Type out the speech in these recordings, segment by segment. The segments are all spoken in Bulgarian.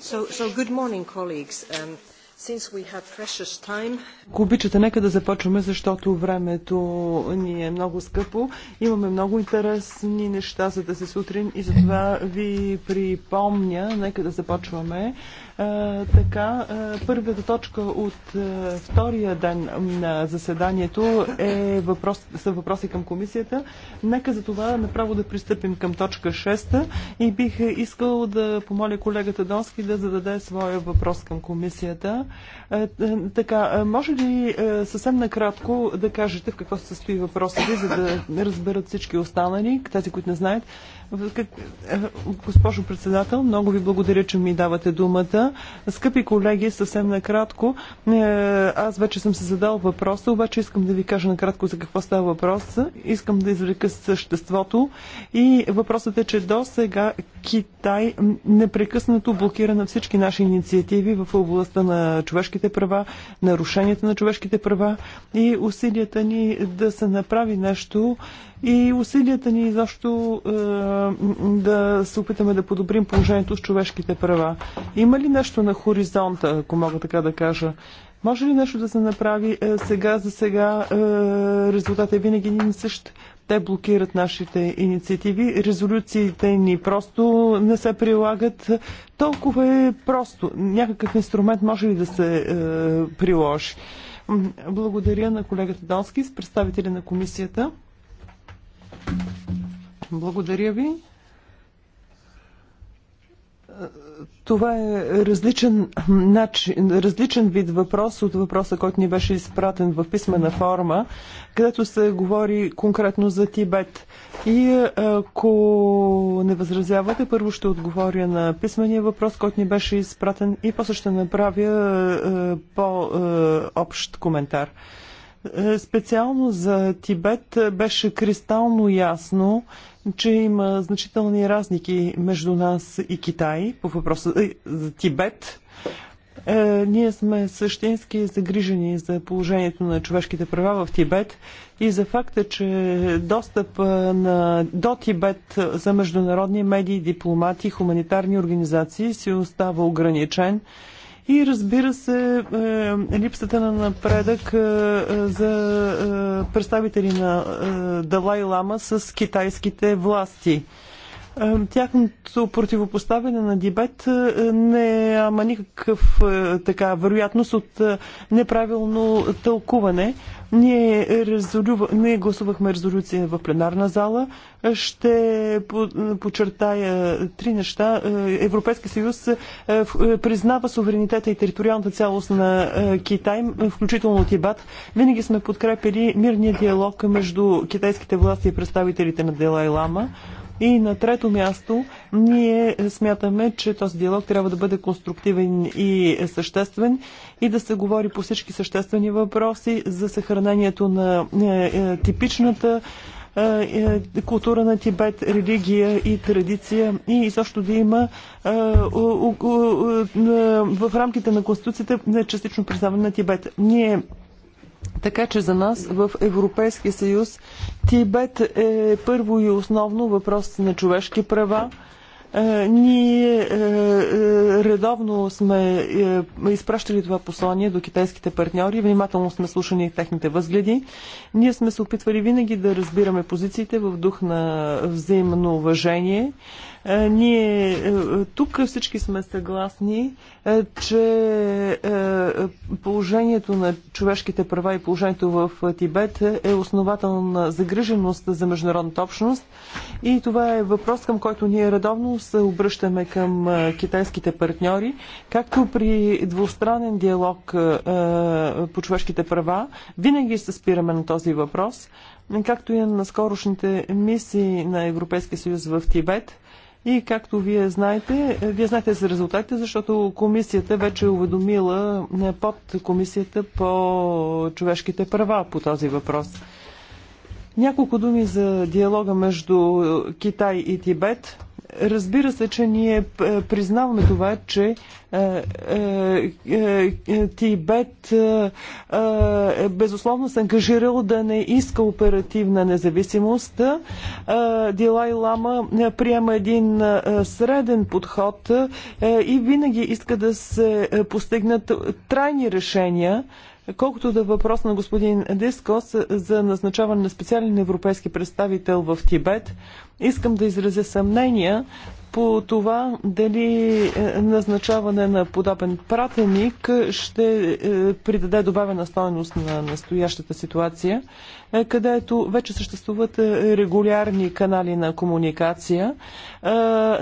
So, so good morning, colleagues. Um, Time... Ако обичате, нека да започваме, защото времето ни е много скъпо. Имаме много интересни неща за да се сутрин и затова ви припомня, нека да започваме. А, е, така, е, първата точка от а, е, втория ден на заседанието е въпрос, са въпроси към комисията. Нека за това направо да пристъпим към точка 6 и бих искал да помоля колегата Донски да зададе своя въпрос към комисията. Е, е, така, е, може ли съвсем накратко да кажете в какво се състои въпроса ви, за да разберат всички останали, тези, които не знаят? Госпожо председател, много ви благодаря, че ми давате думата. Скъпи колеги, съвсем накратко, аз вече съм се задал въпроса, обаче искам да ви кажа накратко за какво става въпрос. Искам да извлека съществото и въпросът е, че до сега Китай непрекъснато блокира на всички наши инициативи в областта на на човешките права, нарушенията на човешките права и усилията ни да се направи нещо и усилията ни изобщо е, да се опитаме да подобрим положението с човешките права. Има ли нещо на хоризонта, ако мога така да кажа? Може ли нещо да се направи е, сега за сега? Е, резултатът е винаги един и същ. Те блокират нашите инициативи. Резолюциите ни просто не се прилагат. Толкова е просто. Някакъв инструмент може ли да се е, приложи? Благодаря на колегата Донски с представители на комисията. Благодаря ви това е различен начин, различен вид въпрос от въпроса, който ни беше изпратен в писмена форма, където се говори конкретно за Тибет. И ако не възразявате, първо ще отговоря на писмения въпрос, който ни беше изпратен и после ще направя е, по-общ е, коментар. Е, специално за Тибет беше кристално ясно, че има значителни разлики между нас и Китай по въпроса е, за Тибет. Е, ние сме същински загрижени за положението на човешките права в Тибет и за факта, че достъп е, на, до Тибет за международни медии, дипломати, хуманитарни организации си остава ограничен. И разбира се, е, липсата на напредък е, за е, представители на Далай Лама с китайските власти. Е, тяхното противопоставяне на Дибет е, няма никакъв е, така вероятност от неправилно тълкуване. Ние, резолю... Ние гласувахме резолюция в пленарна зала. Ще подчертая три неща. Европейски съюз признава суверенитета и териториалната цялост на Китай, включително Тибат. Винаги сме подкрепили мирния диалог между китайските власти и представителите на Делай Лама. И на трето място, ние смятаме, че този диалог трябва да бъде конструктивен и съществен и да се говори по всички съществени въпроси за съхранението на е, е, типичната е, култура на Тибет, религия и традиция и също да има в рамките на Конституцията частично признаване на Тибет. Ние така че за нас в Европейския съюз Тибет е първо и основно въпрос на човешки права. Е, ние е, е, редовно сме изпращали това послание до китайските партньори, внимателно сме слушани техните възгледи. Ние сме се опитвали винаги да разбираме позициите в дух на взаимно уважение. Е, ние е, тук всички сме съгласни, е, че положението на човешките права и положението в Тибет е на загриженост за международната общност и това е въпрос, към който ние редовно се обръщаме към китайските партньори, както при двустранен диалог по човешките права, винаги се спираме на този въпрос, както и на скорошните мисии на Европейския съюз в Тибет – и както вие знаете, вие знаете за резултатите, защото комисията вече е уведомила е, под комисията по човешките права по този въпрос. Няколко думи за диалога между Китай и Тибет. Разбира се, че ние е, признаваме това, че е, е, Тибет безусловно се ангажирал да не иска оперативна независимост. Дилай Лама приема един среден подход и винаги иска да се постигнат трайни решения Колкото да е въпрос на господин Дискос за назначаване на специален европейски представител в Тибет, искам да изразя съмнения по това дали е, назначаване на подобен пратеник ще е, придаде добавена стоеност на настоящата ситуация, е, където вече съществуват регулярни канали на комуникация,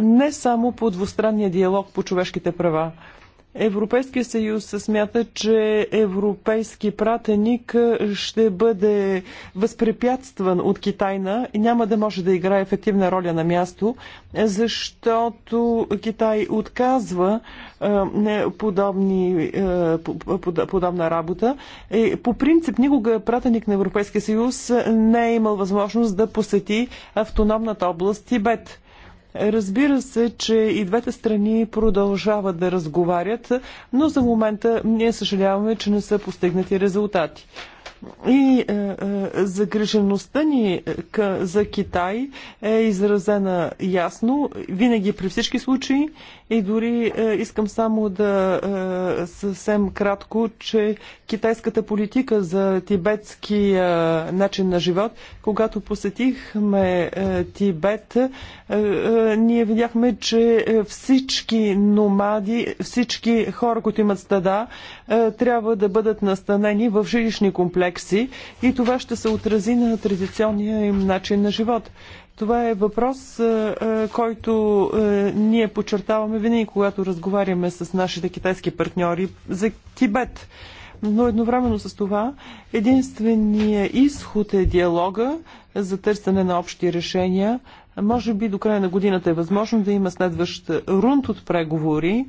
не само по двустранния диалог по човешките права. Европейския съюз смята, че европейски пратеник ще бъде възпрепятстван от Китайна и няма да може да играе ефективна роля на място, защото Китай отказва подобни, подобна работа. Е, по принцип, никога пратеник на Европейския съюз не е имал възможност да посети автономната област Тибет. Разбира се, че и двете страни продължават да разговарят, но за момента ние съжаляваме, че не са постигнати резултати. И е, е, загрижеността ни е, къ, за Китай е изразена ясно, винаги при всички случаи. И дори е, искам само да е, съвсем кратко, че китайската политика за тибетски е, начин на живот, когато посетихме е, Тибет, е, е, ние видяхме, че е, всички номади, всички хора, които имат стада, е, трябва да бъдат настанени в жилищни комплекси комплекси и това ще се отрази на традиционния им начин на живот. Това е въпрос, е, е, който е, ние подчертаваме винаги, когато разговаряме с нашите китайски партньори за Тибет. Но едновременно с това единственият изход е диалога за търсене на общи решения. Може би до края на годината е възможно да има следващ рунд от преговори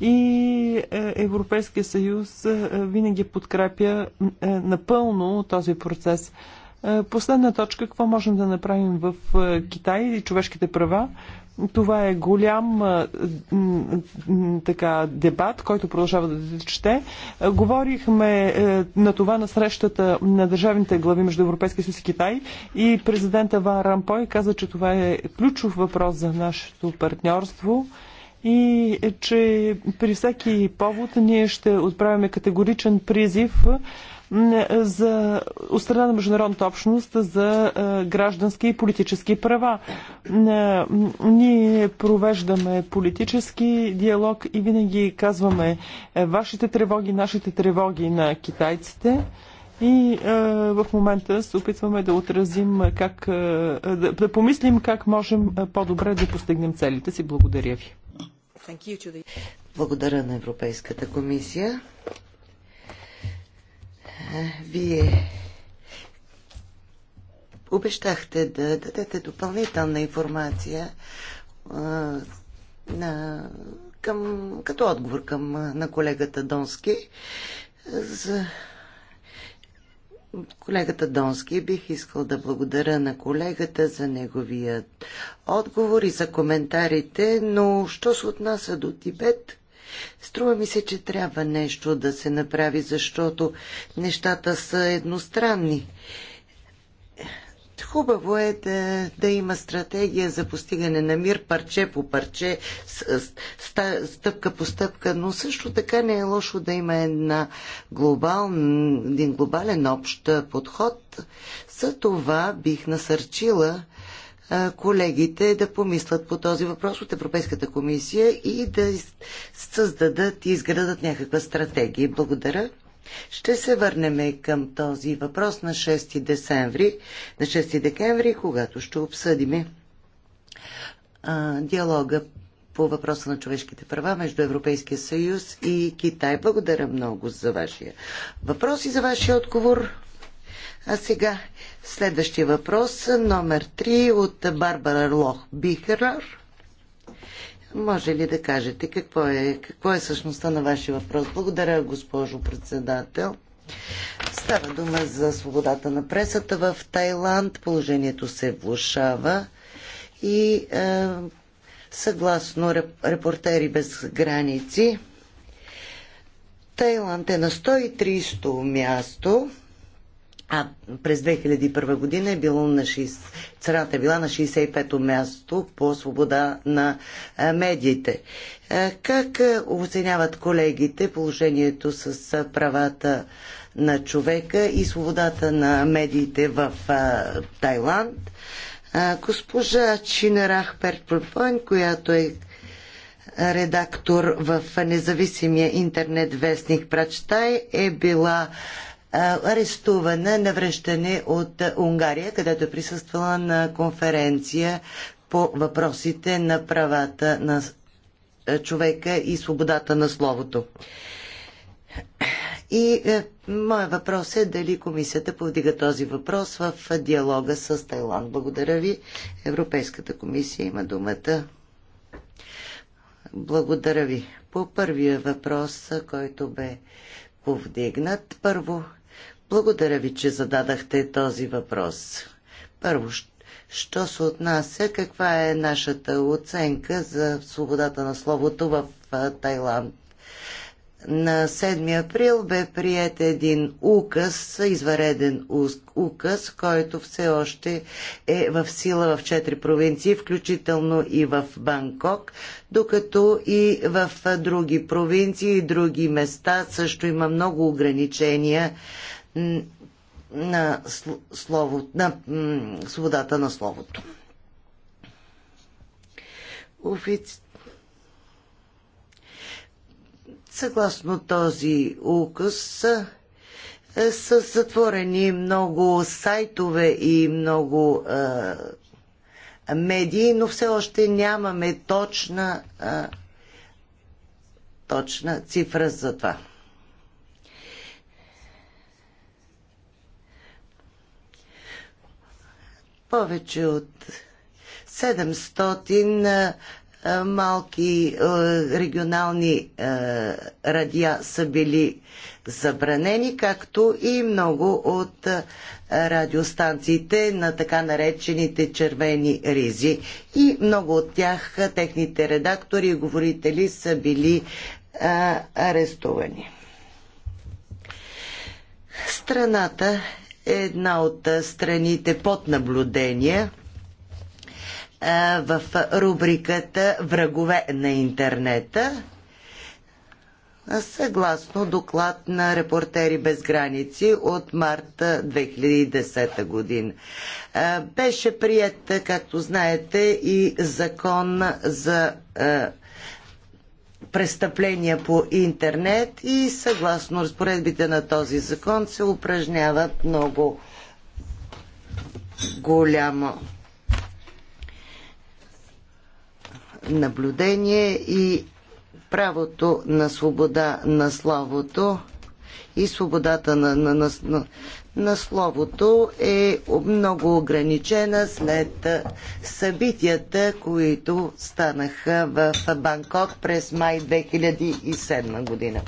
и е, Европейския съюз е, винаги подкрепя е, напълно този процес. Последна точка, какво можем да направим в Китай и човешките права? Това е голям така, дебат, който продължава да чете. Говорихме на това на срещата на държавните глави между Европейския съюз и Китай и президента Ван Рампой каза, че това е ключов въпрос за нашето партньорство и че при всеки повод ние ще отправяме категоричен призив за страна на международната общност за е, граждански и политически права. Е, ние провеждаме политически диалог и винаги казваме е, вашите тревоги, нашите тревоги на китайците. И е, в момента се опитваме да отразим как, е, да, да помислим как можем по-добре да постигнем целите си. Благодаря ви. Благодаря на Европейската комисия. Вие обещахте да дадете допълнителна информация на, към, като отговор към, на колегата Донски за Колегата Донски бих искал да благодаря на колегата за неговия отговор и за коментарите, но що се отнася до Тибет, Струва ми се, че трябва нещо да се направи, защото нещата са едностранни. Хубаво е да, да има стратегия за постигане на мир парче по парче, стъпка по стъпка, но също така не е лошо да има една глобал, един глобален общ подход. За това бих насърчила колегите да помислят по този въпрос от Европейската комисия и да създадат и изградат някаква стратегия. Благодаря. Ще се върнем към този въпрос на 6 декември, на 6 декември когато ще обсъдим а, диалога по въпроса на човешките права между Европейския съюз и Китай. Благодаря много за вашия въпрос и за вашия отговор. А сега следващия въпрос, номер 3 от Барбара Лох Бихерар може ли да кажете какво е, какво е същността на вашия въпрос? Благодаря, госпожо председател. Става дума за свободата на пресата в Тайланд. Положението се влушава и е, съгласно репортери без граници, Тайланд е на 130 място а през 2001 година е било на 6, цената е била на 65-то място по свобода на медиите. Как оценяват колегите положението с правата на човека и свободата на медиите в Тайланд? Госпожа Чинарах Перпропойн, която е редактор в независимия интернет вестник Прачтай, е била арестувана на връщане от Унгария, където е присъствала на конференция по въпросите на правата на човека и свободата на словото. И е, моят въпрос е дали комисията повдига този въпрос в диалога с Тайланд. Благодаря ви. Европейската комисия има думата. Благодаря ви. По първия въпрос, който бе повдигнат, първо благодаря ви, че зададахте този въпрос. Първо, що се отнася, каква е нашата оценка за свободата на словото в Тайланд? На 7 април бе прият един указ, извареден указ, който все още е в сила в четири провинции, включително и в Банкок, докато и в други провинции и други места също има много ограничения на, слово, на свободата на словото. Офици... Съгласно този указ е, са затворени много сайтове и много а, медии, но все още нямаме точна, а, точна цифра за това. повече от 700 малки регионални радиа са били забранени, както и много от радиостанциите на така наречените червени ризи. И много от тях, техните редактори и говорители са били арестувани. Страната една от страните под наблюдение в рубриката Врагове на интернета съгласно доклад на Репортери без граници от март 2010 година. Беше прият, както знаете, и закон за престъпления по интернет и съгласно разпоредбите на този закон се упражняват много голямо наблюдение и правото на свобода на словото и свободата на, на, на, на словото е много ограничена след събитията, които станаха в Банкок през май 2007 година.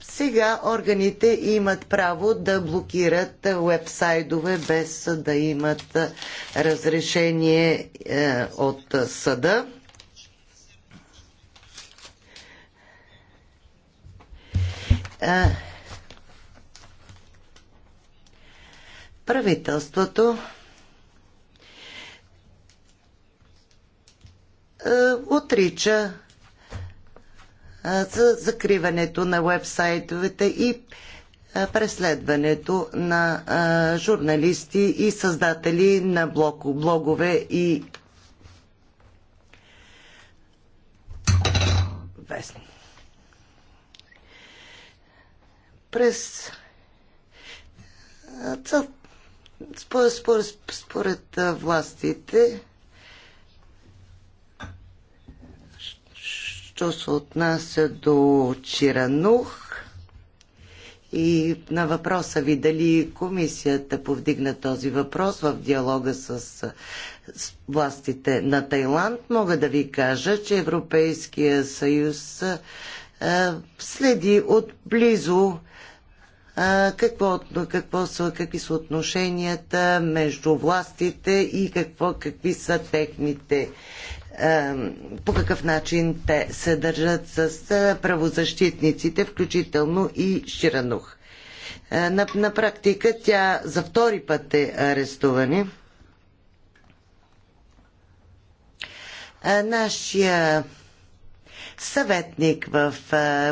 Сега органите имат право да блокират уебсайдове без да имат разрешение е, от съда. правителството е, отрича е, за закриването на вебсайтовете и е, преследването на журналисти и създатели на блогове и вестни. През Цел според, според, според властите, що се отнася до Чиранух и на въпроса ви дали комисията повдигна този въпрос в диалога с, с властите на Тайланд, мога да ви кажа, че Европейския съюз е, следи отблизо какво, какво са, какви са отношенията между властите и какво, какви са техните по какъв начин те се държат с правозащитниците, включително и Ширанух. На, на практика тя за втори път е арестувани. Нашия съветник в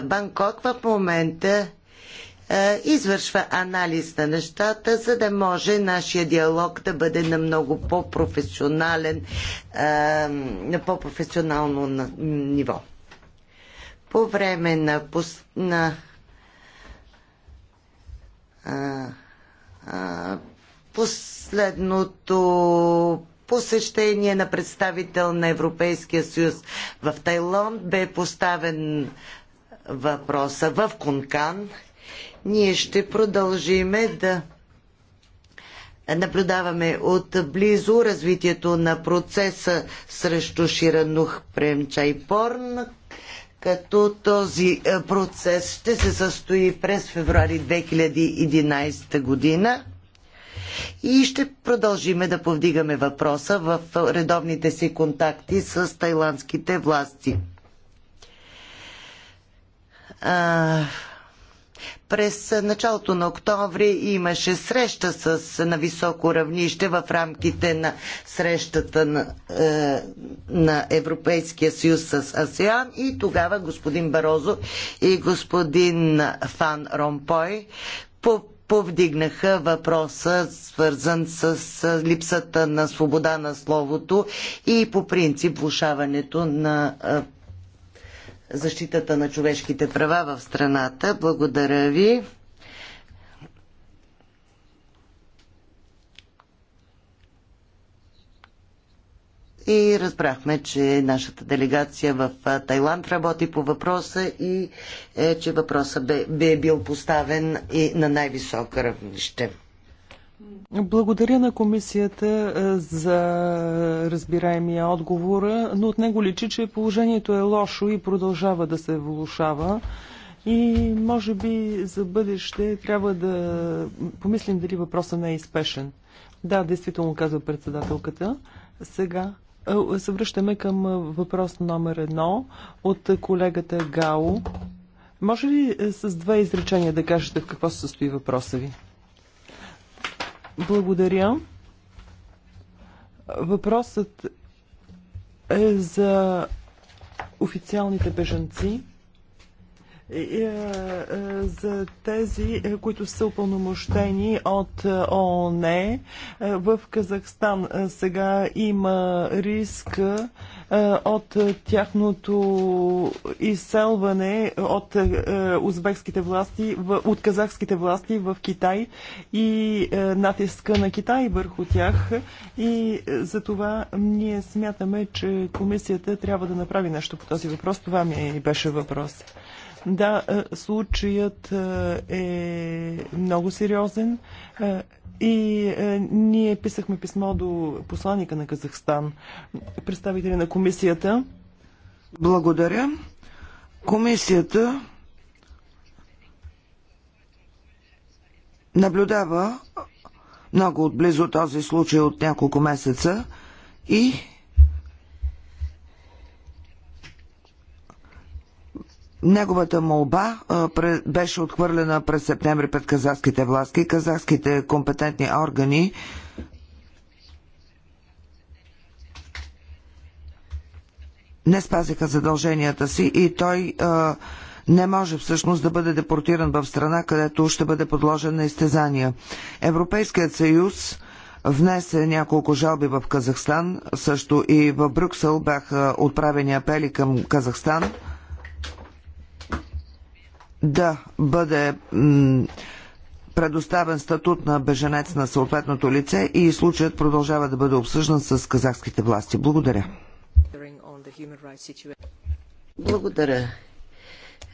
Банкок в момента е, извършва анализ на нещата, за да може нашия диалог да бъде на много по-професионален, е, на по-професионално ниво. По време на, на е, последното посещение на представител на Европейския съюз в Тайланд бе поставен въпроса в Конкан – ние ще продължиме да наблюдаваме отблизо развитието на процеса срещу Ширанух Премчайпорн, като този е, процес ще се състои през февруари 2011 година и ще продължиме да повдигаме въпроса в редовните си контакти с тайландските власти. А през началото на октомври имаше среща с, на високо равнище в рамките на срещата на, е, на Европейския съюз с АСЕАН и тогава господин Барозо и господин Фан Ромпой по повдигнаха въпроса, свързан с липсата на свобода на словото и по принцип влушаването на е, защитата на човешките права в страната. Благодаря ви. и разбрахме, че нашата делегация в Тайланд работи по въпроса и е, че въпросът бе, бе бил поставен и на най-високо равнище. Благодаря на комисията за разбираемия отговор, но от него личи, че положението е лошо и продължава да се влушава. И може би за бъдеще трябва да помислим дали въпросът не е изпешен. Да, действително казва председателката. Сега се връщаме към въпрос номер едно от колегата Гао. Може ли с две изречения да кажете в какво се състои въпроса ви? Благодаря. Въпросът е за официалните бежанци. Е, е, за тези, е, които са упълномощени от ООН. В Казахстан сега има риск от тяхното изселване от узбекските власти, от казахските власти в Китай и натиска на Китай върху тях. И за това ние смятаме, че комисията трябва да направи нещо по този въпрос. Това ми беше въпрос. Да, е, случаят е, е много сериозен е, и ние писахме писмо до посланника на Казахстан, представители на комисията. Благодаря. Комисията наблюдава много отблизо този случай от няколко месеца и Неговата молба беше отхвърлена през септември пред казахските власти. Казахските компетентни органи не спазиха задълженията си и той не може всъщност да бъде депортиран в страна, където ще бъде подложен на изтезания. Европейският съюз внесе няколко жалби в Казахстан, също и в Брюксел бяха отправени апели към Казахстан – да бъде предоставен статут на беженец на съответното лице и случаят продължава да бъде обсъждан с казахските власти. Благодаря. Благодаря.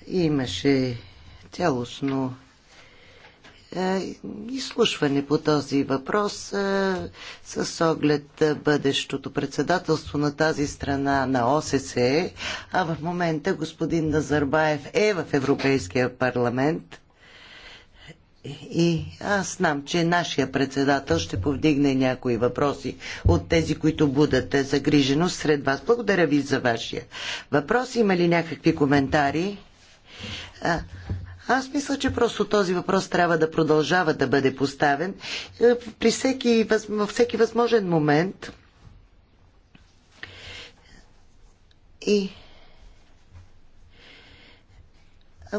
Имаше цялостно е, изслушване по този въпрос е, с оглед е, бъдещото председателство на тази страна на ОССЕ, а в момента господин Назарбаев е в Европейския парламент. И аз знам, че нашия председател ще повдигне някои въпроси от тези, които будат загриженост сред вас. Благодаря ви за вашия въпрос. Има ли някакви коментари? Аз мисля, че просто този въпрос трябва да продължава да бъде поставен е, при всеки, във всеки възможен момент. И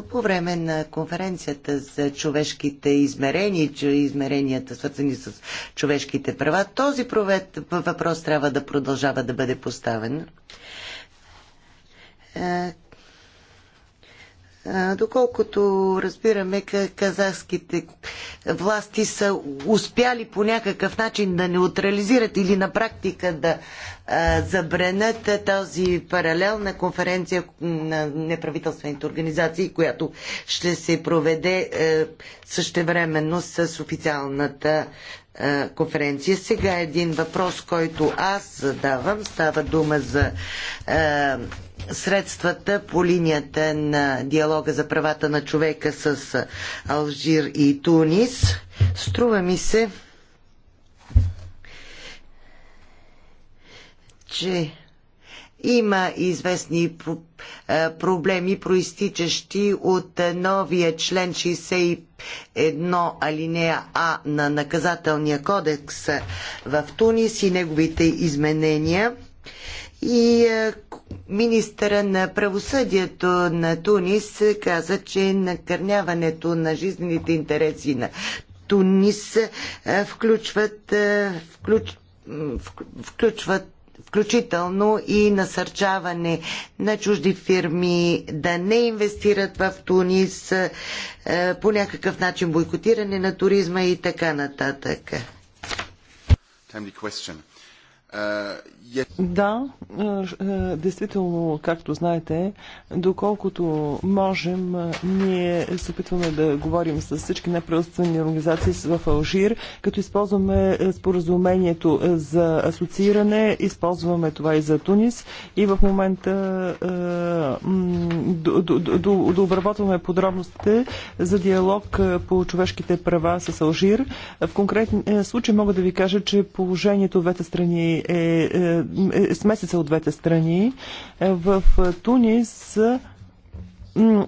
по време на конференцията за човешките измерения, измеренията свързани с човешките права, този провед, въпрос трябва да продължава да бъде поставен. Е, Доколкото разбираме, казахските власти са успяли по някакъв начин да неутрализират или на практика да забранят тази паралелна конференция на неправителствените организации, която ще се проведе е, същевременно с официалната конференция. Сега е един въпрос, който аз задавам. Става дума за е, средствата по линията на диалога за правата на човека с Алжир и Тунис. Струва ми се, че има известни е, проблеми, проистичащи от е, новия член 61 алинея А на наказателния кодекс в Тунис и неговите изменения. И е, министъра на правосъдието на Тунис каза, че накърняването на жизнените интереси на Тунис включват, включват включително и насърчаване на чужди фирми да не инвестират в Тунис, е, по някакъв начин бойкотиране на туризма и така нататък. Да, е, е, действително, както знаете, доколкото можем, е, ние се опитваме да говорим с всички неправителствени организации в Алжир, като използваме споразумението за асоцииране, използваме това и за Тунис и в момента да обработваме подробностите за диалог по човешките права с Алжир. В конкретен случай мога да ви кажа, че положението в двете страни е е, е, смесица от двете страни. Е, в Тунис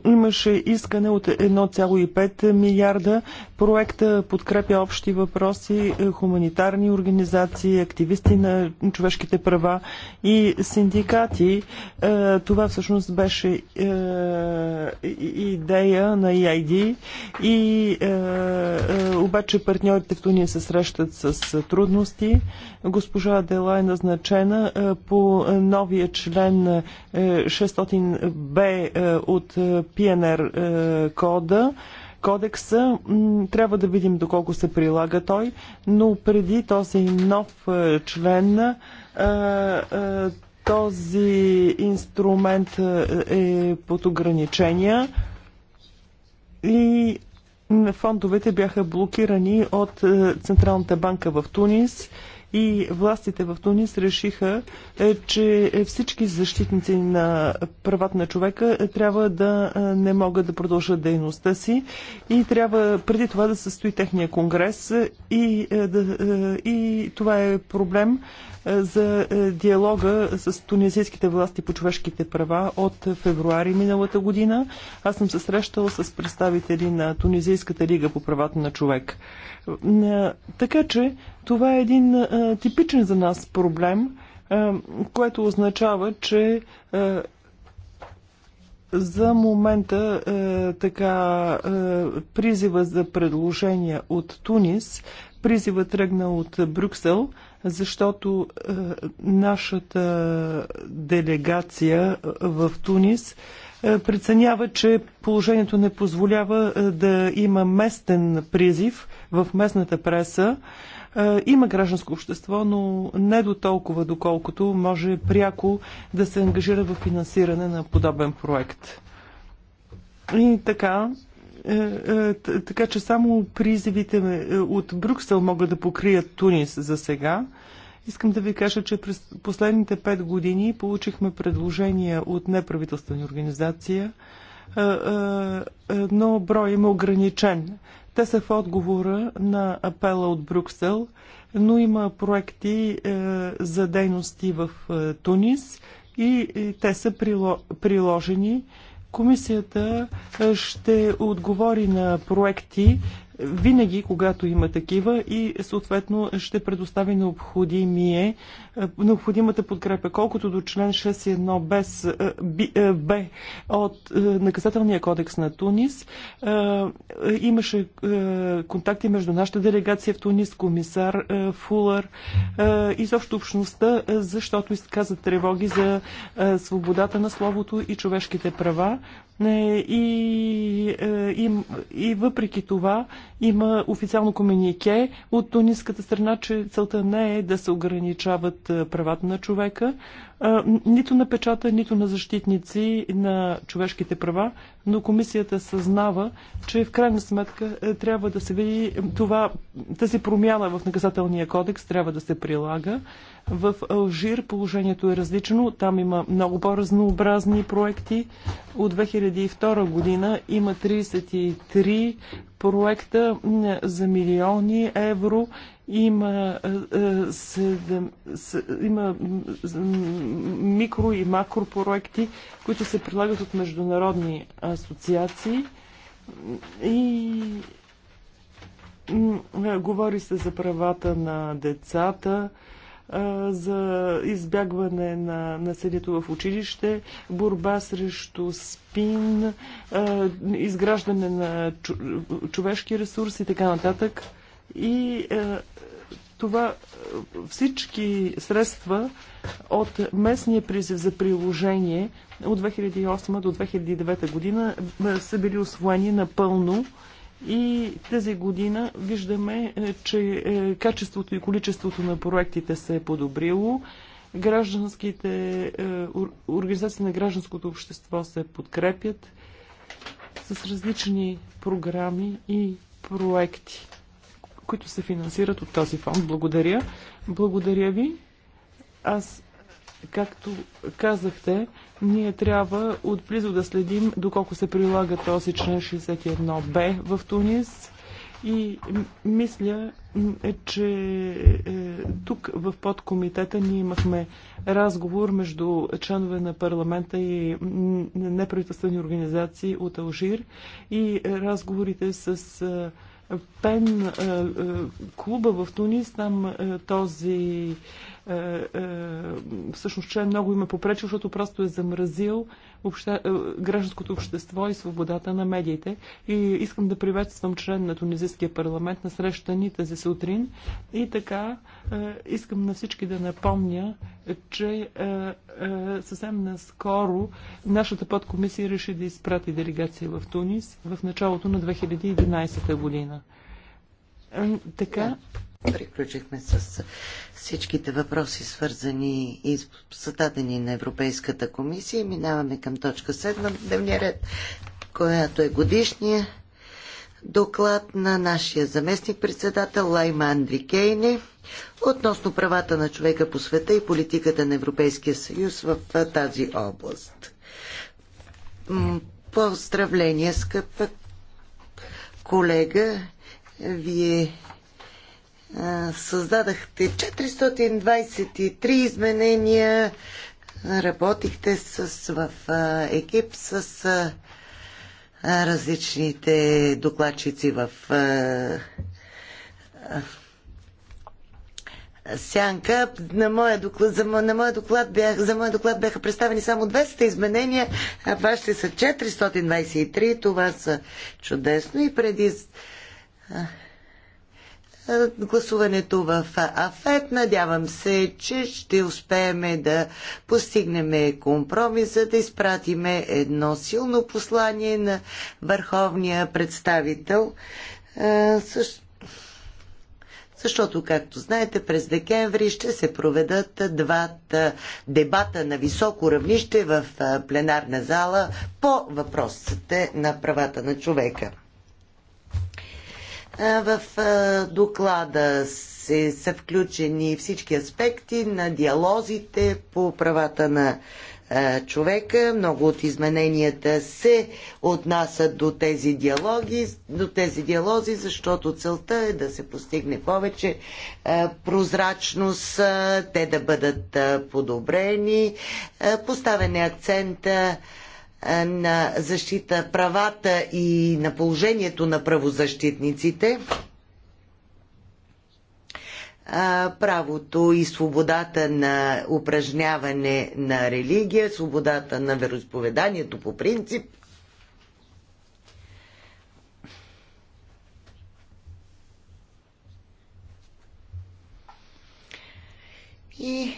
имаше искане от 1,5 милиарда. Проекта подкрепя общи въпроси, е, хуманитарни организации, активисти на човешките права и синдикати. Е, това всъщност беше е, идея на EID и обаче партньорите в Туния се срещат с трудности. Госпожа Дела е назначена по новия член 600 Б от ПНР кода кодекса. Трябва да видим доколко се прилага той, но преди този нов е, член е, е, този инструмент е под ограничения и фондовете бяха блокирани от Централната банка в Тунис и властите в Тунис решиха, е, че всички защитници на правата на човека е, трябва да е, не могат да продължат дейността си и трябва преди това да състои техния конгрес и, да, и това е проблем, за е, диалога с тунизийските власти по човешките права от февруари миналата година. Аз съм се срещала с представители на Тунизийската лига по правата на човек. Е, така че това е един е, типичен за нас проблем, което означава, че за момента е, така е, призива за предложения от Тунис, призива тръгна от Брюксел, защото е, нашата делегация е, в Тунис е, преценява, че положението не позволява е, да има местен призив в местната преса. Е, има гражданско общество, но не до толкова, доколкото може пряко да се ангажира в финансиране на подобен проект. И така, е, е, така че само призивите е, от Брюксел могат да покрият Тунис за сега. Искам да ви кажа, че през последните пет години получихме предложения от неправителствени организации, но брой им е ограничен. Те са в отговора на апела от Брюксел, но има проекти за дейности в Тунис и те са приложени Комисията е, ще отговори на проекти винаги, когато има такива и съответно ще предостави необходимие необходимата подкрепа. Колкото до член 6.1 без е, е, Б, от е, наказателния кодекс на Тунис, имаше контакти между нашата делегация в Тунис, комисар Фулър и заобщо общността, защото изказа тревоги за свободата на словото и човешките права. И, и, и въпреки това има официално комюнике от тунисската страна, че целта не е да се ограничават правата на човека, нито на печата, нито на защитници на човешките права, но комисията съзнава, че в крайна сметка е, трябва да се види това, тази промяна в наказателния кодекс трябва да се прилага. В Алжир положението е различно. Там има много по-разнообразни проекти. От 2002 година има 33 проекта за милиони евро има, е, е, седем, има микро и макропроекти, които се прилагат от международни асоциации и е, говори се за правата на децата, за избягване на населието в училище, борба срещу спин, изграждане на човешки ресурси и така нататък и е, това е, всички средства от местния призив за приложение от 2008 до 2009 година е, са били освоени напълно и тази година виждаме, че качеството и количеството на проектите се е подобрило. Гражданските организации на гражданското общество се подкрепят с различни програми и проекти които се финансират от този фонд. Благодаря. Благодаря ви. Аз, както казахте, ние трябва отблизо да следим доколко се прилага този член 61б в Тунис. И мисля, е, че е, тук в подкомитета ние имахме разговор между членове на парламента и неправителствени организации от Алжир и разговорите с е, пен е, е, клуба в Тунис, там е, този всъщност член много им е попречил, защото просто е замразил обща, е, гражданското общество и свободата на медиите. И искам да приветствам член на Тунизийския парламент на среща ни тази сутрин. И така е, искам на всички да напомня, че е, съвсем наскоро нашата подкомисия реши да изпрати делегация в Тунис в началото на 2011 година. Така, приключихме с всичките въпроси, свързани и зададени на Европейската комисия. Минаваме към точка 7 дневния ред, която е годишния доклад на нашия заместник-председател Лайма Андвикейне относно правата на човека по света и политиката на Европейския съюз в тази област. Поздравление, скъпа колега! Вие създадахте 423 изменения, работихте с, в екип с различните докладчици в сянка. На моя доклад, за, на моя доклад бях, за моя доклад бяха представени само 200 изменения, а вашите са 423. Това са чудесно. И преди гласуването в АФЕТ. Надявам се, че ще успеем да постигнем компромис, за да изпратиме едно силно послание на върховния представител. защото, както знаете, през декември ще се проведат двата дебата на високо равнище в пленарна зала по въпросите на правата на човека. В доклада се, са включени всички аспекти на диалозите по правата на човека. Много от измененията се отнасят до тези диалоги, до тези диалози, защото целта е да се постигне повече прозрачност, те да бъдат подобрени, поставен е акцента на защита правата и на положението на правозащитниците, правото и свободата на упражняване на религия, свободата на вероисповеданието по принцип И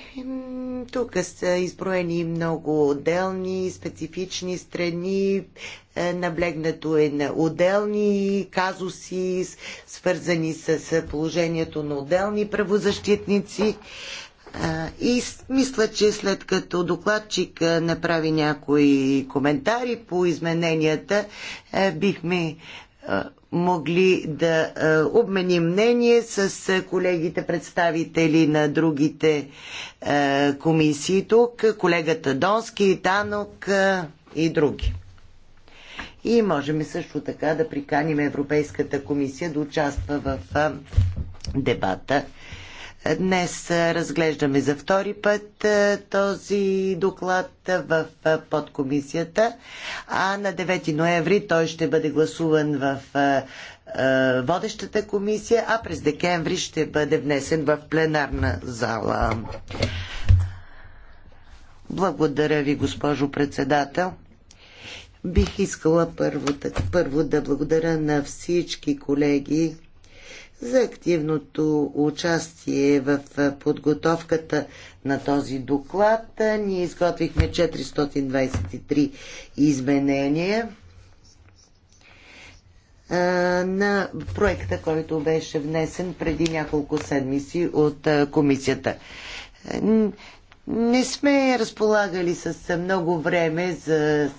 тук са изброени много отделни, специфични страни, е, наблегнато е на отделни казуси, свързани с положението на отделни правозащитници. Е, и мисля, че след като докладчик направи някои коментари по измененията, е, бихме могли да е, обменим мнение с е, колегите представители на другите е, комисии тук, колегата Донски, Танок и други. И можем също така да приканим Европейската комисия да участва в дебата Днес разглеждаме за втори път е, този доклад в е, подкомисията, а на 9 ноември той ще бъде гласуван в е, водещата комисия, а през декември ще бъде внесен в пленарна зала. Благодаря ви, госпожо председател. Бих искала първо, първо да благодаря на всички колеги, за активното участие в подготовката на този доклад. Ние изготвихме 423 изменения на проекта, който беше внесен преди няколко седмици от комисията. Не сме разполагали с много време за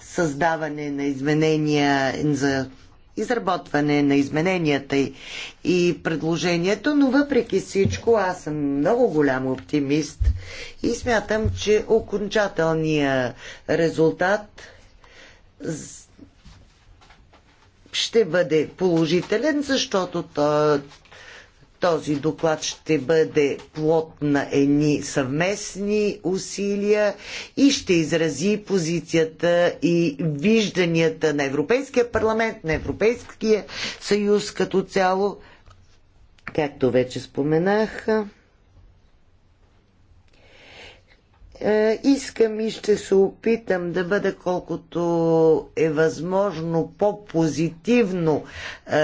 създаване на изменения за изработване на измененията и, и предложението, но въпреки всичко аз съм много голям оптимист и смятам, че окончателният резултат ще бъде положителен, защото този доклад ще бъде плод на едни съвместни усилия и ще изрази позицията и вижданията на Европейския парламент, на Европейския съюз като цяло. Както вече споменах, е, искам и ще се опитам да бъда колкото е възможно по-позитивно е,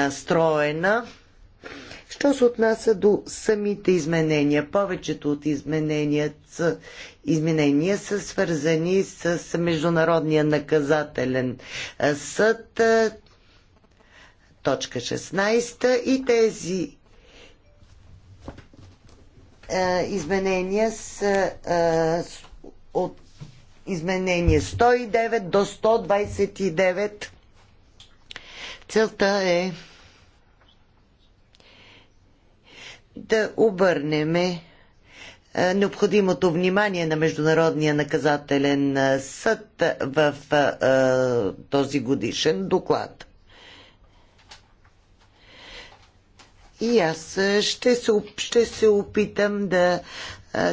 настроена Що се отнася до самите изменения? Повечето от изменения, изменения са свързани с Международния наказателен съд, точка 16 и тези изменения са от изменение 109 до 129. Целта е да обърнем е, необходимото внимание на Международния наказателен е, съд в е, този годишен доклад. И аз ще се, ще се опитам да,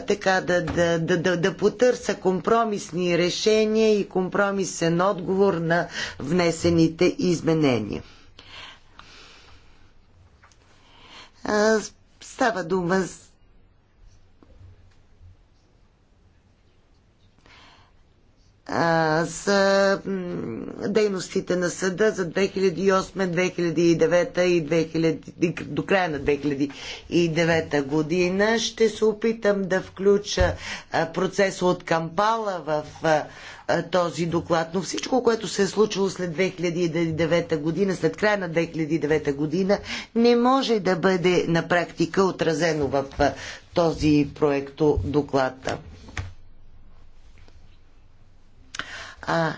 така, да, да, да, да, да потърся компромисни решения и компромисен отговор на внесените изменения. Става дума за дейностите на съда за 2008, 2009 и 2000, до края на 2009 година. Ще се опитам да включа процеса от Кампала в този доклад, но всичко, което се е случило след 2009 година, след края на 2009 година, не може да бъде на практика отразено в този проекто доклад. а,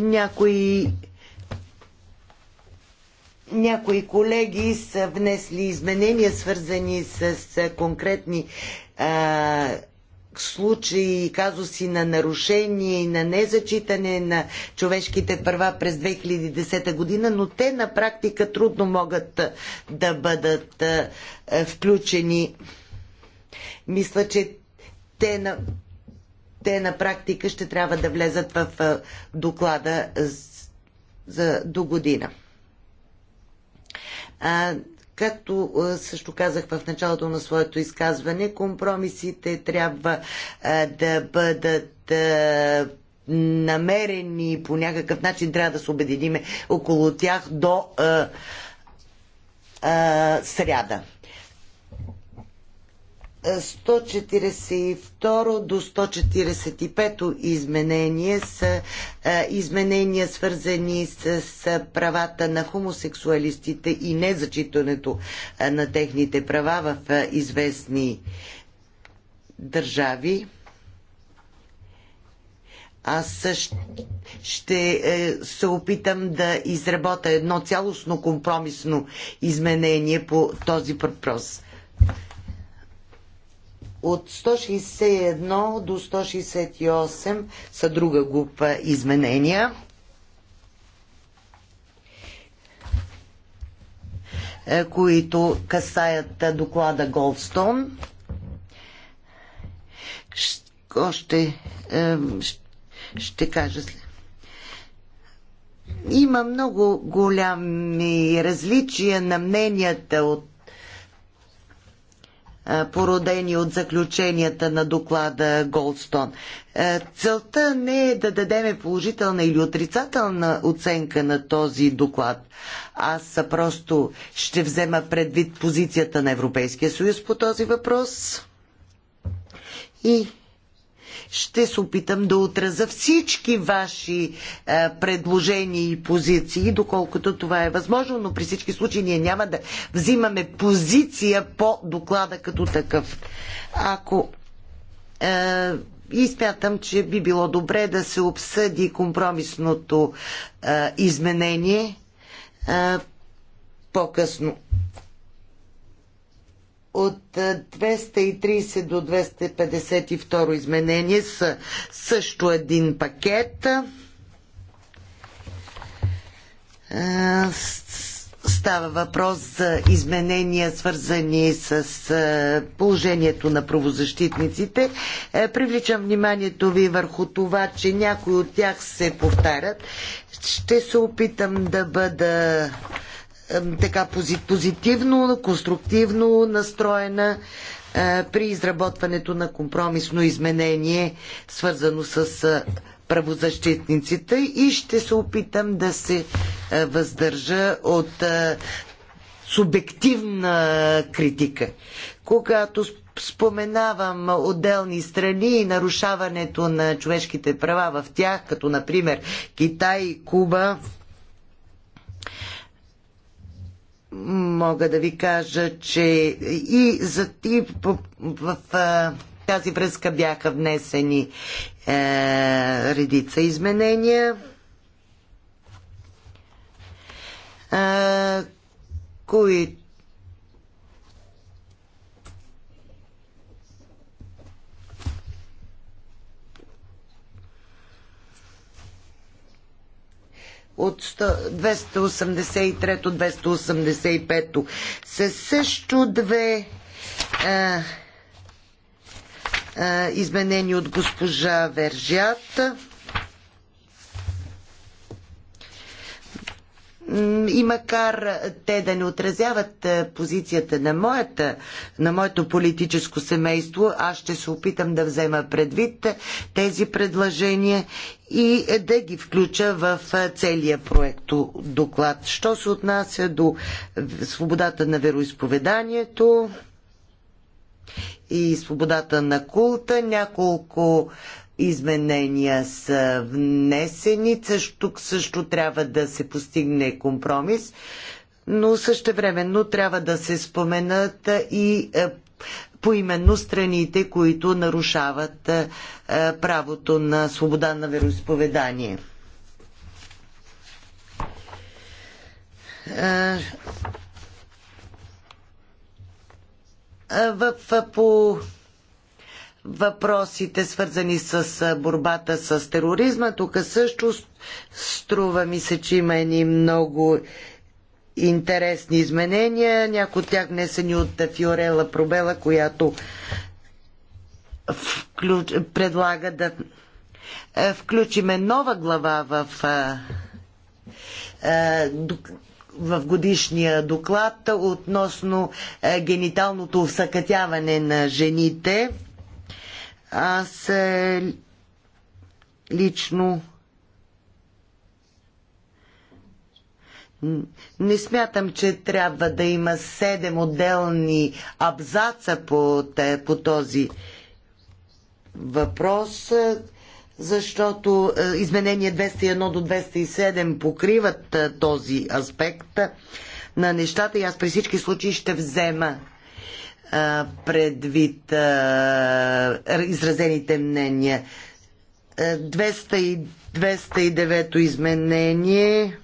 някои някои колеги са внесли изменения, свързани с конкретни а, случаи и казуси на нарушение и на незачитане на човешките права през 2010 година, но те на практика трудно могат да бъдат а, включени. Мисля, че те на те на практика ще трябва да влезат в доклада за до година. А, както също казах в началото на своето изказване, компромисите трябва а, да бъдат а, намерени по някакъв начин, трябва да се обединиме около тях до а, а, сряда. 142 до 145 изменение са е, изменения свързани с, правата на хомосексуалистите и незачитането е, на техните права в е, известни държави. Аз ще се опитам да изработя едно цялостно компромисно изменение по този въпрос. От 161 до 168 са друга група изменения. Е, които касаят доклада Голдстон. Още е, ще кажа Има много голями различия на мненията от породени от заключенията на доклада Голдстон. Целта не е да дадеме положителна или отрицателна оценка на този доклад. Аз просто ще взема предвид позицията на Европейския съюз по този въпрос и ще се опитам да отраза всички ваши е, предложения и позиции, доколкото това е възможно, но при всички случаи ние няма да взимаме позиция по доклада като такъв. Ако е, и смятам, че би било добре да се обсъди компромисното е, изменение е, по-късно от 230 е, до 252 изменение са също един пакет. Е, става въпрос за изменения, свързани с е, положението на правозащитниците. Привличам вниманието ви върху това, че някои от тях се повтарят. Ще се опитам да бъда така позитивно, конструктивно настроена е, при изработването на компромисно изменение, свързано с е, правозащитниците и ще се опитам да се е, въздържа от субективна критика. Когато споменавам отделни страни и нарушаването на човешките права в тях, като например Китай, Куба, мога да ви кажа, че и за и в, в, в тази връзка бяха внесени е, редица изменения. Е, които от 283-285 са също две а, а, изменени от госпожа Вержията. и макар те да не отразяват позицията на, моята, на моето политическо семейство, аз ще се опитам да взема предвид тези предложения и да ги включа в целия проекто доклад. Що се отнася до свободата на вероисповеданието и свободата на култа, няколко изменения са внесени. Също, също трябва да се постигне компромис, но същевременно трябва да се споменат и е, поименно страните, които нарушават е, е, правото на свобода на вероисповедание. В, по въпросите, свързани с борбата с тероризма. Тук също струва ми се, че има едни много интересни изменения. Някои от тях внесени от Фиорела Пробела, която включ... предлага да е, включиме нова глава в, в годишния доклад относно е, гениталното усъкътяване на жените аз е, лично Не смятам, че трябва да има седем отделни абзаца по, по този въпрос, е, защото е, изменение 201 до 207 покриват този аспект на нещата и аз при всички случаи ще взема предвид изразените мнения. 209-то изменение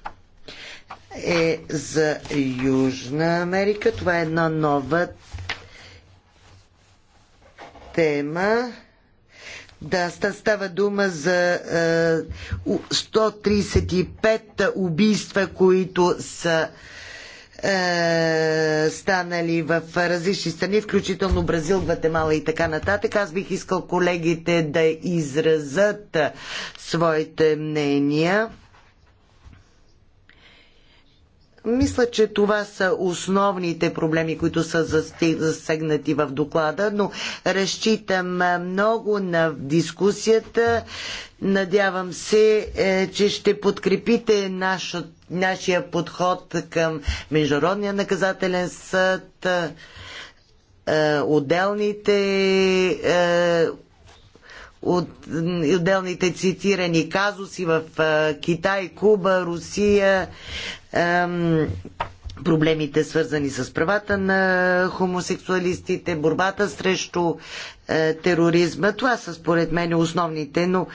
е за Южна Америка. Това е една нова тема. Да, става дума за 135 убийства, които са е, станали в различни страни, включително Бразил, Гватемала и така нататък. Аз бих искал колегите да изразят своите мнения. Мисля, че това са основните проблеми, които са засегнати в доклада, но разчитам много на дискусията. Надявам се, е, че ще подкрепите нашата нашия подход към Международния наказателен съд, е, отделните е, от отделните цитирани казуси в е, Китай, Куба, Русия, проблемите свързани с правата на хомосексуалистите, борбата срещу тероризма. Това са според мен основните, но.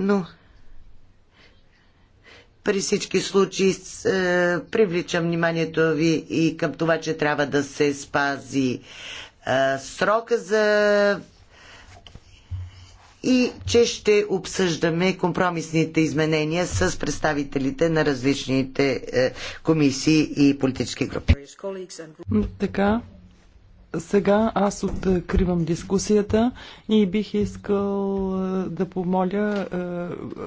Но при всички случаи е, привличам вниманието ви и към това, че трябва да се спази е, срока за и че ще обсъждаме компромисните изменения с представителите на различните е, комисии и политически групи. Така, сега аз откривам дискусията и бих искал е, да помоля е,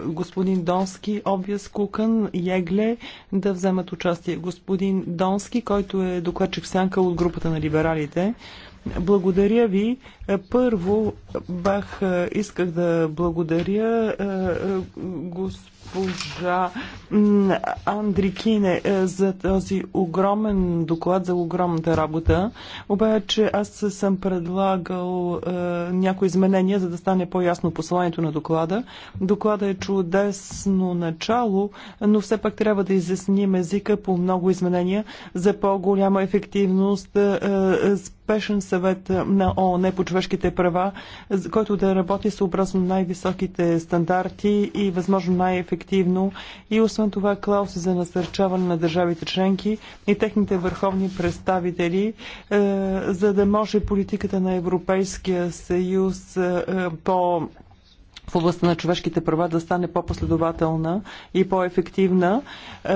господин Донски, Обвяз Кукън, Егле да вземат участие. Господин Донски, който е докладчик сянка от групата на либералите, благодаря ви. Е, първо, бах, исках да благодаря господин госпожа Андрикине е, за този огромен доклад, за огромната работа. Обаче аз съм предлагал е, някои изменения, за да стане по-ясно посланието на доклада. Доклада е чудесно начало, но все пак трябва да изясним езика по много изменения за по-голяма ефективност, е, е спешен съвет на ООН по човешките права, който да работи съобразно най-високите стандарти и възможно най-ефективно. И освен това клауси за насърчаване на държавите членки и техните върховни представители, е, за да може политиката на Европейския съюз е, по в областта на човешките права да стане по-последователна и по-ефективна. Е,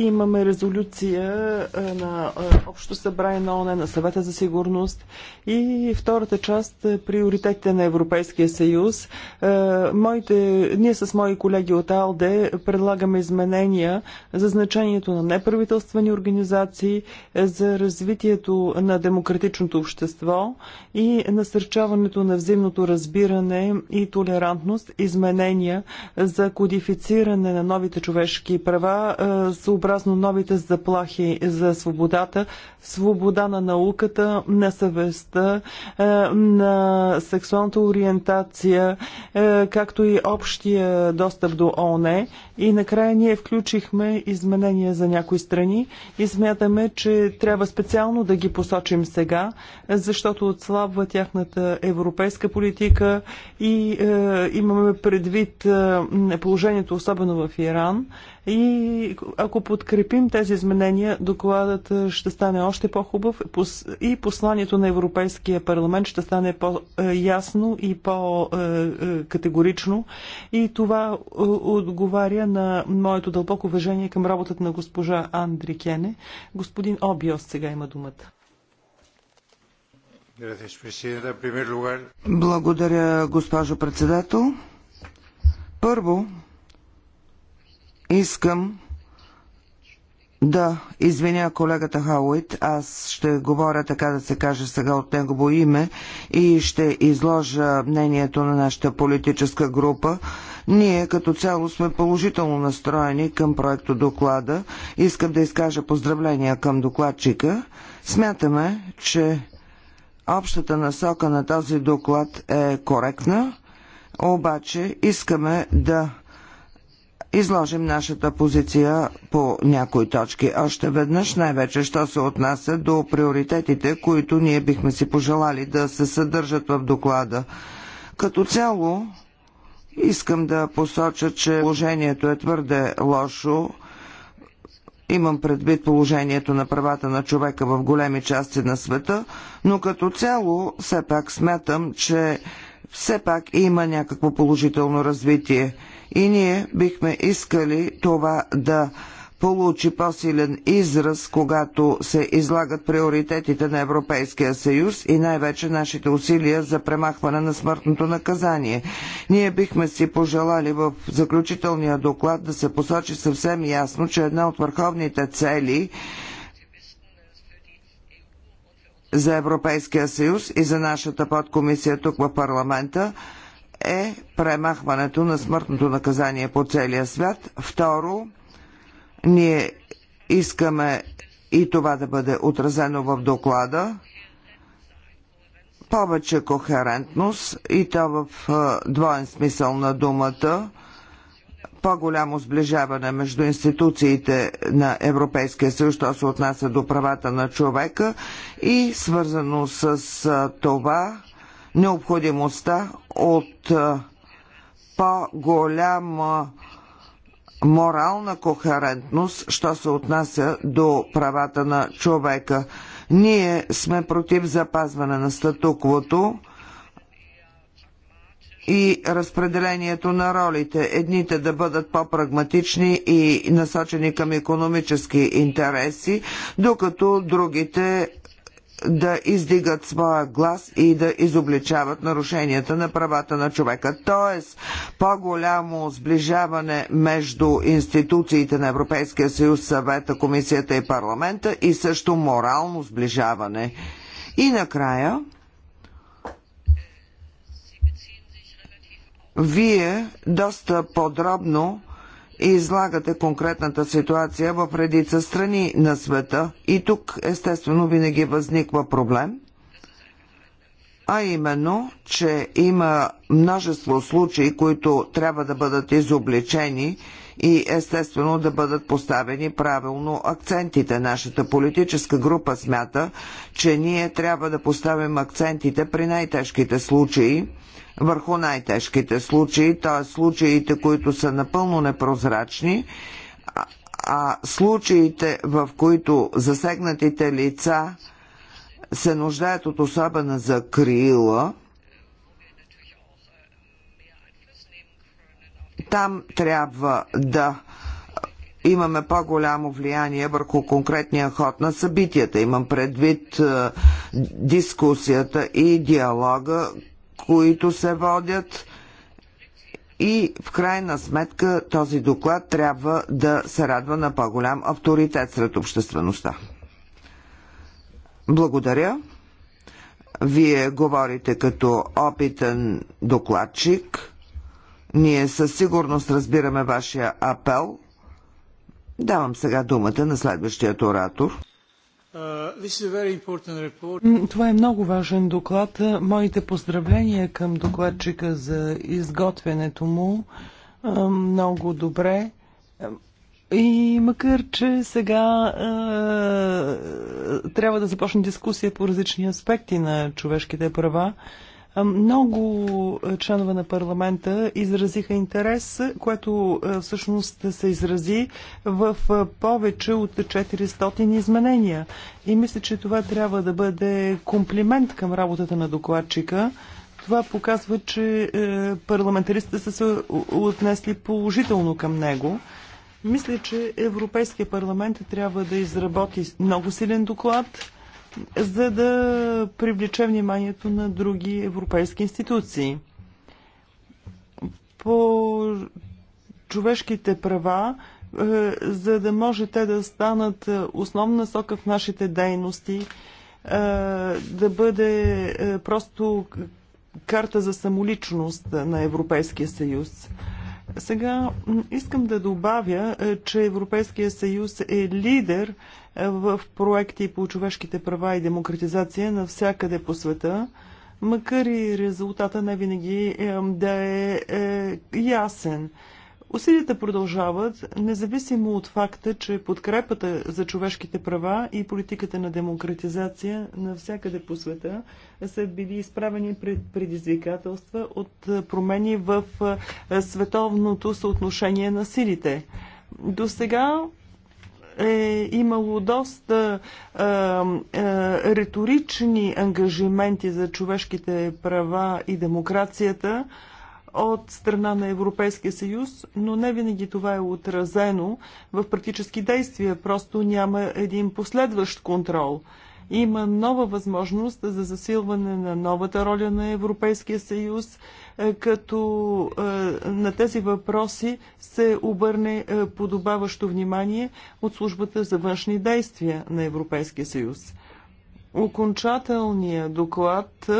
и имаме резолюция е, на е, Общо събрание на ОНЕ, на съвета за сигурност и втората част приоритетите на Европейския съюз. Моите, ние с мои колеги от АЛДЕ предлагаме изменения за значението на неправителствени организации, за развитието на демократичното общество и насърчаването на взаимното разбиране и толерантност, изменения за кодифициране на новите човешки права, е, съобразно новите заплахи за свободата, свобода на науката, на съвестта, е, на сексуалната ориентация, е, както и общия достъп до ОНЕ и накрая ние включихме изменения за някои страни и смятаме, че трябва специално да ги посочим сега, защото отслабва тяхната европейска политика и е, имаме предвид е, положението особено в Иран. И ако подкрепим тези изменения, докладът е, ще стане още по-хубав и посланието на Европейския парламент ще стане по-ясно и по-категорично. Е, е, и това отговаря на моето дълбоко уважение към работата на госпожа Андри Кене. Господин Обиос сега има думата. Благодаря, госпожо председател. Първо, Искам да, извиня колегата Хауит, аз ще говоря така да се каже сега от негово име и ще изложа мнението на нашата политическа група. Ние като цяло сме положително настроени към проекто доклада. Искам да изкажа поздравления към докладчика. Смятаме, че общата насока на този доклад е коректна, обаче искаме да изложим нашата позиция по някои точки. Още веднъж, най-вече, що се отнася до приоритетите, които ние бихме си пожелали да се съдържат в доклада. Като цяло, искам да посоча, че положението е твърде лошо. Имам предвид положението на правата на човека в големи части на света, но като цяло все пак смятам, че все пак има някакво положително развитие. И ние бихме искали това да получи по-силен израз, когато се излагат приоритетите на Европейския съюз и най-вече нашите усилия за премахване на смъртното наказание. Ние бихме си пожелали в заключителния доклад да се посочи съвсем ясно, че една от върховните цели за Европейския съюз и за нашата подкомисия тук в парламента е премахването на смъртното наказание по целия свят. Второ, ние искаме и това да бъде отразено в доклада. Повече кохерентност и то в двоен смисъл на думата по-голямо сближаване между институциите на Европейския съюз, що се отнася до правата на човека и свързано с това необходимостта от по-голяма морална кохерентност, що се отнася до правата на човека. Ние сме против запазване на статуквото и разпределението на ролите. Едните да бъдат по-прагматични и насочени към економически интереси, докато другите да издигат своя глас и да изобличават нарушенията на правата на човека. Тоест, по-голямо сближаване между институциите на Европейския съюз, съвета, комисията и парламента и също морално сближаване. И накрая, вие доста подробно излагате конкретната ситуация в редица страни на света и тук естествено винаги възниква проблем, а именно, че има множество случаи, които трябва да бъдат изобличени и естествено да бъдат поставени правилно акцентите. Нашата политическа група смята, че ние трябва да поставим акцентите при най-тежките случаи – върху най-тежките случаи, т.е. случаите, които са напълно непрозрачни, а, случаите, в които засегнатите лица се нуждаят от особена закрила, там трябва да имаме по-голямо влияние върху конкретния ход на събитията. Имам предвид е, дискусията и диалога, които се водят и в крайна сметка този доклад трябва да се радва на по-голям авторитет сред обществеността. Благодаря. Вие говорите като опитен докладчик. Ние със сигурност разбираме вашия апел. Давам сега думата на следващия оратор. Uh, това е много важен доклад. Е, моите поздравления към докладчика за изготвянето му. Е, много добре. Е, и макар, че сега трябва да започне дискусия по различни аспекти на човешките права, много членове на парламента изразиха интерес, което е, всъщност се изрази в е, повече от 400 изменения. И мисля, че това трябва да бъде комплимент към работата на докладчика. Това показва, че е, парламентаристите са се отнесли положително към него. Мисля, че Европейския парламент трябва да изработи много силен доклад за да привлече вниманието на други европейски институции. По човешките права, е, за да може те да станат основна сока в нашите дейности, е, да бъде е, просто карта за самоличност на Европейския съюз. Сега искам да добавя, че Европейския съюз е лидер в проекти по човешките права и демократизация навсякъде по света, макар и резултата не винаги да е, е, ясен. Усилията продължават, независимо от факта, че подкрепата за човешките права и политиката на демократизация навсякъде по света са били изправени пред предизвикателства от промени в е, световното съотношение на силите. До сега е имало доста е, е, риторични ангажименти за човешките права и демокрацията от страна на Европейския съюз, но не винаги това е отразено в практически действия. Просто няма един последващ контрол. Има нова възможност за засилване на новата роля на Европейския съюз – е, като е, на тези въпроси се обърне е, подобаващо внимание от службата за външни действия на Европейския съюз. Окончателният доклад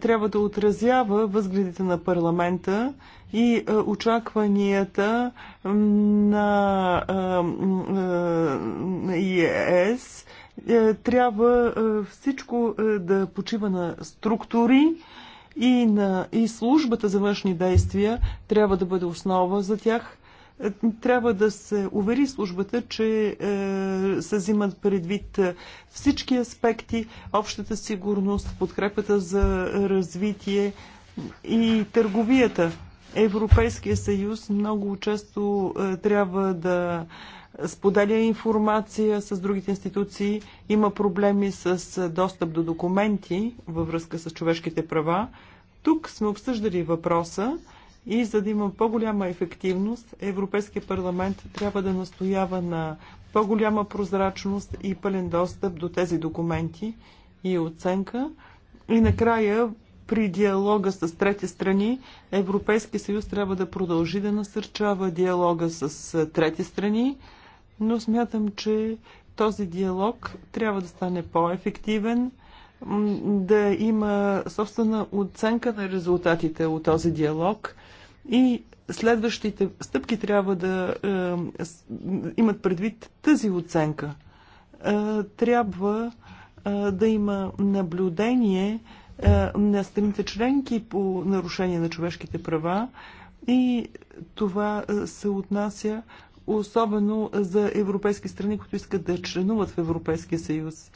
трябва да отразява възгледите на парламента и очакванията на ЕС. Трябва всичко да почива на структури, и, на, и службата за външни действия трябва да бъде основа за тях. Е, трябва да се увери службата, че е, се взимат предвид е, всички аспекти, общата сигурност, подкрепата за развитие и търговията. Европейския съюз много често е, трябва да споделя информация с другите институции, има проблеми с достъп до документи във връзка с човешките права. Тук сме обсъждали въпроса и за да има по-голяма ефективност, Европейския парламент трябва да настоява на по-голяма прозрачност и пълен достъп до тези документи и оценка. И накрая, при диалога с трети страни, Европейския съюз трябва да продължи да насърчава диалога с трети страни, но смятам, че този диалог трябва да стане по-ефективен, да има собствена оценка на резултатите от този диалог и следващите стъпки трябва да е, имат предвид тази оценка. Е, трябва е, да има наблюдение е, на страните членки по нарушение на човешките права и това е, се отнася особено за европейски страни, които искат да членуват в Европейския съюз.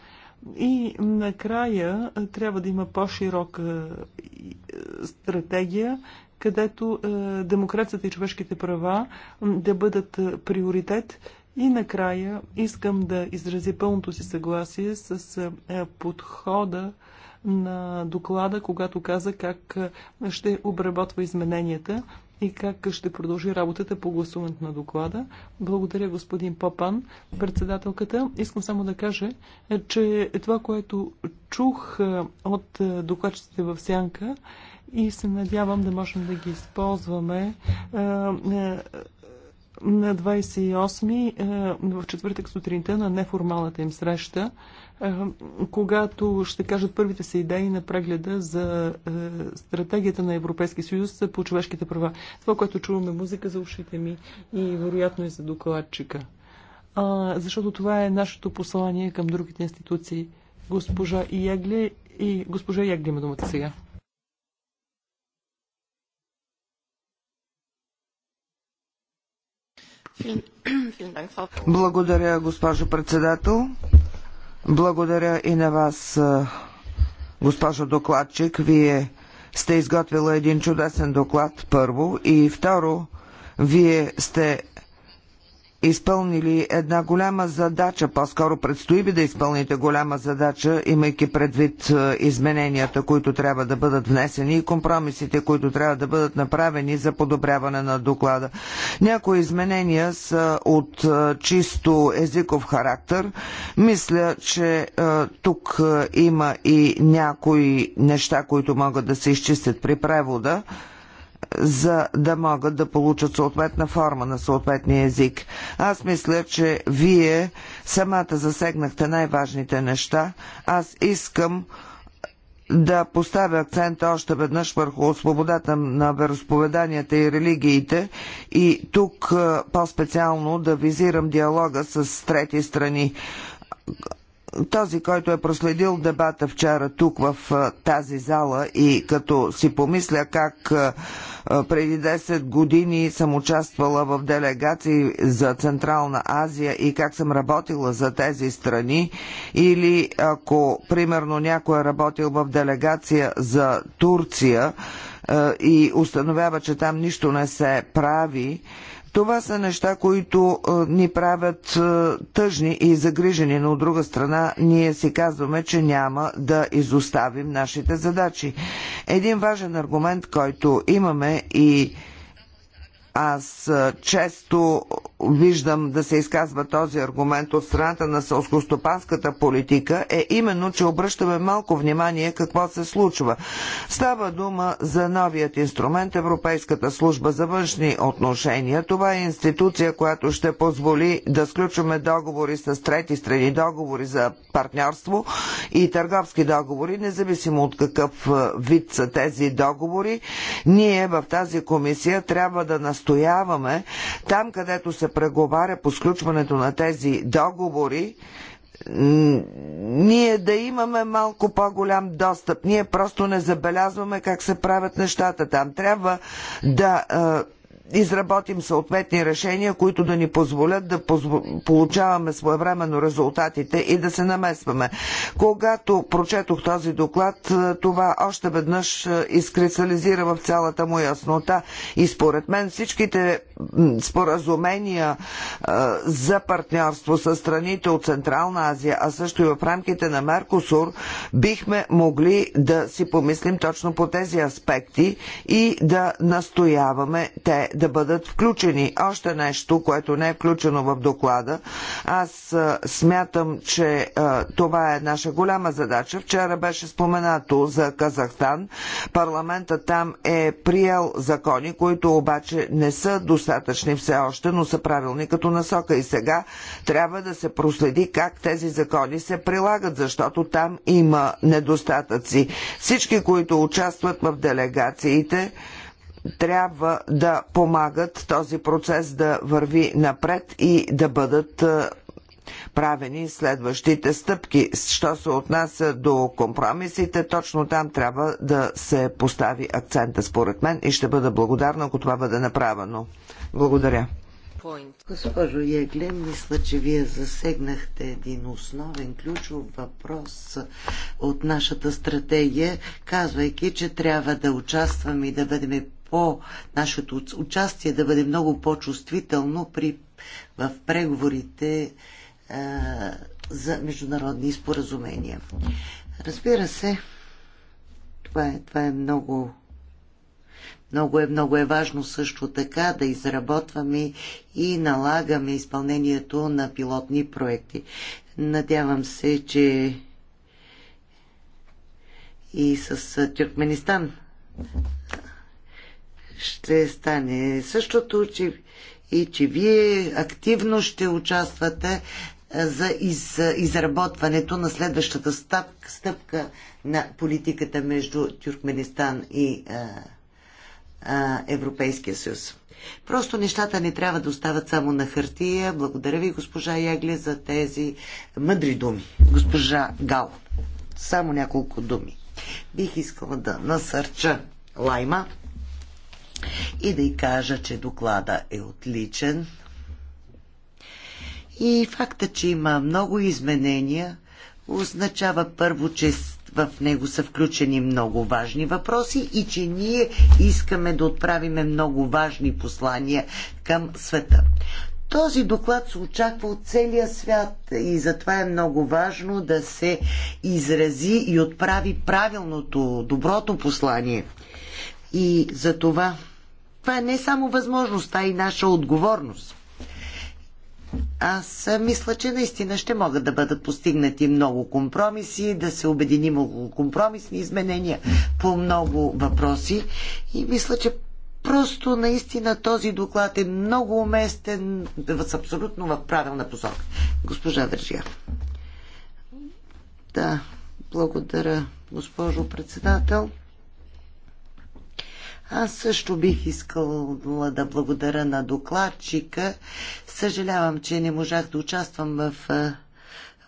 И накрая трябва да има по-широка е, стратегия, където е, демокрацията и човешките права да бъдат е, приоритет и накрая искам да изрази пълното си съгласие с подхода на доклада, когато каза как ще обработва измененията и как ще продължи работата по гласуването на доклада. Благодаря господин Попан, председателката. Искам само да кажа, че това, което чух от докладчиците в Сянка и се надявам да можем да ги използваме на 28-ми е, в четвъртък сутринта на неформалната им среща, е, когато ще кажат първите си идеи на прегледа за е, стратегията на Европейския съюз по човешките права. Това, което чуваме музика за ушите ми и вероятно и за докладчика. Защото това е нашето послание към другите институции. Госпожа Ягли и госпожа Ягли има думата сега. Благодаря, госпожо председател. Благодаря и на вас, госпожо докладчик. Вие сте изготвила един чудесен доклад, първо. И второ, вие сте изпълнили една голяма задача, по-скоро предстои ви да изпълните голяма задача, имайки предвид е, измененията, които трябва да бъдат внесени и компромисите, които трябва да бъдат направени за подобряване на доклада. Някои изменения са от е, чисто езиков характер. Мисля, че е, тук има и някои неща, които могат да се изчистят при превода за да могат да получат съответна форма на съответния език. Аз мисля, че вие самата засегнахте най-важните неща. Аз искам да поставя акцент още веднъж върху свободата на вероисповеданията и религиите и тук по-специално да визирам диалога с трети страни този, който е проследил дебата вчера тук в тази зала и като си помисля как преди 10 години съм участвала в делегации за Централна Азия и как съм работила за тези страни, или ако примерно някой е работил в делегация за Турция и установява, че там нищо не се прави, това са неща, които е, ни правят е, тъжни и загрижени, но от друга страна ние си казваме, че няма да изоставим нашите задачи. Един важен аргумент, който имаме и аз е, често виждам да се изказва този аргумент от страната на сълскостопанската политика е именно, че обръщаме малко внимание какво се случва. Става дума за новият инструмент Европейската служба за външни отношения. Това е институция, която ще позволи да сключваме договори с трети страни, договори за партньорство и търговски договори, независимо от какъв вид са тези договори. Ние в тази комисия трябва да настояваме там, където се преговаря по сключването на тези договори, ние да имаме малко по-голям достъп. Ние просто не забелязваме как се правят нещата там. Трябва да е, изработим съответни решения, които да ни позволят да получаваме своевременно резултатите и да се намесваме. Когато прочетох този доклад, е, това още веднъж е, изкристализира в цялата му яснота и според мен всичките споразумения е, за партньорство с страните от Централна Азия, а също и в рамките на Меркосур, бихме могли да си помислим точно по тези аспекти и да настояваме те да бъдат включени. Още нещо, което не е включено в доклада. Аз смятам, че това е наша голяма задача. Вчера беше споменато за Казахстан. Парламентът там е приел закони, които обаче не са достатъчни все още, но са правилни като насока. И сега трябва да се проследи как тези закони се прилагат, защото там има недостатъци. Всички, които участват в делегациите, трябва да помагат този процес да върви напред и да бъдат е, правени следващите стъпки. Що се отнася до компромисите, точно там трябва да се постави акцента, според мен, и ще бъда благодарна, ако това бъде направено. Благодаря. Госпожо Ягле, мисля, че вие засегнахте един основен ключов въпрос от нашата стратегия, казвайки, че трябва да участваме и да бъдем по нашето участие да бъде много по-чувствително при, в преговорите а, е, за международни споразумения. Разбира се, това е, това е много много е, много е важно също така да изработваме и налагаме изпълнението на пилотни проекти. Надявам се, че и с Тюркменистан ще стане същото, че, и че вие активно ще участвате е, за из, изработването на следващата стъпка, стъпка на политиката между Тюркменистан и а, е, а, е, Европейския съюз. Просто нещата не трябва да остават само на хартия. Благодаря ви, госпожа Ягле, за тези мъдри думи. Госпожа Гал, само няколко думи. Бих искала да насърча Лайма и да й кажа, че доклада е отличен. И факта, че има много изменения, означава първо, че в него са включени много важни въпроси и че ние искаме да отправиме много важни послания към света. Този доклад се очаква от целия свят и затова е много важно да се изрази и отправи правилното, доброто послание. И за това това е не само възможност, а и наша отговорност. Аз мисля, че наистина ще могат да бъдат постигнати много компромиси, да се обединим около компромисни изменения по много въпроси и мисля, че просто наистина този доклад е много уместен, с абсолютно в правилна посока. Госпожа Държия. Да, благодаря, госпожо председател. Аз също бих искала да благодаря на докладчика. Съжалявам, че не можах да участвам в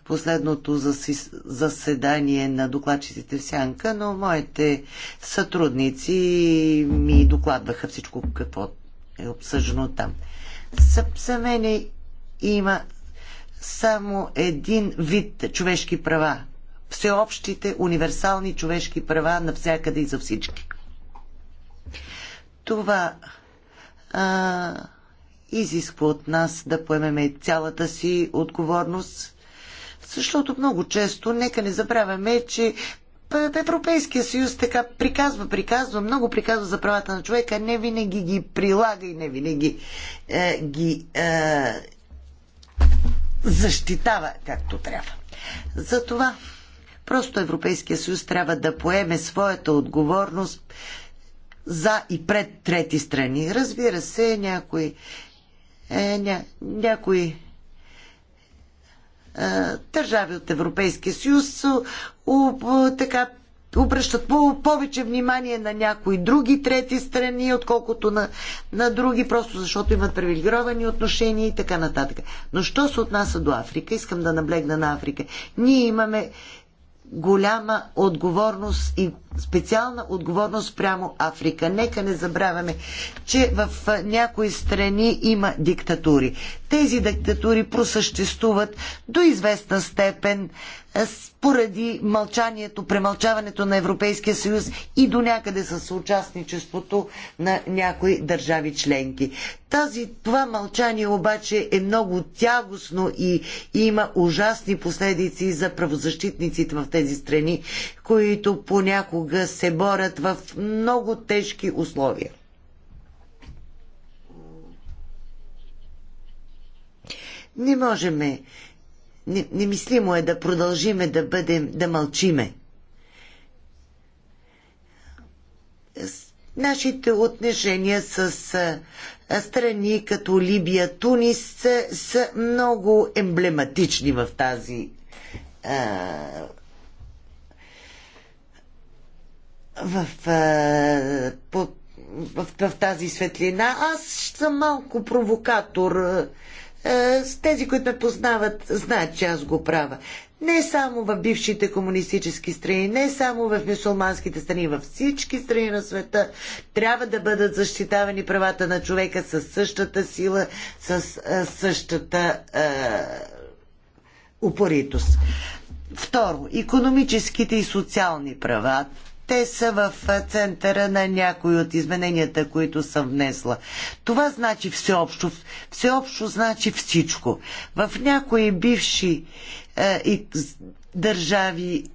последното заседание на докладчиците в Сянка, но моите сътрудници ми докладваха всичко какво е обсъждано там. За, за има само един вид човешки права. Всеобщите, универсални човешки права навсякъде и за всички. Това а, изисква от нас да поемеме цялата си отговорност, защото много често, нека не забравяме, че Европейския съюз така приказва, приказва, много приказва за правата на човека, не винаги ги прилага и не винаги е, ги е, защитава както трябва. Затова просто Европейския съюз трябва да поеме своята отговорност за и пред трети страни. Разбира се, някои, е, ня, някои е, държави от Европейския съюз у, у, така обръщат по- повече внимание на някои други трети страни, отколкото на, на други, просто защото имат привилегировани отношения и така нататък. Но що се отнася до Африка, искам да наблегна на Африка. Ние имаме голяма отговорност и специална отговорност прямо Африка. Нека не забравяме, че в някои страни има диктатури. Тези диктатури просъществуват до известна степен поради мълчанието, премълчаването на Европейския съюз и до някъде с съучастничеството на някои държави членки. Тази, това мълчание обаче е много тягостно и, и има ужасни последици за правозащитниците в тези страни, които понякога се борят в много тежки условия. Не можеме, немислимо е да продължиме да бъдем, да мълчиме. Нашите отношения с страни като Либия, Тунис са, са много емблематични в тази а, в, по, в, в тази светлина. Аз съм малко провокатор. С тези, които ме познават, знаят, че аз го правя. Не само в бившите комунистически страни, не само в мюсулманските страни, във всички страни на света трябва да бъдат защитавани правата на човека с същата сила, с същата е, упоритост. Второ, економическите и социални права те са в центъра на някои от измененията, които съм внесла. Това значи всеобщо. Всеобщо значи всичко. В някои бивши е, и, държави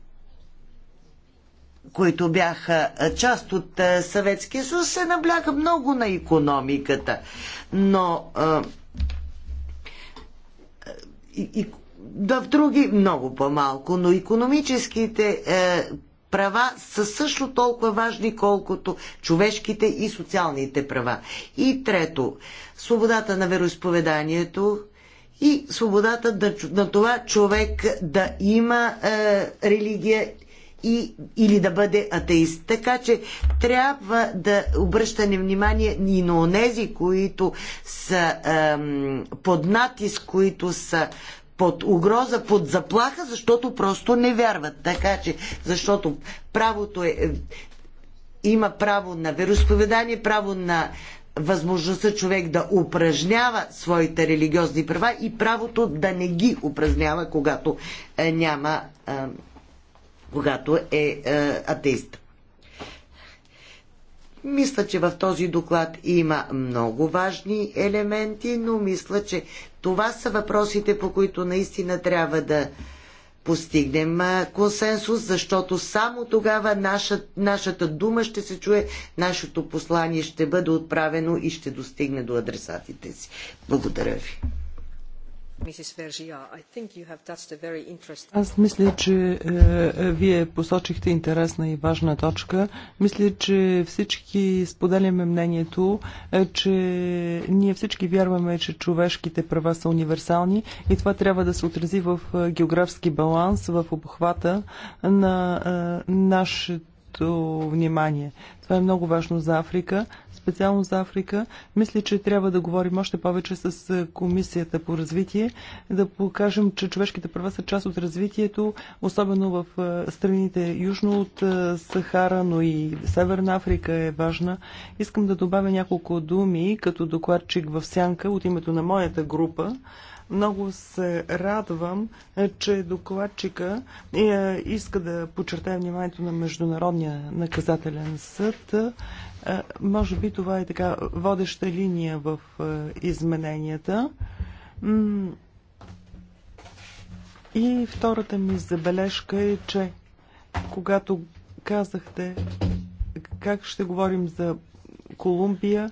които бяха е, част от е, Съветския съюз, се набляга много на економиката. Но а, е, и, да, в други много по-малко, но економическите е, права са също толкова важни, колкото човешките и социалните права. И трето, свободата на вероисповеданието и свободата да, на това човек да има е, религия и, или да бъде атеист. Така че трябва да обръщаме внимание и на онези, които са ем, под натиск, които са под угроза, под заплаха, защото просто не вярват. Така че, защото правото е, е, има право на вероисповедание, право на възможността човек да упражнява своите религиозни права и правото да не ги упражнява, когато е, няма, е, когато е, е атеист. Мисля, че в този доклад има много важни елементи, но мисля, че това са въпросите, по които наистина трябва да постигнем консенсус, защото само тогава наша, нашата дума ще се чуе, нашето послание ще бъде отправено и ще достигне до адресатите си. Благодаря ви. Аз мисля, че е, е, вие посочихте интересна и важна точка. Мисля, че всички споделяме мнението, е, че ние всички вярваме, че човешките права са универсални и това трябва да се отрази в е, географски баланс, в обхвата на е, нашето внимание. Това е много важно за Африка, специално за Африка, мисля, че трябва да говорим още повече с Комисията по развитие, да покажем, че човешките права са част от развитието, особено в страните южно от Сахара, но и Северна Африка е важна. Искам да добавя няколко думи като докладчик в Сянка от името на моята група. Много се радвам, че докладчика е, иска да подчертая вниманието на Международния наказателен съд. Е, може би това е така водеща линия в е, измененията. И втората ми забележка е, че когато казахте как ще говорим за Колумбия,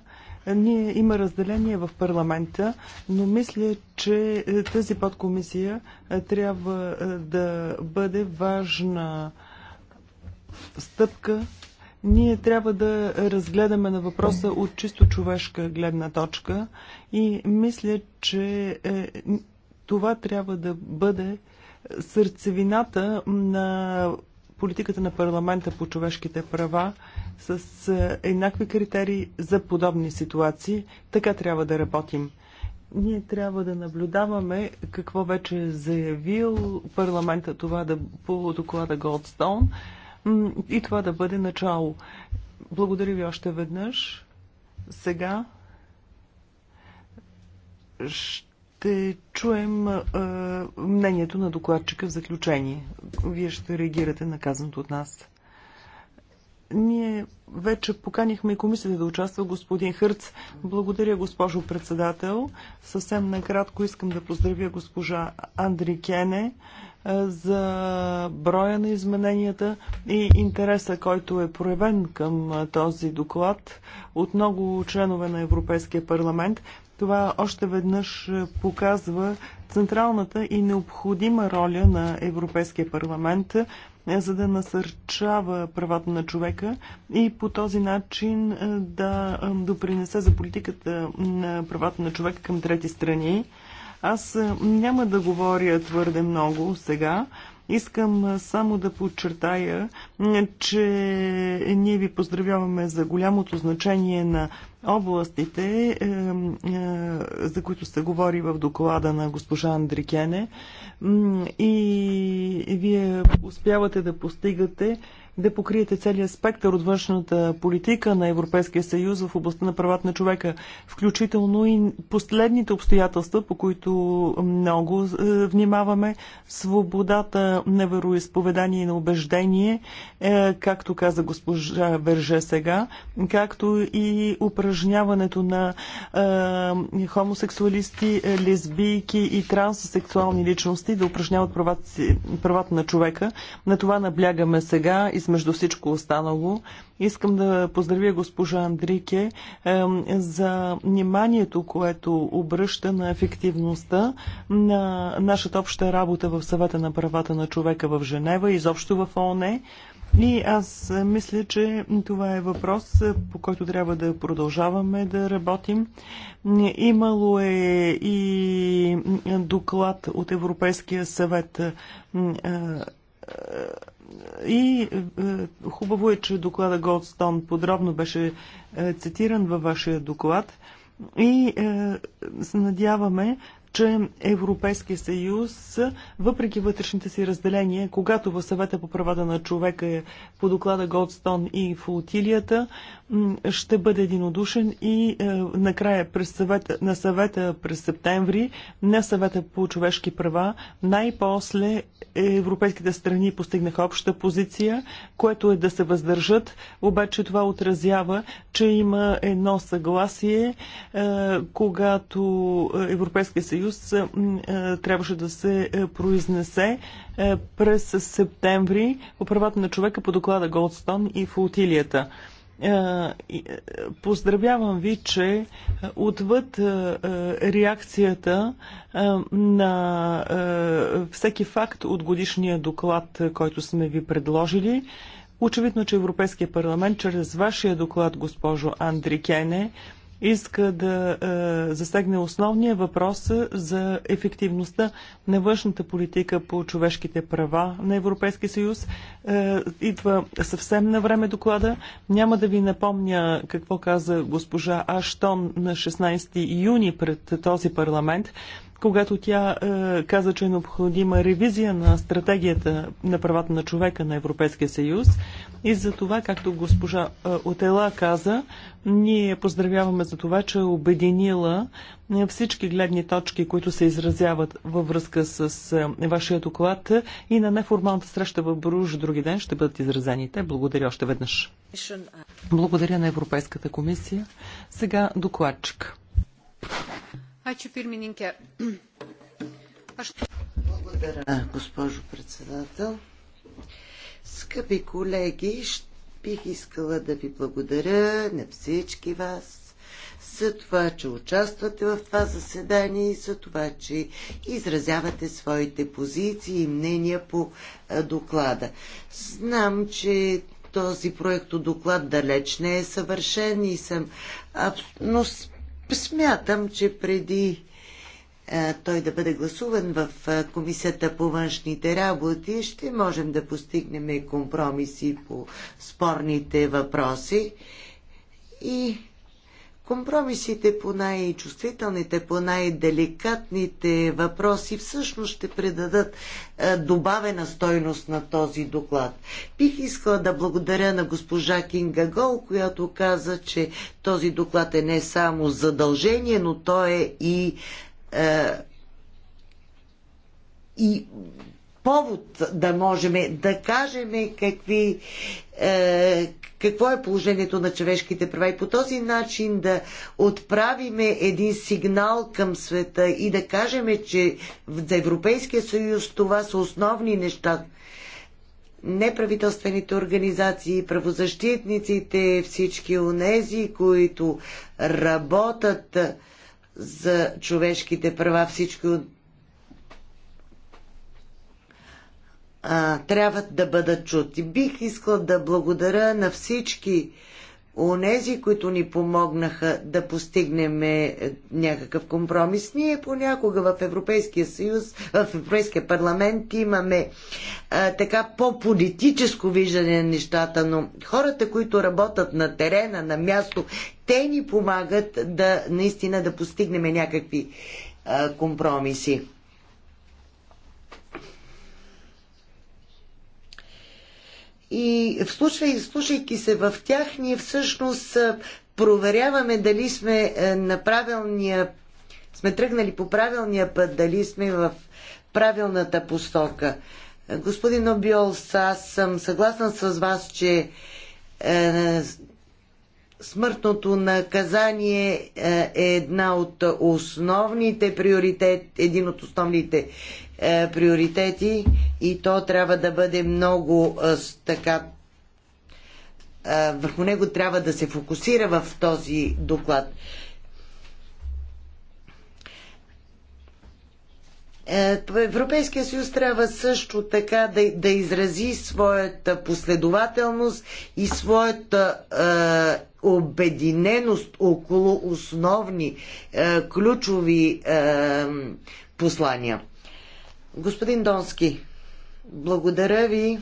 ние има разделение в парламента, но мисля, че е, тази подкомисия трябва да бъде важна стъпка ние трябва да разгледаме на въпроса от чисто човешка гледна точка и мисля, че е, това трябва да бъде сърцевината на политиката на парламента по човешките права с е, еднакви критерии за подобни ситуации. Така трябва да работим. Ние трябва да наблюдаваме какво вече е заявил парламента това да, по доклада Голдстоун и това да бъде начало. Благодаря ви още веднъж. Сега ще чуем мнението на докладчика в заключение. Вие ще реагирате на казаното от нас. Ние вече поканихме и комисията да участва господин Хърц. Благодаря, госпожо председател. Съвсем накратко искам да поздравя госпожа Андри Кене за броя на измененията и интереса, който е проявен към този доклад от много членове на Европейския парламент. Това още веднъж е, показва централната и необходима роля на Европейския парламент, е, за да насърчава правата на човека и по този начин е, да допринесе за политиката на правата на човека към трети страни. Аз няма да говоря твърде много сега, Искам само да подчертая, че ние ви поздравяваме за голямото значение на областите, е, е, за които се говори в доклада на госпожа Андрикене. И вие успявате да постигате да покриете целия спектър от външната политика на Европейския съюз в областта на правата на човека, включително и последните обстоятелства, по които много е, внимаваме, свободата на вероисповедание и на убеждение, е, както каза госпожа Верже сега, както и упражняването на е, хомосексуалисти, лесбийки и транссексуални личности да упражняват правата, правата на човека. На това наблягаме сега и между всичко останало. Искам да поздравя госпожа Андрике за вниманието, което обръща на ефективността на нашата обща работа в съвета на правата на човека в Женева и изобщо в ООН. И аз мисля, че това е въпрос, по който трябва да продължаваме да работим. Имало е и доклад от Европейския съвет и е, е, хубаво е, че доклада Голдстон подробно беше е, цитиран във вашия доклад и се надяваме че Европейския съюз, въпреки вътрешните си разделения, когато в съвета по правата на човека е по доклада Голдстон и флотилията, ще бъде единодушен и е, накрая през съвета, на съвета през септември, на съвета по човешки права, най-после европейските страни постигнаха обща позиция, което е да се въздържат, обаче това отразява, че има едно съгласие, е, когато Европейския съюз съюз е, трябваше да се е, произнесе е, през септември по правата на човека по доклада Голдстон и флотилията. Поздравявам ви, че отвъд реакцията на всеки факт от годишния доклад, който сме ви предложили, очевидно, че Европейския парламент чрез вашия доклад, госпожо Андрикене, иска да е, засегне основния въпрос за ефективността на външната политика по човешките права на Европейския съюз. Е, идва съвсем на време доклада. Няма да ви напомня какво каза госпожа Аштон на 16 юни пред този парламент когато тя е, каза, че е необходима ревизия на стратегията на правата на човека на Европейския съюз. И за това, както госпожа е, Отела каза, ние поздравяваме за това, че е обединила е, всички гледни точки, които се изразяват във връзка с е, вашия доклад и на неформалната среща в Бруж други ден ще бъдат изразени те. Благодаря още веднъж. Благодаря на Европейската комисия. Сега докладчик. Благодаря, госпожо председател. Скъпи колеги, бих искала да ви благодаря на всички вас за това, че участвате в това заседание и за това, че изразявате своите позиции и мнения по доклада. Знам, че този проект доклад далеч не е съвършен и съм, но Смятам, че преди е, той да бъде гласуван в е, Комисията по външните работи, ще можем да постигнем компромиси по спорните въпроси и Компромисите по най-чувствителните, по най-деликатните въпроси всъщност ще предадат е, добавена стойност на този доклад. Бих искала да благодаря на госпожа Кинга Гол, която каза, че този доклад е не само задължение, но то е и, е, и повод да можем да кажем какви, е, какво е положението на човешките права и по този начин да отправиме един сигнал към света и да кажем, че за Европейския съюз това са основни неща. Неправителствените организации, правозащитниците, всички онези, които работят за човешките права, всички а, трябва да бъдат чути. Бих искал да благодаря на всички онези, които ни помогнаха да постигнем е, някакъв компромис. Ние понякога в Европейския съюз, в Европейския парламент имаме а, е, така по-политическо виждане на нещата, но хората, които работят на терена, на място, те ни помагат да наистина да постигнем някакви а, е, компромиси. И вслушвай, слушайки се в тях, ние всъщност проверяваме дали сме е, на правилния, сме тръгнали по правилния път, дали сме в правилната посока. Е, господин Обиолс, аз съм съгласна с вас, че е, смъртното наказание е, е една от основните приоритети, един от основните е, приоритети и то трябва да бъде много е, така. Е, върху него трябва да се фокусира в този доклад. Е, Европейския съюз трябва също така да, да изрази своята последователност и своята е, обединеност около основни е, ключови е, послания. Господин Донски, благодаря ви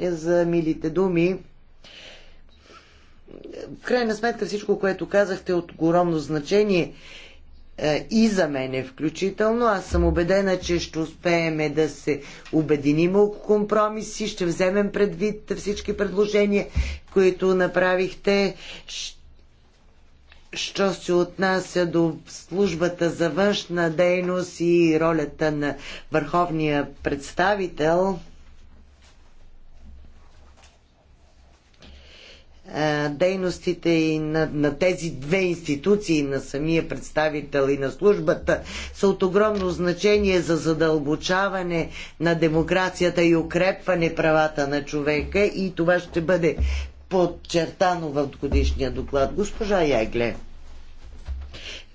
за милите думи. В крайна сметка всичко, което казахте е от огромно значение е, и за мене включително. Аз съм убедена, че ще успеем да се обединим около компромиси, ще вземем предвид всички предложения, които направихте. Ще що се отнася до службата за външна дейност и ролята на върховния представител, дейностите и на, на тези две институции, на самия представител и на службата, са от огромно значение за задълбочаване на демокрацията и укрепване правата на човека и това ще бъде подчертано в годишния доклад. Госпожа Ягле,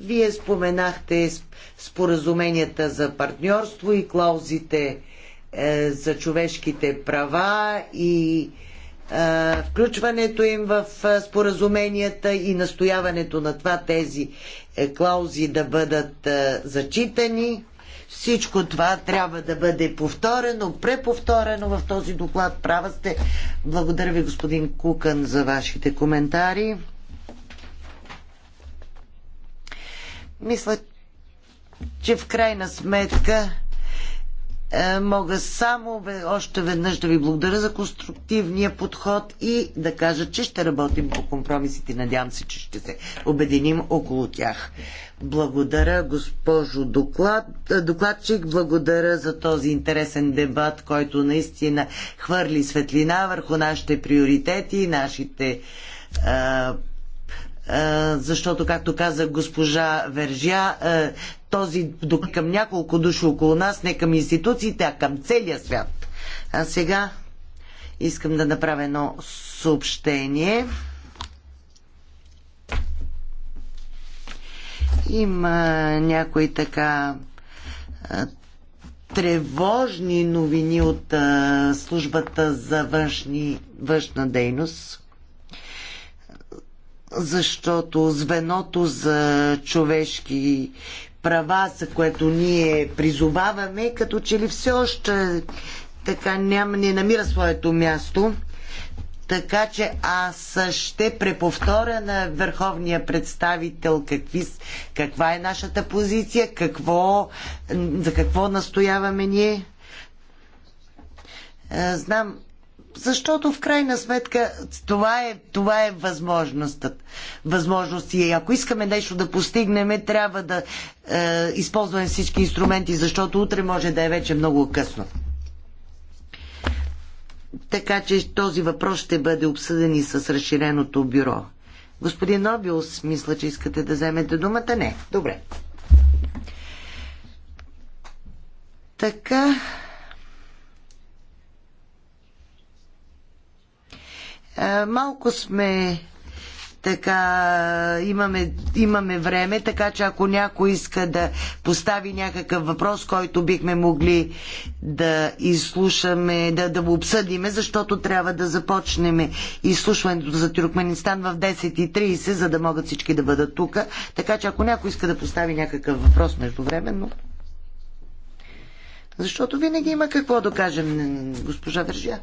вие споменахте споразуменията за партньорство и клаузите е, за човешките права и е, включването им в е, споразуменията и настояването на това тези е, клаузи да бъдат е, зачитани. Всичко това трябва да бъде повторено, преповторено в този доклад. Права сте. Благодаря ви, господин Кукан, за вашите коментари. Мисля, че в крайна сметка е, мога само още веднъж да ви благодаря за конструктивния подход и да кажа, че ще работим по компромисите. Надявам се, че ще се обединим около тях. Благодаря, госпожо доклад, е, докладчик. Благодаря за този интересен дебат, който наистина хвърли светлина върху нашите приоритети, нашите а, е, защото, както каза госпожа Вержя, този е към няколко души около нас, не към институциите, а към целия свят. А сега искам да направя едно съобщение. Има някои така тревожни новини от службата за външни, външна дейност защото звеното за човешки права, за което ние призоваваме, като че ли все още така няма, не намира своето място. Така че аз ще преповторя на върховния представител какви, каква е нашата позиция, какво, за какво настояваме ние. Е, знам, защото в крайна сметка това е, това е възможността. Възможност и е. ако искаме нещо да постигнем, трябва да е, използваме всички инструменти, защото утре може да е вече много късно. Така че този въпрос ще бъде обсъден и с разширеното бюро. Господин Обилс, мисля, че искате да вземете думата. Не. Добре. Така. Е, малко сме така имаме, имаме време, така че ако някой иска да постави някакъв въпрос, който бихме могли да изслушаме, да, да го обсъдиме, защото трябва да започнем изслушването за Тюркменистан в 10.30, за да могат всички да бъдат тук. Така че ако някой иска да постави някакъв въпрос междувременно, защото винаги има какво да кажем, госпожа Вържия.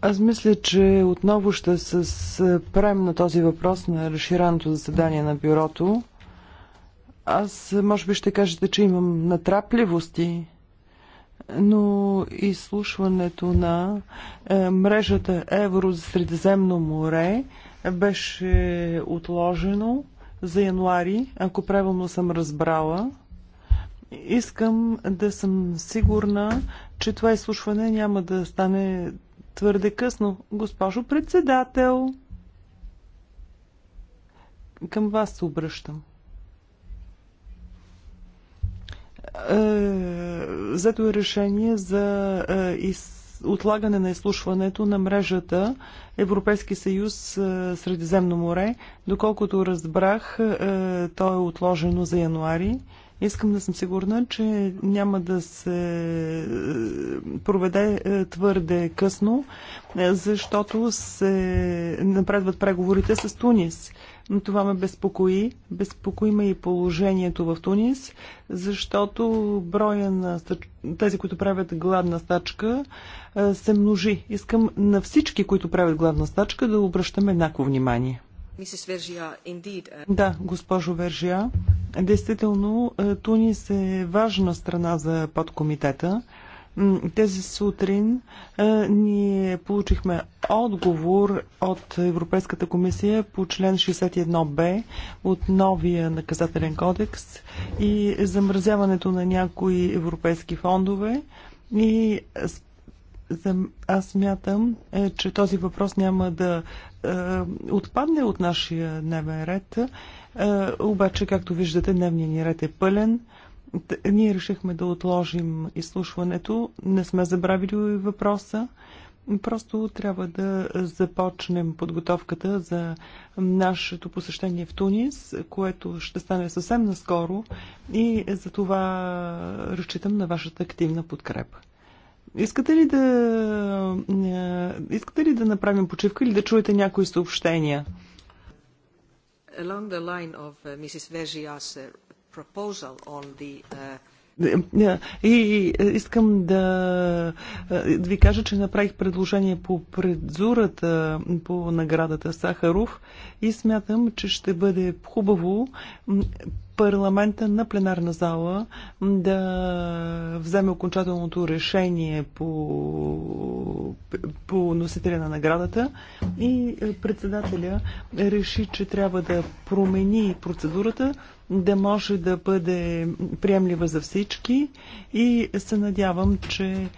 Аз мисля, че отново ще се спрем на този въпрос на разширеното заседание на бюрото. Аз, може би, ще кажете, че имам натрапливости, но изслушването на е, мрежата Евро за Средиземно море беше отложено за януари, ако правилно съм разбрала искам да съм сигурна, че това изслушване няма да стане твърде късно. Госпожо председател, към вас се обръщам. Е, взето е решение за е, отлагане на изслушването на мрежата Европейски съюз е, Средиземно море. Доколкото разбрах, то е отложено за януари. Искам да съм сигурна, че няма да се е, проведе е, твърде късно, е, защото се напредват преговорите с Тунис. Това ме безпокои. Безпокои ме и положението в Тунис, защото броя на тези, които правят гладна стачка, се множи. Искам на всички, които правят гладна стачка, да обръщаме еднакво внимание. Uh, да, госпожо Вержия. Действително, е, Тунис е важна страна за подкомитета. Тези сутрин е, ние получихме отговор от Европейската комисия по член 61б от новия наказателен кодекс и замразяването на някои европейски фондове и аз мятам, е, че този въпрос няма да е, отпадне от нашия дневен ред. Е, обаче, както виждате, дневният ни ред е пълен. Ние решихме да отложим изслушването. Не сме забравили въпроса. Просто трябва да започнем подготовката за нашето посещение в Тунис, което ще стане съвсем наскоро и за това разчитам на вашата активна подкрепа. Искате ли да, е, искате ли да направим почивка или да чуете някои съобщения? Along the line of uh, Mrs. Vergia's uh, proposal on the uh, е, е, и искам да, да ви кажа, че направих предложение по предзурата по наградата Сахаров и смятам, че ще бъде хубаво парламента на пленарна зала да вземе окончателното решение по, по носителя на наградата и председателя реши, че трябва да промени процедурата, да може да бъде приемлива за всички и се надявам, че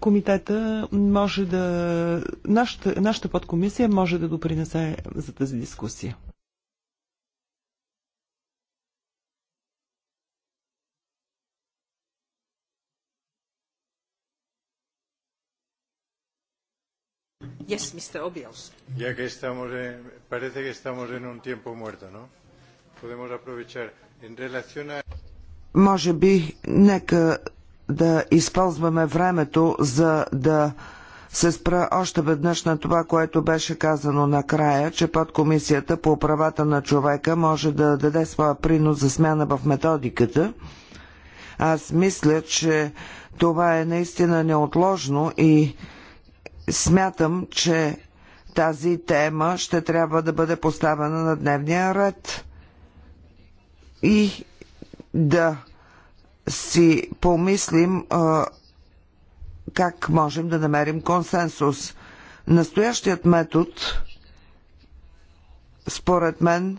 комитета може да... Нашата, нашата подкомисия може да допринесе за тази дискусия. Yes, Mr. Ya que estamos en, parece que estamos en un tiempo muerto, ¿no? Podemos aprovechar en relación a Може би нека да използваме времето за да се спра още веднъж на това, което беше казано накрая, че подкомисията по правата на човека може да даде своя принос за смяна в методиката. Аз мисля, че това е наистина неотложно и Смятам, че тази тема ще трябва да бъде поставена на дневния ред и да си помислим как можем да намерим консенсус. Настоящият метод, според мен,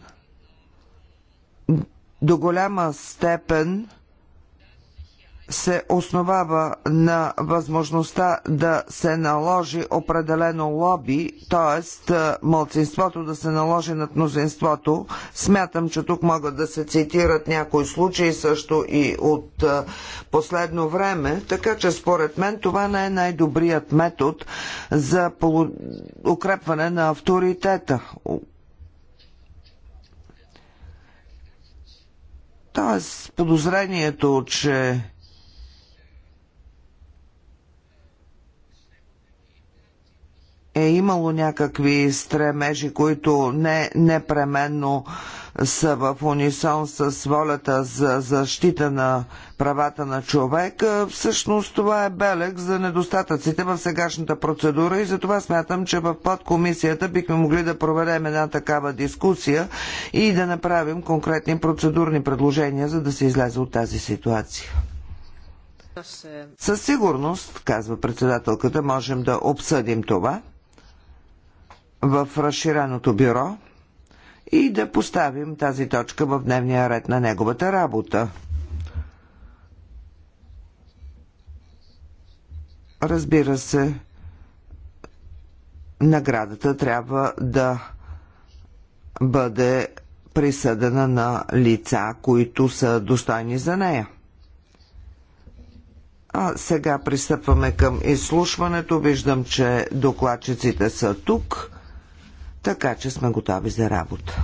до голяма степен се основава на възможността да се наложи определено лоби, т.е. мълцинството да се наложи над мнозинството. Смятам, че тук могат да се цитират някои случаи също и от е, последно време, така че според мен това не е най-добрият метод за укрепване на авторитета. Тоест, подозрението, че е имало някакви стремежи, които не непременно са в унисон с волята за защита на правата на човека, всъщност това е белег за недостатъците в сегашната процедура и затова смятам, че в подкомисията бихме могли да проведем една такава дискусия и да направим конкретни процедурни предложения, за да се излезе от тази ситуация. Със сигурност, казва председателката, можем да обсъдим това в разширеното бюро и да поставим тази точка в дневния ред на неговата работа. Разбира се, наградата трябва да бъде присъдена на лица, които са достойни за нея. А сега пристъпваме към изслушването. Виждам, че докладчиците са тук така че сме готови за работа.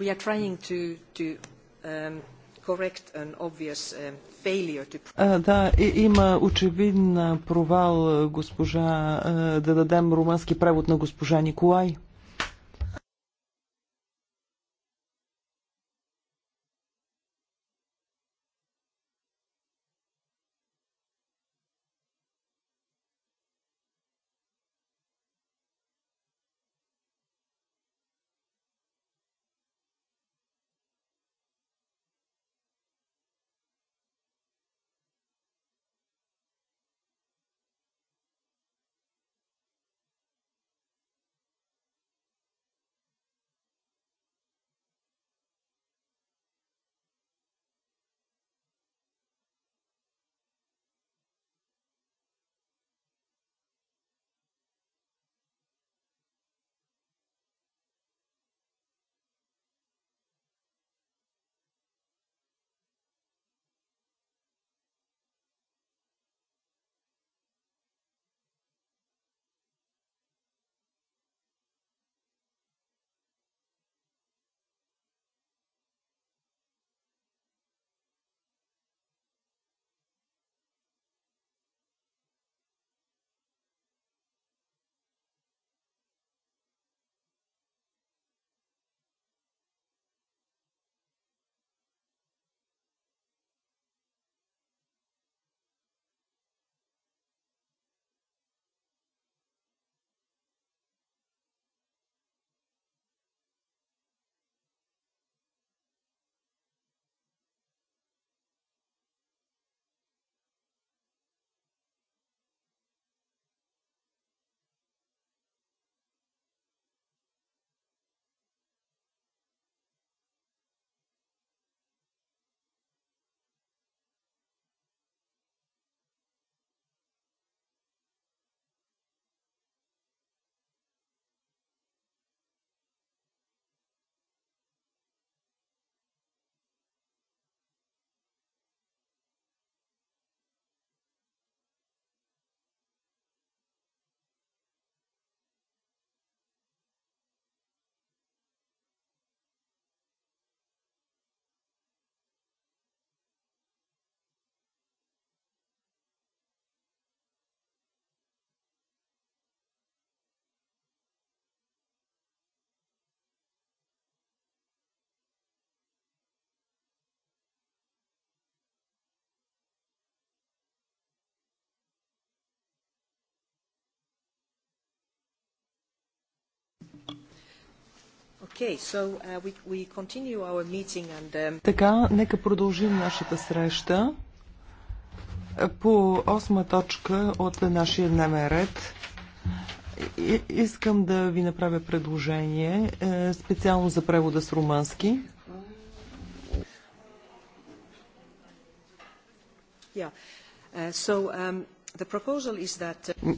we are trying to, to um, correct an obvious um, а, да, има очевиден провал госпожа да дадем румънски превод на госпожа Николай. Okay, so, uh, we, we continue our meeting and, um... Така, нека продължим нашата среща е, по осма точка от нашия дневен ред. Искам да ви направя предложение е, специално за превода с румънски. Uh, um, uh,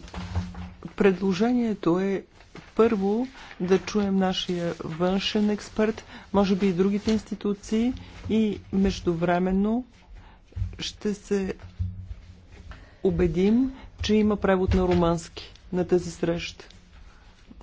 предложението е първо да чуем нашия външен експерт, може би и другите институции и междувременно ще се убедим, че има превод на румански на тази среща.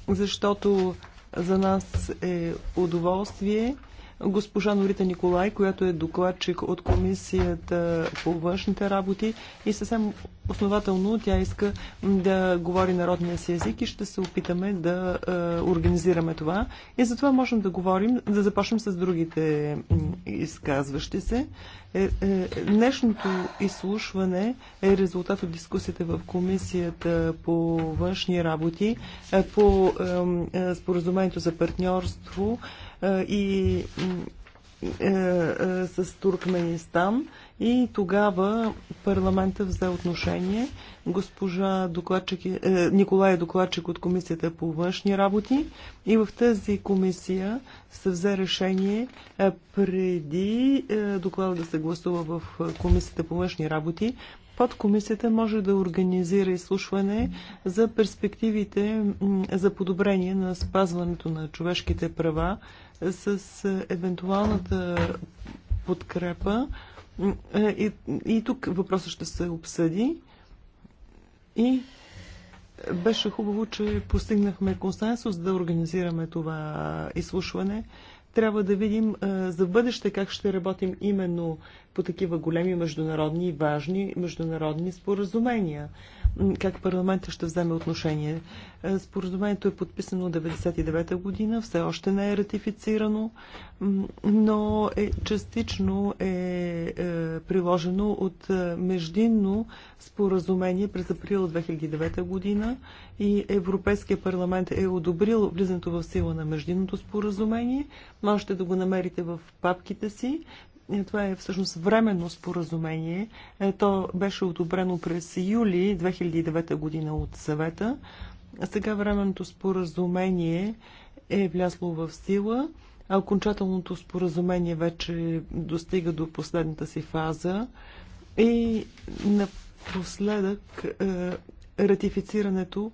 Защото за нас е удоволствие госпожа Норита Николай, която е докладчик от Комисията по външните работи и съвсем основателно тя иска да говори народния си език и ще се опитаме да е, организираме това. И затова можем да говорим, да започнем с другите изказващи се. Е, е, днешното изслушване е резултат от дискусията в Комисията по външни работи е, по споразумението за партньорство и с Туркменистан и тогава парламента взе отношение госпожа докладчик, е, е Николай е докладчик от Комисията по външни работи и в тази комисия се взе решение е, преди е, доклада да се гласува в Комисията по външни работи Подкомисията може да организира изслушване за перспективите за подобрение на спазването на човешките права с е, евентуалната подкрепа. И, и тук въпросът ще се обсъди. И беше хубаво, че постигнахме консенсус да организираме това изслушване. Трябва да видим за бъдеще как ще работим именно по такива големи международни и важни международни споразумения. Как парламентът ще вземе отношение? Споразумението е подписано 1999 година, все още не е ратифицирано, но е, частично е, е приложено от е, междинно споразумение през април 2009 година и Европейския парламент е одобрил влизането в сила на междинното споразумение. Можете да го намерите в папките си. Е, това е всъщност временно споразумение. Е, то беше одобрено през юли 2009 година от съвета. Сега временното споразумение е влязло в сила. А окончателното споразумение вече достига до последната си фаза и напоследък е, ратифицирането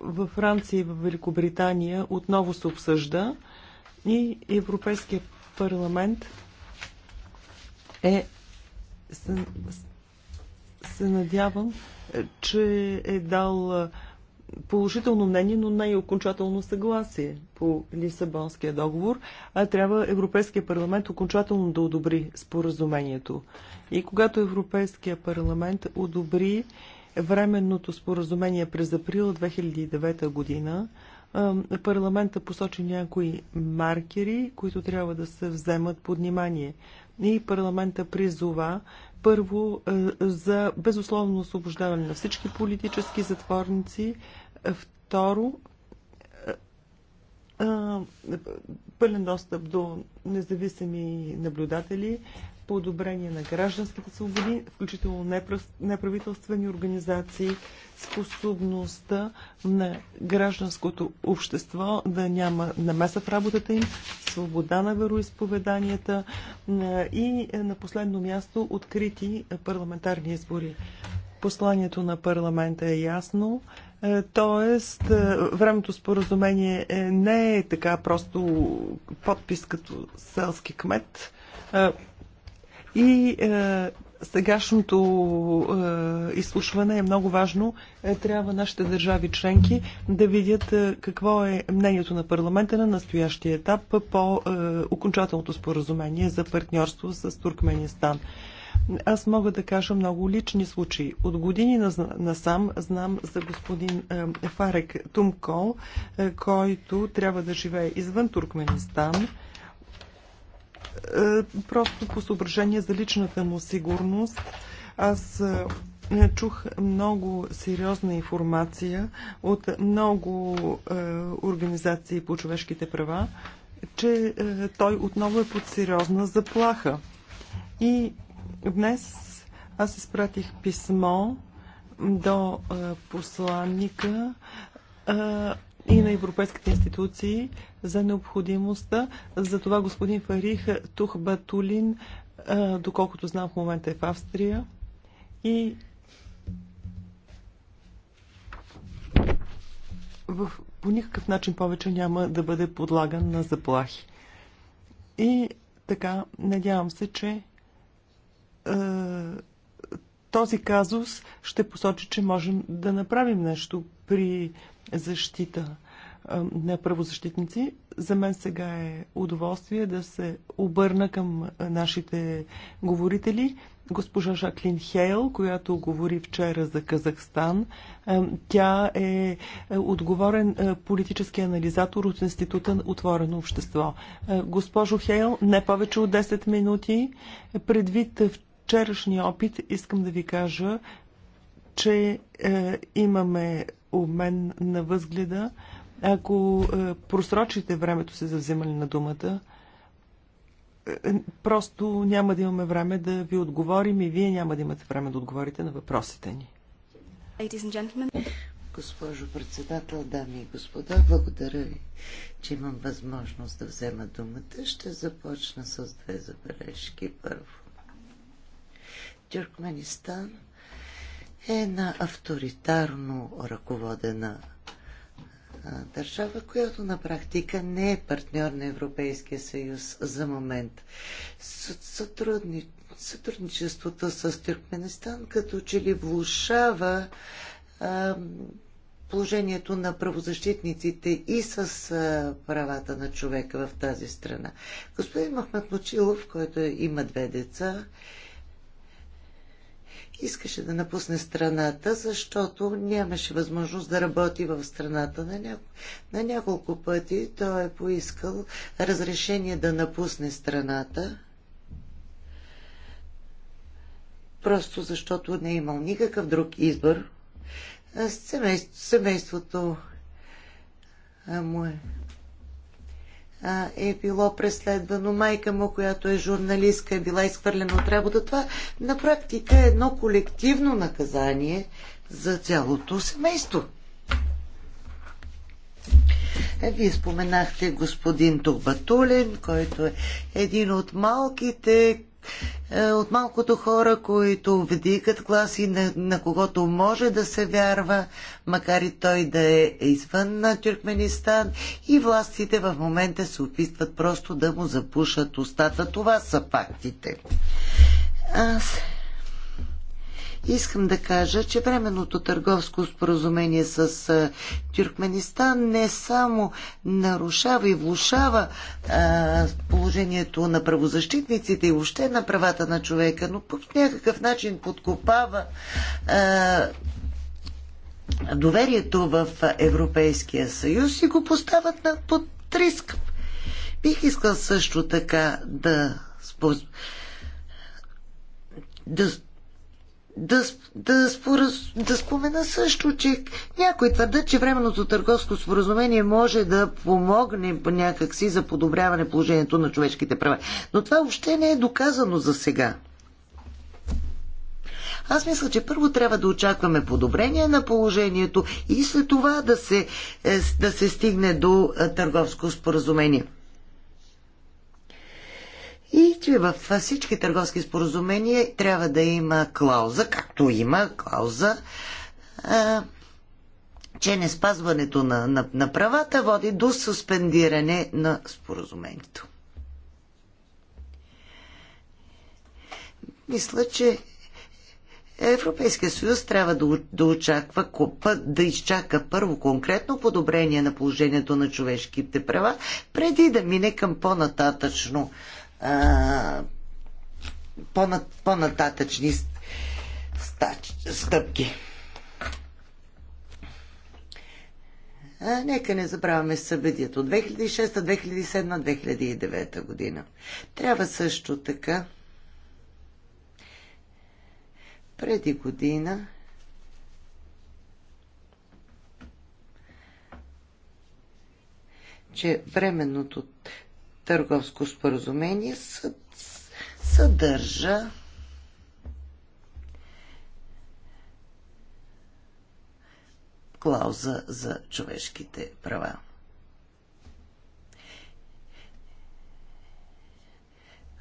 във Франция и в Великобритания отново се обсъжда и Европейския парламент е се, се надявам, че е дал положително мнение, но не и окончателно съгласие по Лисабонския договор, а трябва Европейския парламент окончателно да одобри споразумението. И когато Европейския парламент одобри временното споразумение през април 2009 година, Парламента посочи някои маркери, които трябва да се вземат под внимание. И парламента призова първо е, за безусловно освобождаване на всички политически затворници, второ е, е, пълен достъп до независими наблюдатели, подобрение на гражданските свободи, включително неправителствени организации, способността на гражданското общество да няма намеса в работата им, свобода на вероисповеданията и е, на последно място открити парламентарни избори. Посланието на парламента е ясно. Е, тоест, е, времето споразумение не е така просто подпис като селски кмет. И е, сегашното е, изслушване е много важно. Е, трябва нашите държави членки да видят е, какво е мнението на парламента на настоящия етап по е, окончателното споразумение за партньорство с Туркменистан. Аз мога да кажа много лични случаи. От години насам знам за господин е, Фарек Тумкол, е, който трябва да живее извън Туркменистан е, просто по съображение за личната му сигурност. Аз е, чух много сериозна информация от много е, организации по човешките права, че е, той отново е под сериозна заплаха. И днес аз изпратих писмо до е, посланника е, и на европейските институции, за необходимостта. За това господин Фарих Тухбатулин, доколкото знам в момента е в Австрия. И в, по никакъв начин повече няма да бъде подлаган на заплахи. И така, надявам се, че е, този казус ще посочи, че можем да направим нещо при защита на правозащитници. За мен сега е удоволствие да се обърна към нашите говорители. Госпожа Жаклин Хейл, която говори вчера за Казахстан, тя е, е отговорен политически анализатор от Института на Отворено общество. Госпожо Хейл, не повече от 10 минути. Предвид вчерашния опит, искам да ви кажа, че е, имаме обмен на възгледа. Ако е, просрочите времето си за вземане на думата, е, е, просто няма да имаме време да ви отговорим и вие няма да имате време да отговорите на въпросите ни. Госпожо председател, дами и господа, благодаря ви, че имам възможност да взема думата. Ще започна с две забележки. Първо. Тюркменистан е на авторитарно ръководена държава, която на практика не е партньор на Европейския съюз за момент. Сътрудничеството с Тюркменистан като че ли влушава положението на правозащитниците и с правата на човека в тази страна. Господин Махмат Мочилов, който има две деца, искаше да напусне страната, защото нямаше възможност да работи в страната. На, няко... на няколко пъти той е поискал разрешение да напусне страната, просто защото не е имал никакъв друг избор. Семейство... Семейството му е е било преследвано. Майка му, която е журналистка, е била изхвърлена от работа. Това на практика е едно колективно наказание за цялото семейство. Е, вие споменахте господин Тубатулин, който е един от малките е, от малкото хора, които вдигат глас и на, на когото може да се вярва, макар и той да е извън на Тюркменистан и властите в момента се опитват просто да му запушат устата. Това са фактите. Аз Искам да кажа, че временното търговско споразумение с Тюркменистан не само нарушава и влушава а, положението на правозащитниците и въобще на правата на човека, но по някакъв начин подкопава а, доверието в Европейския съюз и го поставят на, под риск. Бих искал също така да, да да, да, спораз... да спомена също, че някои твърдят, че временното търговско споразумение може да помогне някакси за подобряване положението на човешките права. Но това въобще не е доказано за сега. Аз мисля, че първо трябва да очакваме подобрение на положението и след това да се, е, да се стигне до е, търговско споразумение и че във всички търговски споразумения трябва да има клауза, както има клауза, а, че не спазването на, на, на правата води до суспендиране на споразумението. Мисля, че Европейския съюз трябва да, да очаква, да изчака първо конкретно подобрение на положението на човешките права, преди да мине към по-нататъчно по-нататъчни стъпки. А, нека не забравяме събитието 2006, 2007, 2009 година. Трябва също така преди година че временното търговско споразумение съдържа клауза за човешките права.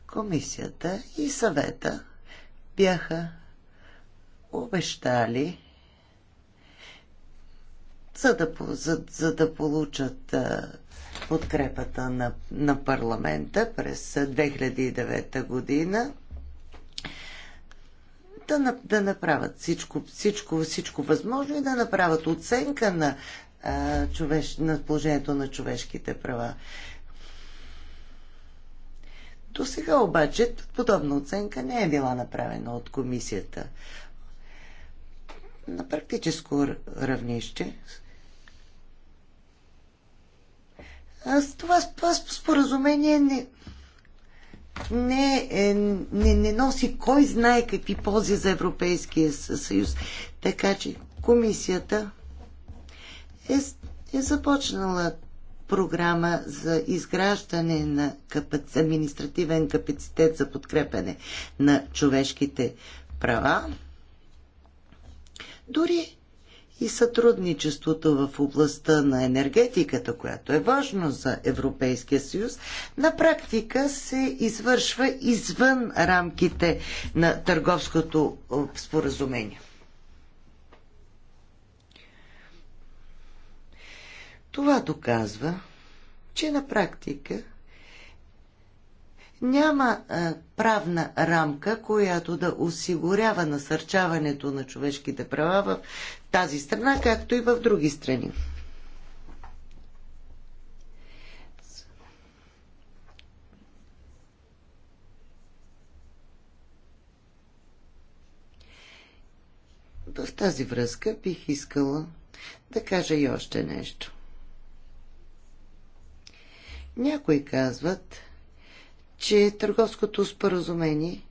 Комисията и съвета бяха обещали, за да, за, за да получат а, подкрепата на, на парламента през 2009 година да, да направят всичко, всичко, всичко възможно и да направят оценка на, а, човеш, на положението на човешките права. До сега обаче подобна оценка не е била направена от комисията. На практическо равнище Аз това, това споразумение не, не, е, не, не носи кой знае какви ползи за Европейския съюз. Така че комисията е, е започнала програма за изграждане на капаци... административен капацитет за подкрепене на човешките права. Дори и сътрудничеството в областта на енергетиката, която е важно за Европейския съюз, на практика се извършва извън рамките на търговското споразумение. Това доказва, че на практика няма е, правна рамка, която да осигурява насърчаването на човешките права в тази страна, както и в други страни. В тази връзка бих искала да кажа и още нещо. Някои казват, че търговското споразумение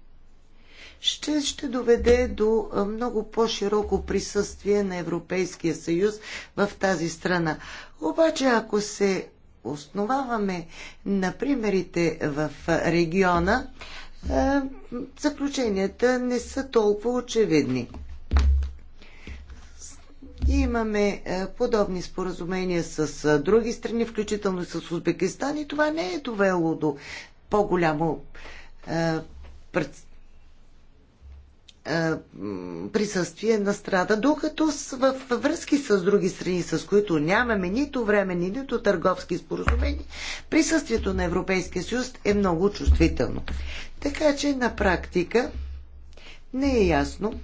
ще, ще доведе до много по-широко присъствие на Европейския съюз в тази страна. Обаче, ако се основаваме на примерите в региона, заключенията не са толкова очевидни. И имаме подобни споразумения с други страни, включително с Узбекистан и това не е довело до по-голямо е, е, присъствие на страда, докато в връзки с други страни, с които нямаме нито време, нито търговски споразумения, присъствието на Европейския съюз е много чувствително. Така че на практика не е ясно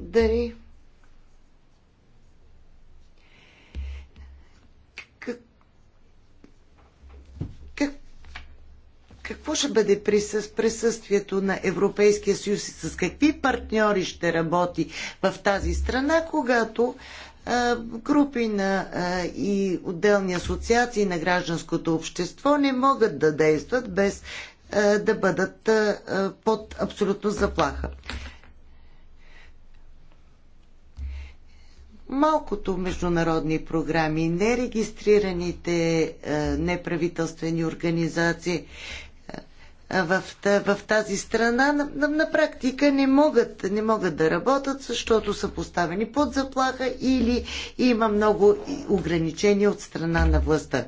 дали какво ще бъде присъствието на Европейския съюз и с какви партньори ще работи в тази страна, когато групи на, и отделни асоциации на гражданското общество не могат да действат без да бъдат под абсолютно заплаха. малкото международни програми, нерегистрираните е, неправителствени организации в, в тази страна на, на, на практика не могат, не могат да работят, защото са поставени под заплаха или има много ограничения от страна на властта.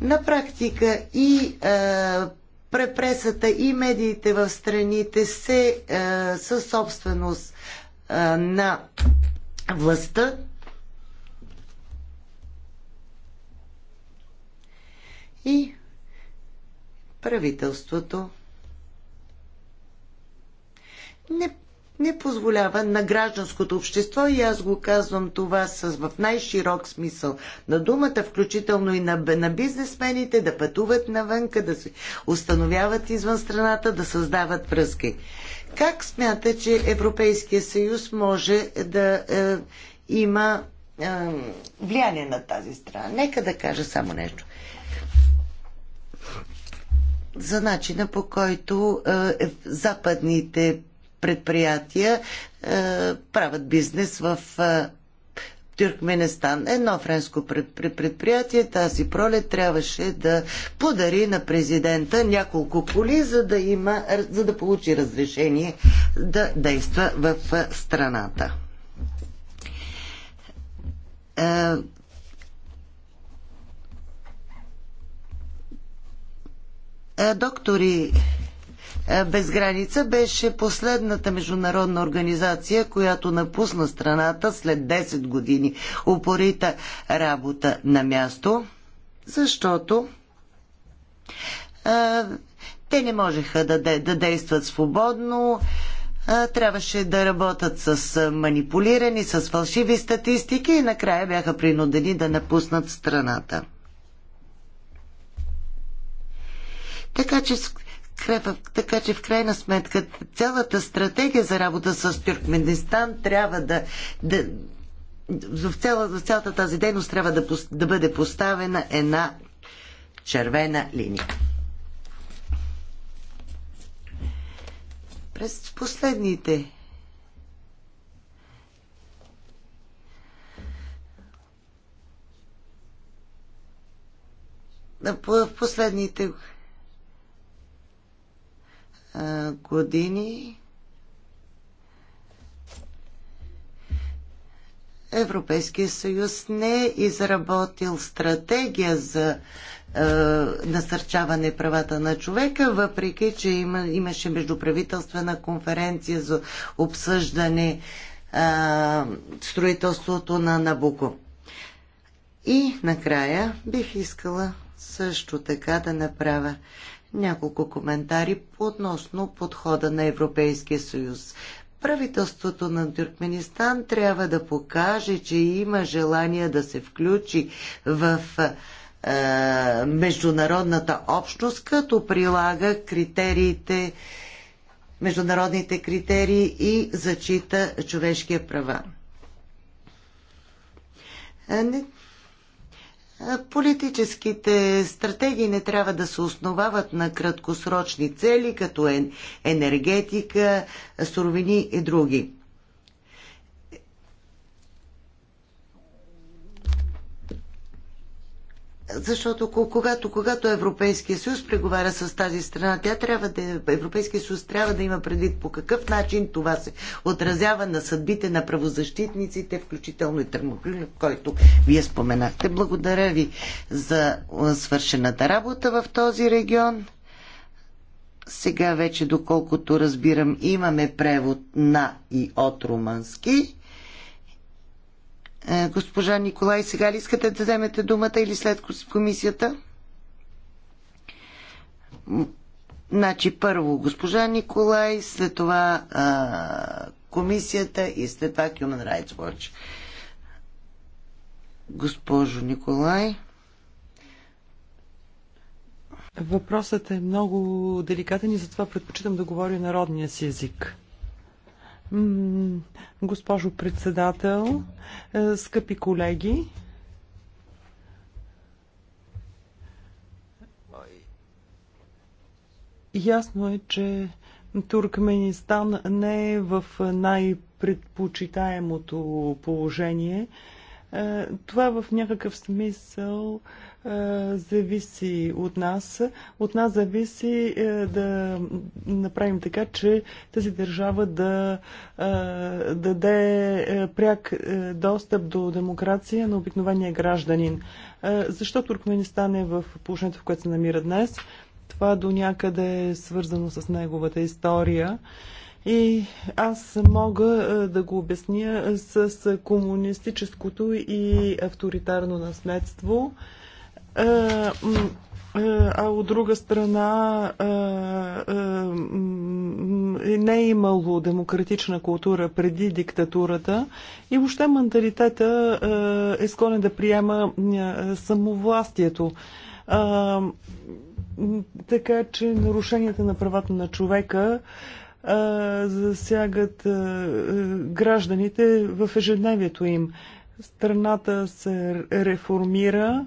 На практика и а, препресата и медиите в страните се, а, са собственост а, на властта, И правителството не, не позволява на гражданското общество, и аз го казвам това с, в най-широк смисъл на думата, включително и на, на бизнесмените, да пътуват навънка, да се установяват извън страната, да създават връзки. Как смята, че Европейския съюз може да е, има е, влияние на тази страна? Нека да кажа само нещо за начина по който е, западните предприятия е, правят бизнес в е, Тюркменистан. Едно френско предприятие тази пролет трябваше да подари на президента няколко коли, за да, има, за да получи разрешение да действа в е, страната е, Е, доктори е, без граница беше последната международна организация, която напусна страната след 10 години упорита работа на място, защото а, е, те не можеха да, да действат свободно, а, трябваше да работят с манипулирани, с фалшиви статистики и накрая бяха принудени да напуснат страната. Така че, така че в крайна сметка цялата стратегия за работа с Тюркменистан трябва да, да в, цяла, цялата тази дейност трябва да, да бъде поставена една червена линия. През последните в последните години Европейския съюз не е изработил стратегия за е, насърчаване правата на човека, въпреки че има, имаше междуправителствена конференция за обсъждане е, строителството на Набуко. И накрая бих искала също така да направя няколко коментари относно подхода на Европейския съюз. Правителството на Туркменистан трябва да покаже, че има желание да се включи в е, международната общност, като прилага критериите, международните критерии и зачита човешкия права. Е, не, Политическите стратегии не трябва да се основават на краткосрочни цели, като енергетика, суровини и други. Защото когато, когато Европейския съюз преговаря с тази страна, тя трябва да, Европейския съюз трябва да има предвид по какъв начин това се отразява на съдбите на правозащитниците, включително и Термоклин, който вие споменахте. Благодаря ви за свършената работа в този регион. Сега вече, доколкото разбирам, имаме превод на и от румънски. Е, госпожа Николай, сега ли искате да вземете думата или след комисията? Значи първо госпожа Николай, след това а, комисията и след това Human Rights Watch. Госпожо Николай. Въпросът е много деликатен и затова предпочитам да говоря народния си език. Госпожо председател, е, скъпи колеги, ясно е, че Туркменистан не е в най-предпочитаемото положение. Е, това в някакъв смисъл е, зависи от нас. От нас зависи е, да направим така, че тази държава да даде пряк достъп до демокрация на обикновения гражданин. Защо Туркменистан е в положението, в което се намира днес? Това до някъде е свързано с неговата история. И аз мога е, да го обясня е, с комунистическото и авторитарно наследство. Е, а от друга страна не е имало демократична култура преди диктатурата и въобще менталитета е склонен да приема самовластието. Така че нарушенията на правата на човека засягат гражданите в ежедневието им. Страната се реформира,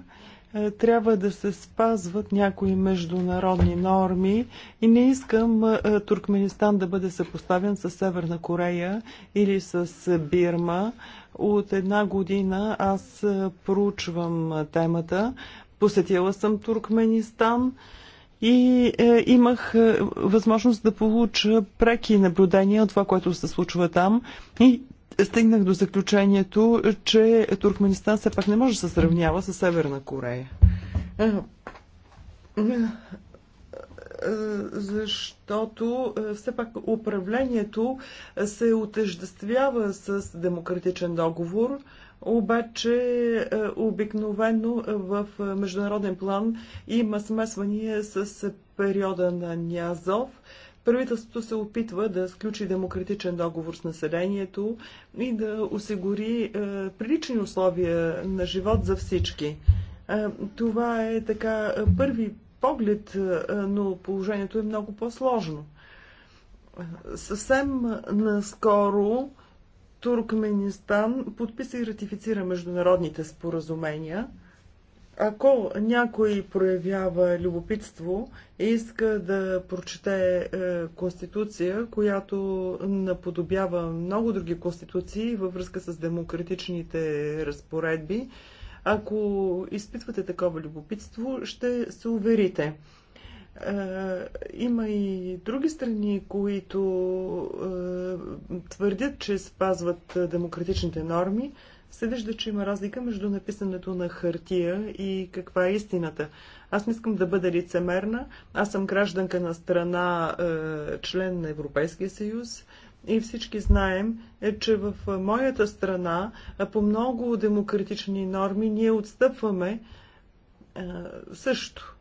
трябва да се спазват някои международни норми и не искам Туркменистан да бъде съпоставен с Северна Корея или с Бирма. От една година аз проучвам темата. Посетила съм Туркменистан и е, имах е, възможност да получа преки наблюдения от това, което се случва там и стигнах до заключението, че Туркменистан все пак не може да се сравнява с Северна Корея. Е, е, защото е, все пак управлението се отъждествява с демократичен договор, обаче е, обикновено в международен план има смесвания с периода на Нязов. Правителството се опитва да сключи демократичен договор с населението и да осигури е, прилични условия на живот за всички. Е, това е така първи поглед, но положението е много по-сложно. Съвсем наскоро Туркменистан подписа и ратифицира международните споразумения. Ако някой проявява любопитство и иска да прочете е, конституция, която наподобява много други конституции във връзка с демократичните разпоредби, ако изпитвате такова любопитство, ще се уверите. Е, има и други страни, които е, твърдят, че спазват демократичните норми. Се вижда, че има разлика между написането на хартия и каква е истината. Аз не искам да бъда лицемерна. Аз съм гражданка на страна, е, член на Европейския съюз. И всички знаем, е, че в моята страна по много демократични норми ние отстъпваме също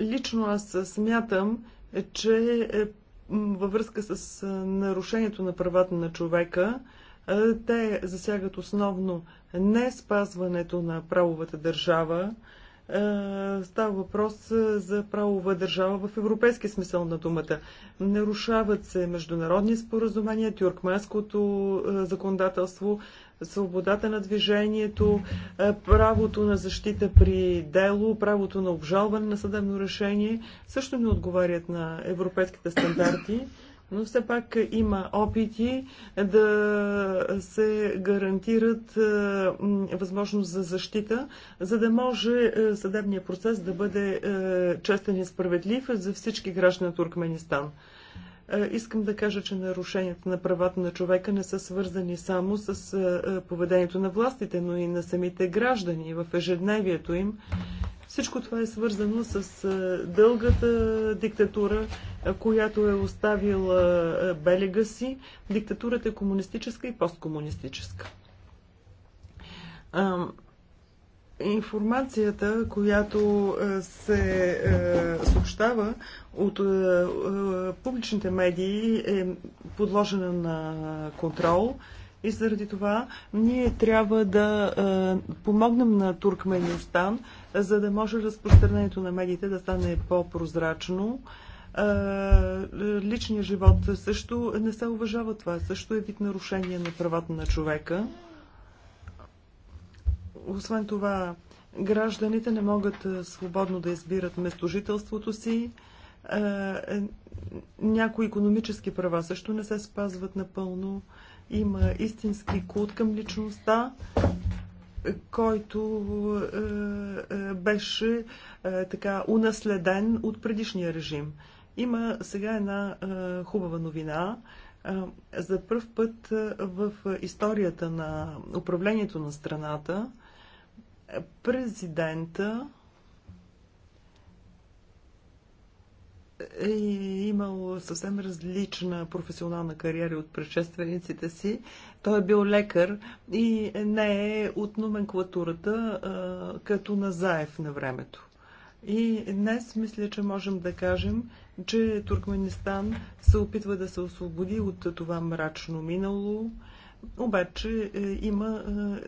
Лично аз смятам, че е, във връзка с е, нарушението на правата на човека, е, те засягат основно не спазването на правовата държава. Става въпрос за правова държава в европейски смисъл на думата. Нарушават се международни споразумения, тюркменското законодателство, свободата на движението, е, правото на защита при дело, правото на обжалване на съдебно решение също не отговарят на европейските стандарти но все пак има опити да се гарантират е, възможност за защита, за да може е, съдебният процес да бъде честен и справедлив за всички граждани на Туркменистан. Искам да кажа, че нарушенията на правата на човека не са свързани само с поведението на властите, но и на самите граждани в ежедневието им. Всичко това е свързано с дългата диктатура, която е оставила белега си. Диктатурата е комунистическа и посткомунистическа. Информацията, която е, се е, съобщава от е, публичните медии е подложена на контрол и заради това ние трябва да помогнем на Туркменистан, за да може разпространението на медиите да стане по-прозрачно. Личният живот също не се уважава това. Също е вид нарушение на правата на човека. Освен това, гражданите не могат е, свободно да избират местожителството си. Е, е, някои економически права също не се спазват напълно. Има истински култ към личността, който беше така унаследен от предишния режим. Има сега една хубава новина. За първ път в историята на управлението на страната президента е имал съвсем различна професионална кариера от предшествениците си. Той е бил лекар и не е от номенклатурата а, като Назаев на времето. И днес мисля, че можем да кажем, че Туркменистан се опитва да се освободи от това мрачно минало, обаче е, има,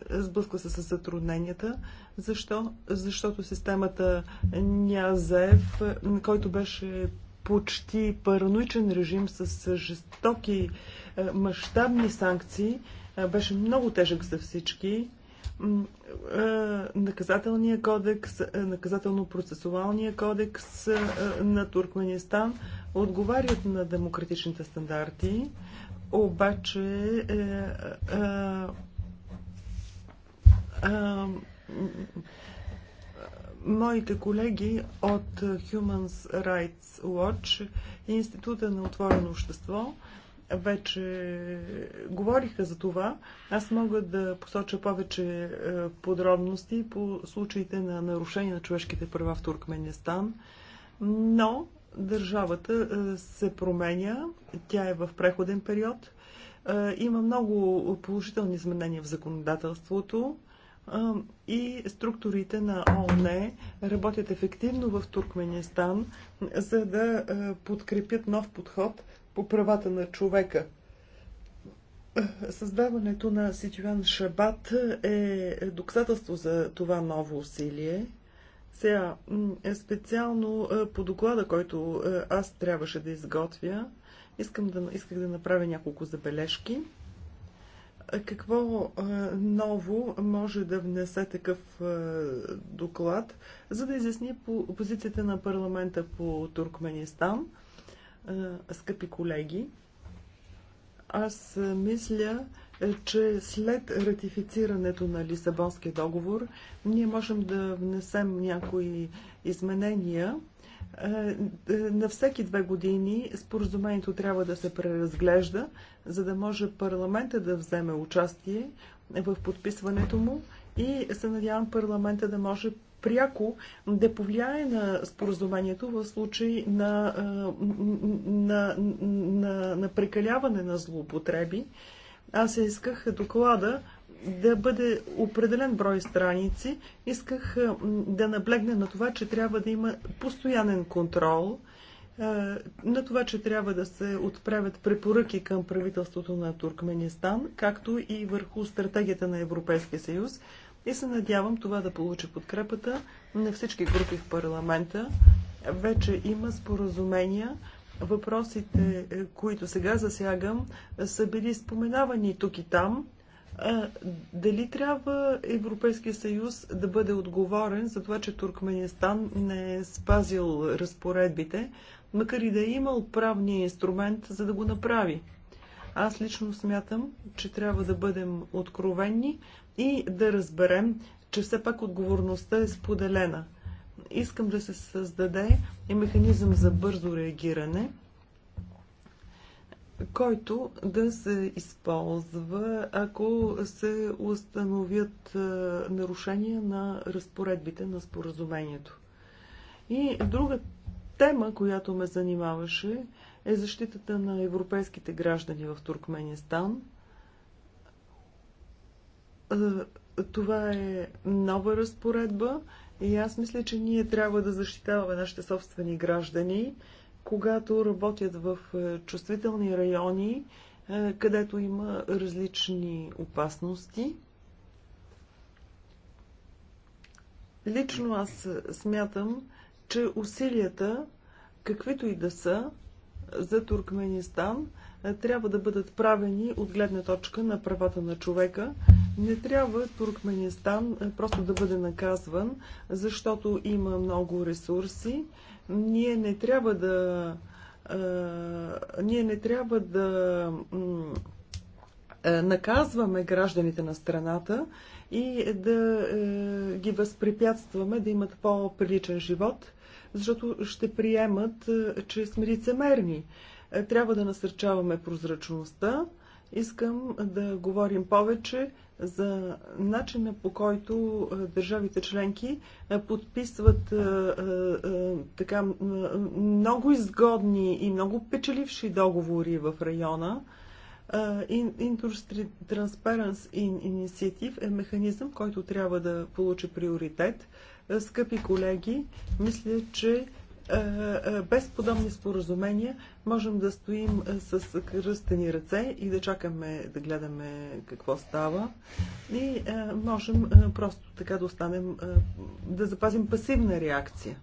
е, сблъсква се с затрудненията. Защо? Защото системата Нязев, който беше почти параноичен режим с жестоки е, мащабни санкции, беше много тежък за всички. Наказателния кодекс, наказателно-процесуалния кодекс на Туркменистан отговарят на демократичните стандарти обаче е, е, е, моите колеги от Human Rights Watch и Института на отворено общество вече говориха за това. Аз мога да посоча повече подробности по случаите на нарушение на човешките права в Туркменистан, но Държавата е, се променя, тя е в преходен период. Е, има много положителни изменения в законодателството е, и структурите на ООН работят ефективно в Туркменистан, за да подкрепят нов подход по правата на човека. Създаването на Ситюан Шабат е доказателство за това ново усилие. Сега, е специално е, по доклада, който е, аз трябваше да изготвя, искам да, исках да направя няколко забележки. Какво ново може да внесе такъв доклад, за да изясни позицията на парламента по Туркменистан? Скъпи колеги, аз мисля, е, че след ратифицирането на Лисабонския договор ние можем да внесем някои изменения. Е, е, на всеки две години споразумението трябва да се преразглежда, за да може парламента да вземе участие в подписването му и се надявам парламента да може пряко да повлияе на споразумението в случай на, на, на, на прекаляване на злоупотреби аз исках доклада да бъде определен брой страници. Исках да наблегне на това, че трябва да има постоянен контрол, е, на това, че трябва да се отправят препоръки към правителството на Туркменистан, както и върху стратегията на Европейския съюз. И се надявам това да получи подкрепата на всички групи в парламента. Вече има споразумения Въпросите, е, които сега засягам, е, са били споменавани тук и там. Е, дали трябва Европейския съюз да бъде отговорен за това, че Туркменистан не е спазил разпоредбите, макар и да е имал правния инструмент, за да го направи? Аз лично смятам, че трябва да бъдем откровенни и да разберем, че все пак отговорността е споделена – искам да се създаде и механизъм за бързо реагиране, който да се използва, ако се установят нарушения на разпоредбите на споразумението. И друга тема, която ме занимаваше, е защитата на европейските граждани в Туркменистан. Това е нова разпоредба и аз мисля, че ние трябва да защитаваме нашите собствени граждани, когато работят в е, чувствителни райони, е, където има различни опасности. Лично аз смятам, че усилията, каквито и да са, за Туркменистан е, трябва да бъдат правени от гледна точка на правата на човека. Не трябва Туркменистан е, просто да бъде наказван, защото има много ресурси. Ние не трябва да. А, е, ние не трябва да наказваме гражданите на страната и да е, ги възпрепятстваме да имат по-приличен живот, защото ще приемат, е, че сме лицемерни. Е, трябва да насърчаваме прозрачността. Искам да говорим повече за начина по който е, държавите членки е, подписват така много изгодни и много печеливши договори в района. Industry Transparency Initiative е механизъм, който трябва да получи приоритет. Скъпи колеги, мисля, че е, е, без подобни споразумения можем да стоим е, с кръстени ръце и да чакаме да гледаме какво става и можем просто така да останем, да запазим пасивна реакция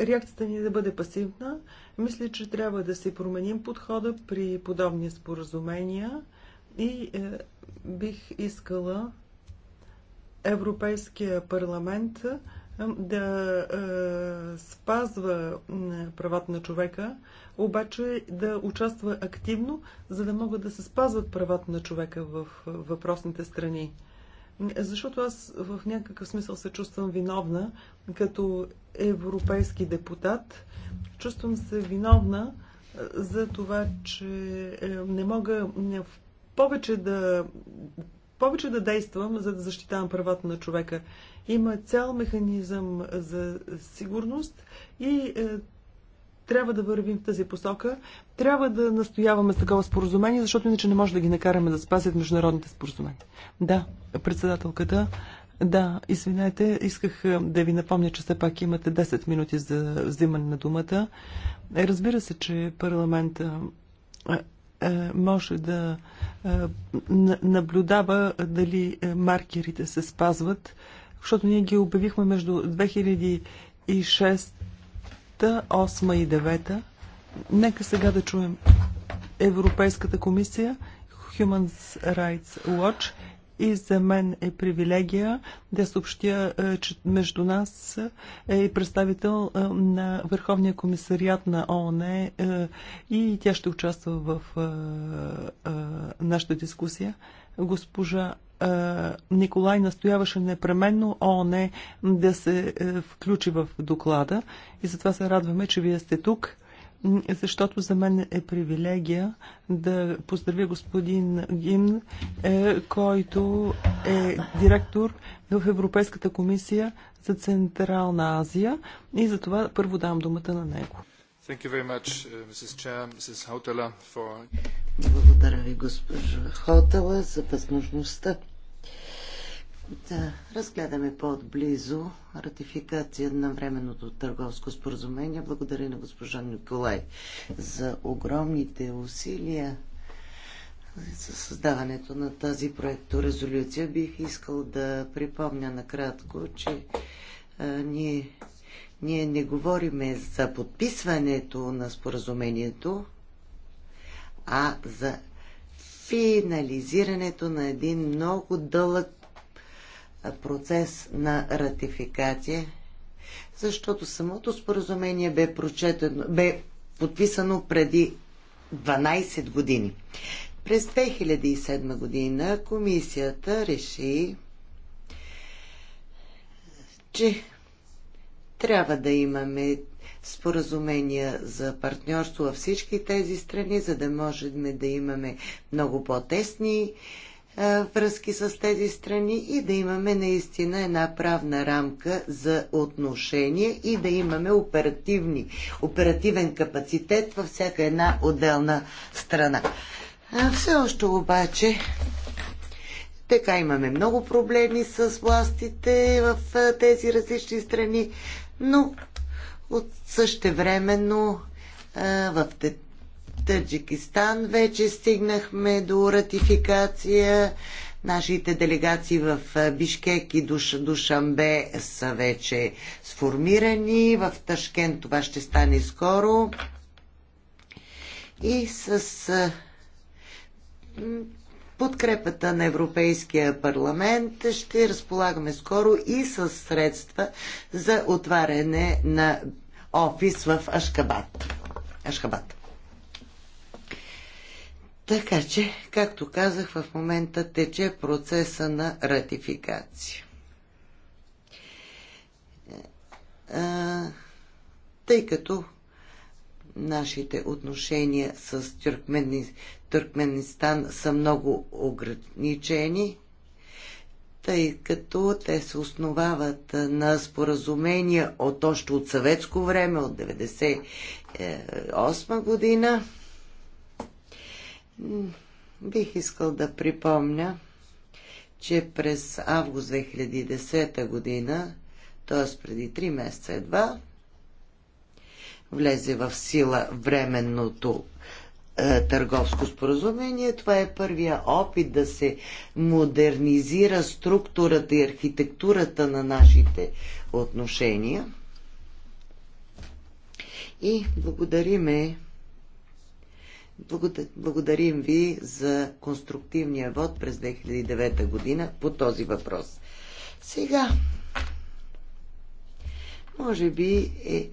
реакцията ни да бъде пасивна. Мисля, че трябва да си променим подхода при подобни споразумения и бих искала Европейския парламент да е, спазва правата на човека, обаче да участва активно, за да могат да се спазват правата на човека в въпросните страни. Защото аз в някакъв смисъл се чувствам виновна като европейски депутат. Чувствам се виновна за това, че не мога повече да повече да действам, за да защитавам правата на човека. Има цял механизъм за сигурност и е, трябва да вървим в тази посока. Трябва да настояваме с такова споразумение, защото иначе не може да ги накараме да спазят международните споразумения. Да, председателката. Да, извинете, исках е, да ви напомня, че все пак имате 10 минути за взимане на думата. Е, разбира се, че парламента е, е, може да е, наблюдава дали е, маркерите се спазват, защото ние ги обявихме между 2006, 2008 и 2009. Нека сега да чуем Европейската комисия, Human Rights Watch и за мен е привилегия да съобщя, е, че между нас е представител е, на Върховния комисариат на ООН е, и тя ще участва в нашата дискусия. Госпожа Николай настояваше непременно ООН да се включи в доклада и затова се радваме, че вие сте тук защото за мен е привилегия да поздравя господин Гимн, е, който е директор в Европейската комисия за Централна Азия и за това първо дам думата на него. Much, uh, Mrs. Chair, Mrs. for... Благодаря ви, госпожо Хотела, за възможността да разгледаме по-отблизо ратификация на временното търговско споразумение. Благодаря на госпожа Николай за огромните усилия за създаването на тази проекторезолюция. Бих искал да припомня накратко, че а, ние, ние не говориме за подписването на споразумението, а за финализирането на един много дълъг процес на ратификация, защото самото споразумение бе, прочетено, бе подписано преди 12 години. През 2007 година комисията реши, че трябва да имаме споразумения за партньорство във всички тези страни, за да можем да имаме много по-тесни е, връзки с тези страни и да имаме наистина една правна рамка за отношение и да имаме оперативни, оперативен капацитет във всяка една отделна страна. А все още обаче така имаме много проблеми с властите в е, тези различни страни, но от същевременно е, в Таджикистан вече стигнахме до ратификация. Нашите делегации в Бишкек и Душ, Душамбе са вече сформирани. В Ташкент това ще стане скоро. И с подкрепата на Европейския парламент ще разполагаме скоро и с средства за отваряне на офис в Ашкабад. Ашхабад. Така че, както казах, в момента тече процеса на ратификация. тъй като нашите отношения с Тюркмени, Тюркменистан са много ограничени, тъй като те се основават на споразумения от още от съветско време, от 1998 е, година. Бих искал да припомня, че през август 2010 година, т.е. преди 3 месеца едва, влезе в сила временното е, търговско споразумение. Това е първия опит да се модернизира структурата и архитектурата на нашите отношения. И благодариме Благодарим ви за конструктивния вод през 2009 година по този въпрос. Сега, може би е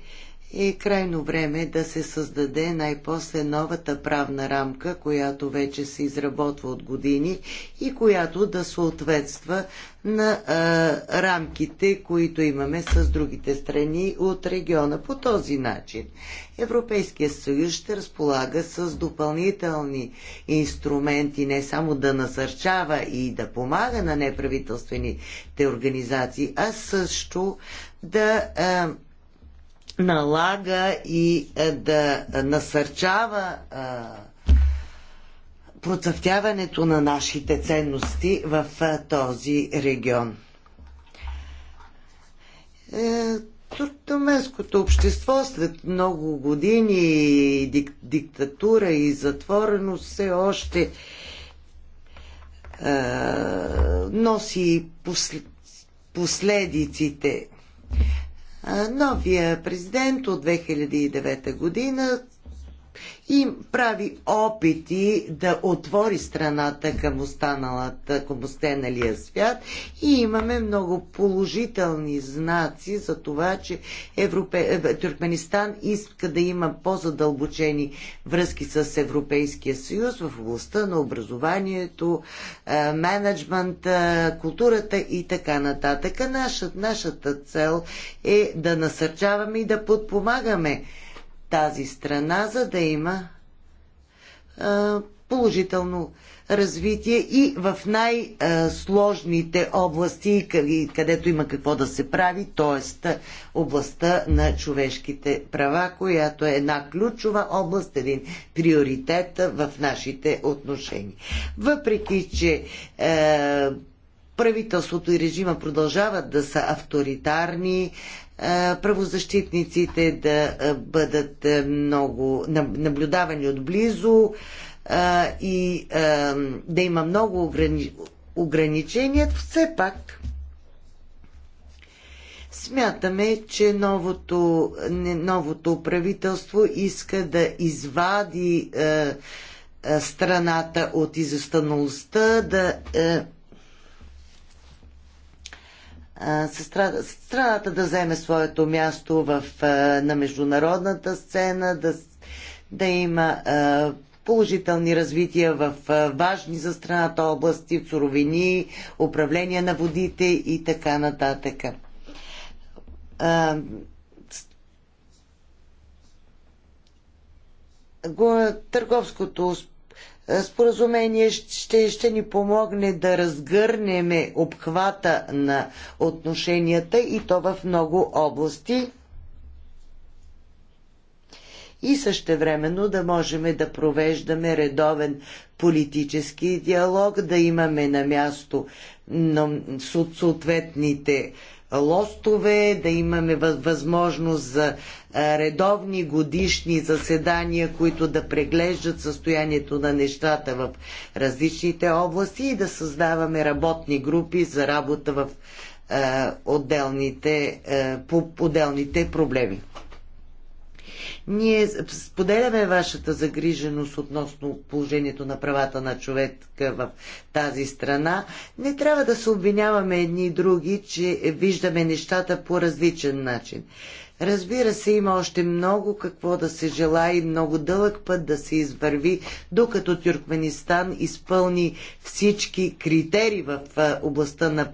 е крайно време да се създаде най-после новата правна рамка, която вече се изработва от години и която да съответства на а, рамките, които имаме с другите страни от региона. По този начин Европейския съюз ще разполага с допълнителни инструменти не само да насърчава и да помага на неправителствените организации, а също да а, налага и е, да насърчава е, процъфтяването на нашите ценности в е, този регион. Туртоменското общество след много години дик, диктатура и затворено все още е, носи посл, последиците новия президент от 2009 година и прави опити да отвори страната към останалата, към останалия свят и имаме много положителни знаци за това, че Европе... Е, Туркменистан иска да има по-задълбочени връзки с Европейския съюз в областта на образованието, е, менеджмента, културата и така нататък. Наша, нашата цел е да насърчаваме и да подпомагаме тази страна, за да има а, положително развитие и в най-сложните области, където има какво да се прави, т.е. областта на човешките права, която е една ключова област, един приоритет в нашите отношения. Въпреки, че е, правителството и режима продължават да са авторитарни, правозащитниците да бъдат много наблюдавани отблизо и да има много ограничения, все пак смятаме, че новото, новото правителство иска да извади страната от изостаналостта, да страната да вземе своето място в, на международната сцена, да, да има положителни развития в важни за страната области, суровини, управление на водите и така нататък. Търговското е, споразумение ще, ще ни помогне да разгърнем обхвата на отношенията и то в много области и същевременно да можем да провеждаме редовен политически диалог, да имаме на място на съответните лостове, да имаме възможност за редовни годишни заседания, които да преглеждат състоянието на нещата в различните области и да създаваме работни групи за работа в отделните, по отделните проблеми. Ние споделяме вашата загриженост относно положението на правата на човека в тази страна. Не трябва да се обвиняваме едни и други, че виждаме нещата по различен начин. Разбира се, има още много какво да се жела и много дълъг път да се извърви, докато Тюркменистан изпълни всички критерии в областта на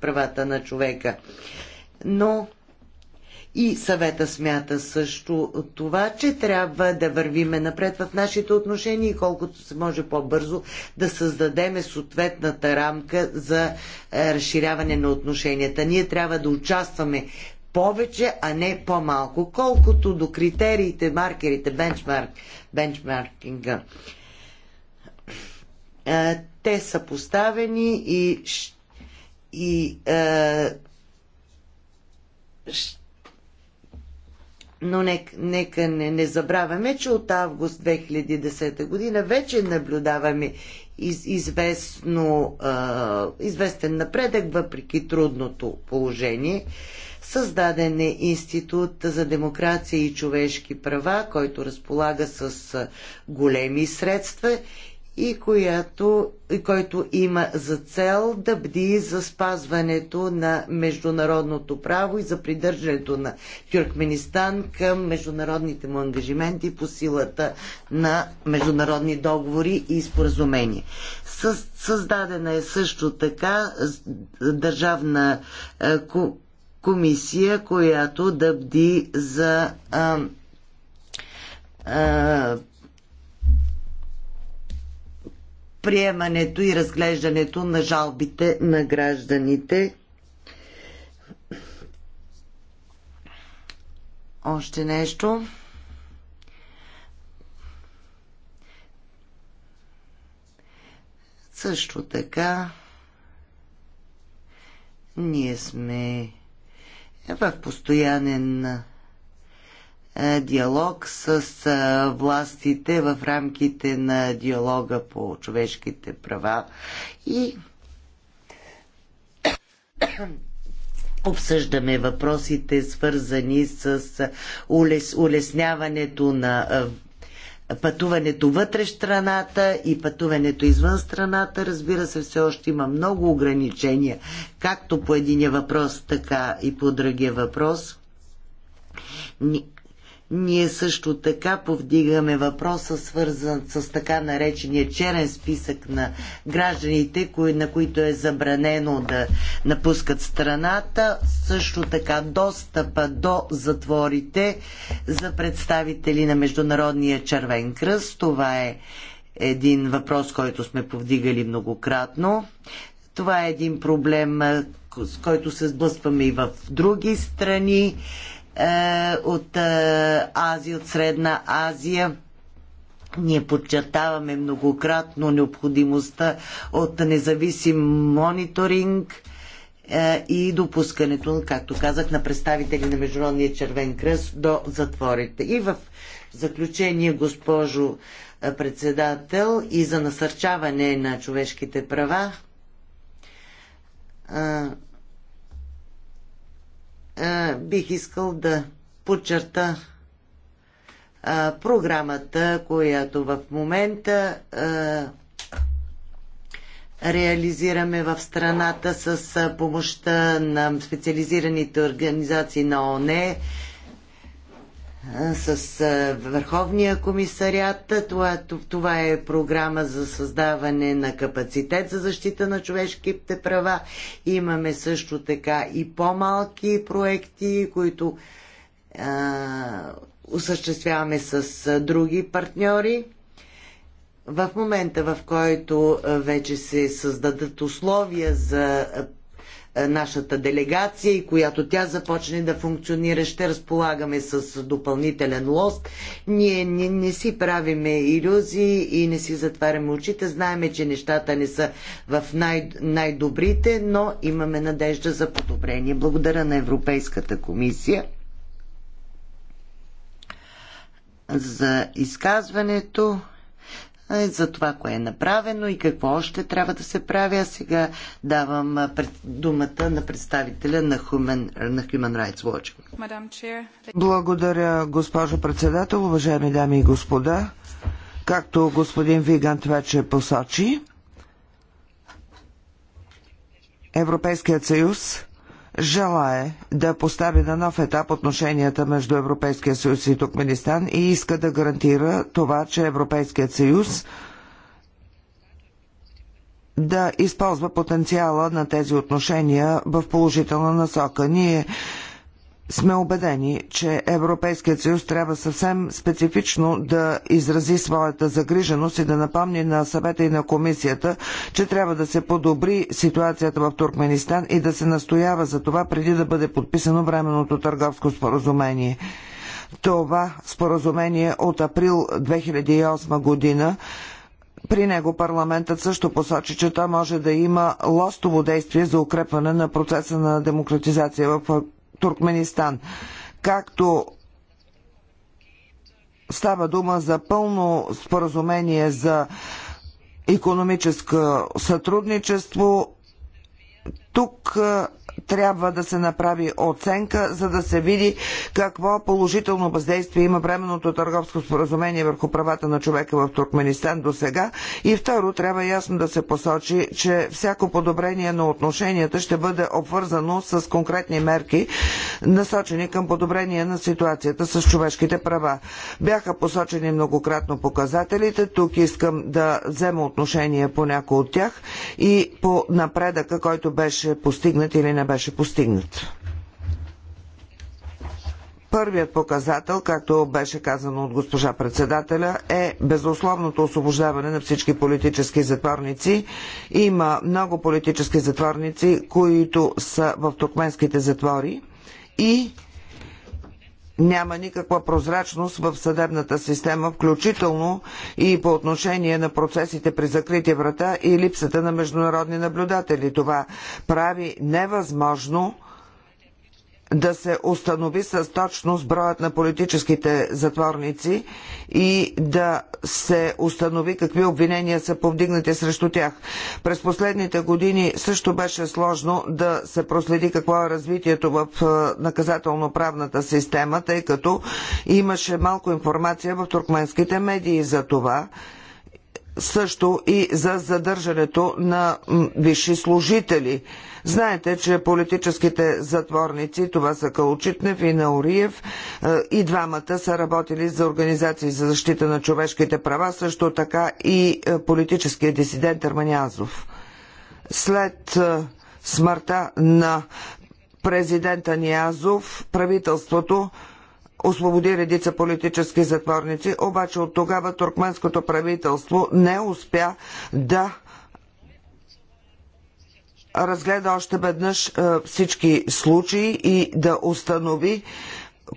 правата на човека. Но и съвета смята също това, че трябва да вървиме напред в нашите отношения и колкото се може по-бързо да създадеме съответната рамка за е, разширяване на отношенията. Ние трябва да участваме повече, а не по-малко. Колкото до критериите, маркерите, бенчмарк, бенчмаркинга, е, те са поставени и, и ще но нека, нека не, не забравяме, че от август 2010 година вече наблюдаваме из, известно, а, известен напредък, въпреки трудното положение. Създаден е Институт за демокрация и човешки права, който разполага с големи средства и, която, и който има за цел да бди за спазването на международното право и за придържането на Тюркменистан към международните му ангажименти по силата на международни договори и споразумения. Създадена е също така държавна е, комисия, която да бди за а, а, е, приемането и разглеждането на жалбите на гражданите. Още нещо. Също така ние сме в постоянен е, диалог с е, властите в рамките на диалога по човешките права и обсъждаме въпросите свързани с е, улес, улесняването на пътуването вътре страната и пътуването извън страната. Разбира се, все още има много ограничения, както по единия въпрос, така и по другия въпрос. Ние също така повдигаме въпроса, свързан с така наречения черен списък на гражданите, на които е забранено да напускат страната. Също така достъпа до затворите за представители на Международния червен кръст. Това е един въпрос, който сме повдигали многократно. Това е един проблем, с който се сблъскваме и в други страни. Е, от е, Азия, от Средна Азия. Ние подчертаваме многократно необходимостта от независим мониторинг е, и допускането, както казах, на представители на Международния червен кръст до затворите. И в заключение, госпожо председател, и за насърчаване на човешките права, е, бих искал да подчерта е, програмата, която в момента е, реализираме в страната с помощта на специализираните организации на ОНЕ с Върховния комисариат. Това, това е програма за създаване на капацитет за защита на човешките права. Имаме също така и по-малки проекти, които а, осъществяваме с други партньори. В момента, в който вече се създадат условия за е, нашата делегация и която тя започне да функционира. Ще разполагаме с допълнителен лост. Ние не, не си правиме иллюзии и не си затваряме очите. Знаеме, че нещата не са в най- най-добрите, но имаме надежда за подобрение. Благодаря на Европейската комисия за изказването. Е, за това, кое е направено и какво още трябва да се прави. А сега давам думата на представителя на Human, на Human Rights Watch. Благодаря, госпожо председател, уважаеми дами и господа. Както господин Вигант вече посочи, Европейският съюз желае да постави на нов етап отношенията между Европейския съюз и Туркменистан и иска да гарантира това, че Европейският съюз да използва потенциала на тези отношения в положителна насока. Ние сме убедени, че Европейският съюз трябва съвсем специфично да изрази своята загриженост и да напомни на съвета и на комисията, че трябва да се подобри ситуацията в Туркменистан и да се настоява за това преди да бъде подписано временното търговско споразумение. Това споразумение от април 2008 година при него парламентът също посочи, че то може да има лостово действие за укрепване на процеса на демократизация в Туркменистан. Както става дума за пълно споразумение за економическо сътрудничество, тук трябва да се направи оценка, за да се види какво положително въздействие има временното търговско споразумение върху правата на човека в Туркменистан до сега. И второ, трябва ясно да се посочи, че всяко подобрение на отношенията ще бъде обвързано с конкретни мерки, насочени към подобрение на ситуацията с човешките права. Бяха посочени многократно показателите. Тук искам да взема отношение по някои от тях и по напредъка, който беше постигнат или не беше постигнат. Първият показател, както беше казано от госпожа председателя, е безусловното освобождаване на всички политически затворници. Има много политически затворници, които са в туркменските затвори и няма никаква прозрачност в съдебната система, включително и по отношение на процесите при закрити врата и липсата на международни наблюдатели. Това прави невъзможно да се установи с точност броят на политическите затворници и да се установи какви обвинения са повдигнати срещу тях. През последните години също беше сложно да се проследи какво е развитието в е, наказателно-правната система, тъй като имаше малко информация в туркменските медии за това също и за задържането на висши служители. Знаете, че политическите затворници, това са Калучитнев и Науриев, е, и двамата са работили за организации за защита на човешките права, също така и е, политическия дисидент Арманязов. След е, смъртта на президента Ниязов, правителството освободи редица политически затворници, обаче от тогава туркменското правителство не успя да разгледа още веднъж е, всички случаи и да установи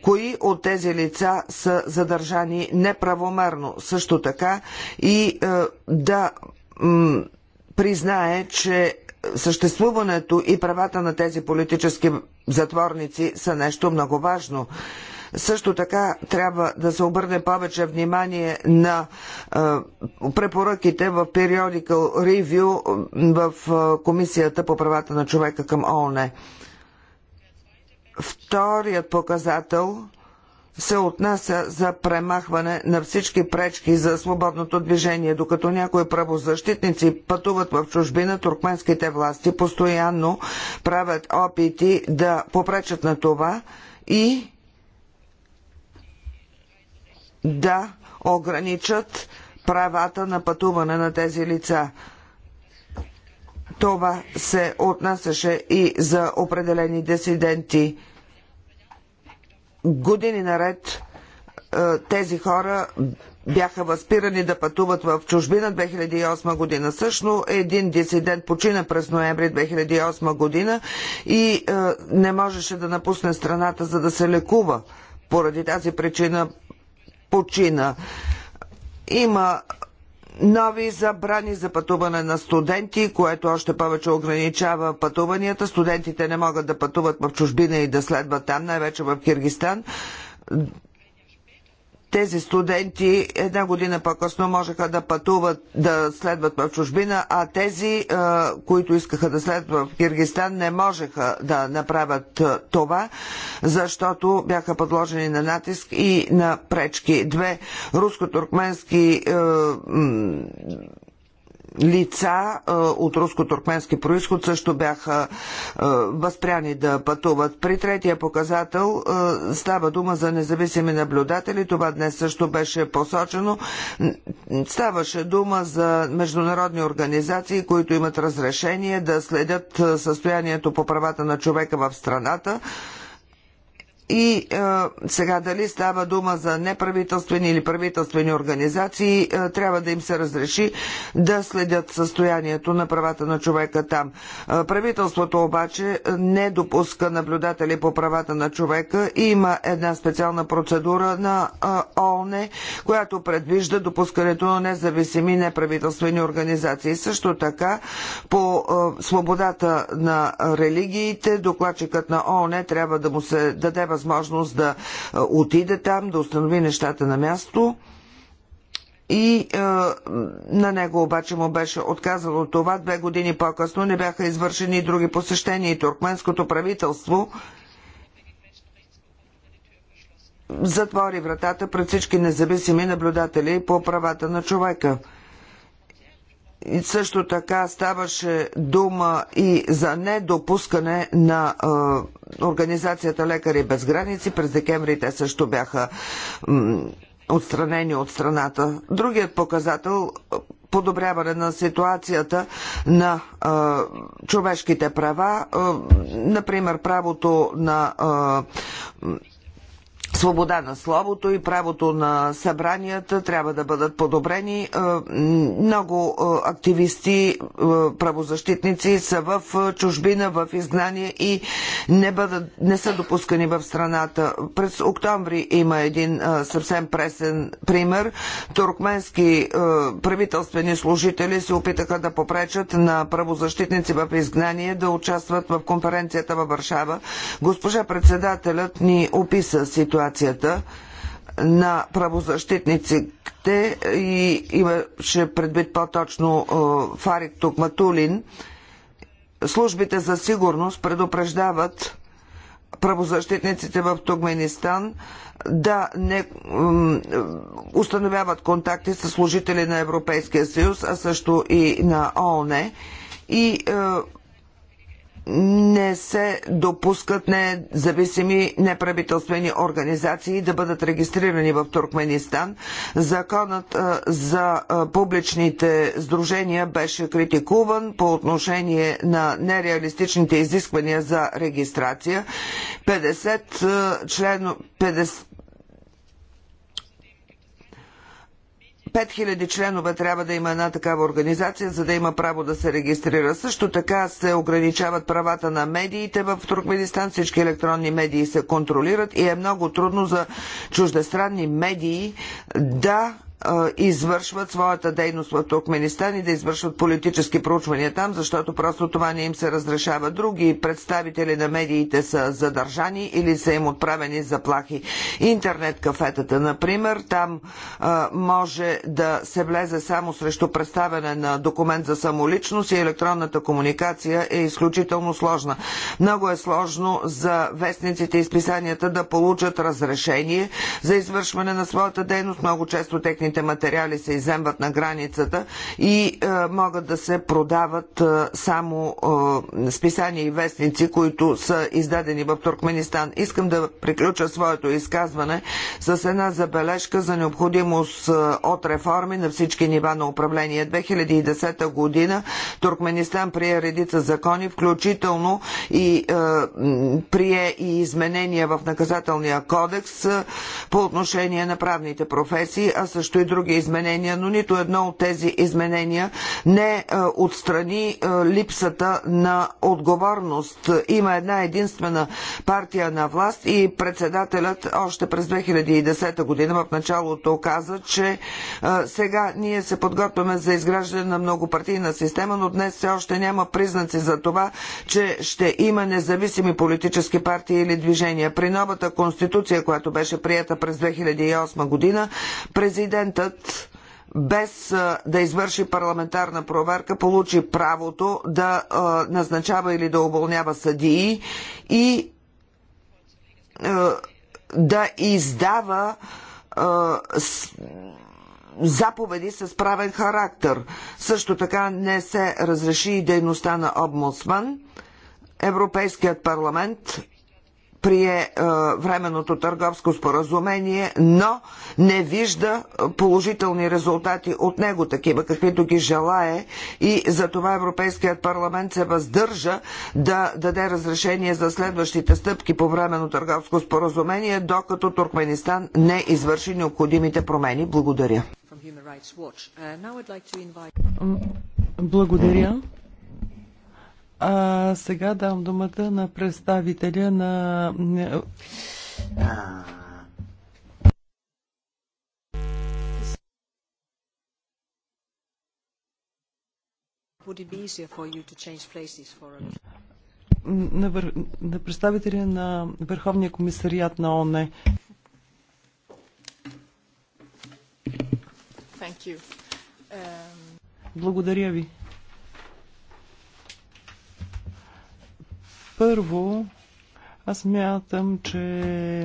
кои от тези лица са задържани неправомерно. Също така и е, да признае, че съществуването и правата на тези политически затворници са нещо много важно. Също така трябва да се обърне повече внимание на препоръките в Periodical Review в Комисията по правата на човека към ООН. Вторият показател се отнася за премахване на всички пречки за свободното движение. Докато някои правозащитници пътуват в чужбина, туркменските власти постоянно правят опити да попречат на това и да ограничат правата на пътуване на тези лица. Това се отнасяше и за определени дисиденти. Години наред е, тези хора бяха възпирани да пътуват в чужбина 2008 година. Също един дисидент почина през ноември 2008 година и е, не можеше да напусне страната, за да се лекува. Поради тази причина почина. Има нови забрани за пътуване на студенти, което още повече ограничава пътуванията. Студентите не могат да пътуват в чужбина и да следват там, най-вече в Киргистан тези студенти една година по-късно можеха да пътуват, да следват в чужбина, а тези, които искаха да следват в Киргистан, не можеха да направят това, защото бяха подложени на натиск и на пречки. Две руско-туркменски лица от руско-туркменски происход също бяха възпряни да пътуват. При третия показател става дума за независими наблюдатели. Това днес също беше посочено. Ставаше дума за международни организации, които имат разрешение да следят състоянието по правата на човека в страната. И е, сега дали става дума за неправителствени или правителствени организации, е, трябва да им се разреши да следят състоянието на правата на човека там. Е, правителството обаче не допуска наблюдатели по правата на човека и има една специална процедура на е, ООН, която предвижда допускането на независими неправителствени организации. Също така по е, свободата на религиите, докладчикът на ООН трябва да му се даде възможност да отиде там, да установи нещата на място. И е, на него обаче му беше отказано това. Две години по-късно не бяха извършени и други посещения и туркменското правителство затвори вратата пред всички независими наблюдатели по правата на човека също така ставаше дума и за недопускане на е, организацията Лекари без граници. През декември те също бяха отстранени от страната. Другият показател подобряване на ситуацията на а, човешките права, а, например правото на а, свобода на словото и правото на събранията трябва да бъдат подобрени. Е, много е, активисти, е, правозащитници са в чужбина, в изгнание и не, бъдат, не са допускани в страната. През октомври има един съвсем пресен пример. Туркменски правителствени служители се опитаха да попречат на правозащитници в изгнание да участват в конференцията във Варшава. Госпожа председателят ни описа ситуацията организацията на правозащитниците и имаше предвид по-точно е, Фарик Токматулин, службите за сигурност предупреждават правозащитниците в Туркменистан да не установяват контакти с служители на Европейския съюз, а също и на ООН. И е, не се допускат независими неправителствени организации да бъдат регистрирани в Туркменистан. Законът за публичните сдружения беше критикуван по отношение на нереалистичните изисквания за регистрация. 50 член, 50 5000 членове трябва да има една такава организация, за да има право да се регистрира. Също така се ограничават правата на медиите в Туркменистан. Всички електронни медии се контролират и е много трудно за чуждестранни медии да извършват своята дейност в Туркменистан и да извършват политически проучвания там, защото просто това не им се разрешава. Други представители на медиите са задържани или са им отправени заплахи. Интернет кафетата, например, там а, може да се влезе само срещу представяне на документ за самоличност и електронната комуникация е изключително сложна. Много е сложно за вестниците и списанията да получат разрешение за извършване на своята дейност. Много често техни пътните материали се иземват на границата и е, могат да се продават е, само е, списания и вестници, които са издадени в Туркменистан. Искам да приключа своето изказване с една забележка за необходимост от реформи на всички нива на управление. 2010 година Туркменистан прие редица закони, включително и е, прие и изменения в наказателния кодекс по отношение на правните професии, а също също и други изменения, но нито едно от тези изменения не е, отстрани е, липсата на отговорност. Има една единствена партия на власт и председателят още през 2010 година в началото каза, че е, сега ние се подготвяме за изграждане на многопартийна система, но днес все още няма признаци за това, че ще има независими политически партии или движения. При новата конституция, която беше прията през 2008 година, президент парламентът без да извърши парламентарна проверка, получи правото да назначава или да уволнява съдии и да издава заповеди с правен характер. Също така не се разреши и дейността на Обмусман. Европейският парламент прие е, временното търговско споразумение, но не вижда положителни резултати от него, такива каквито ги желае и за това Европейският парламент се въздържа да даде разрешение за следващите стъпки по временно търговско споразумение, докато Туркменистан не извърши необходимите промени. Благодаря. Благодаря. А сега дам думата на представителя на... на, вър... на представителя на Върховния комисариат на ОНЕ. Благодаря ви. Първо, аз мятам, че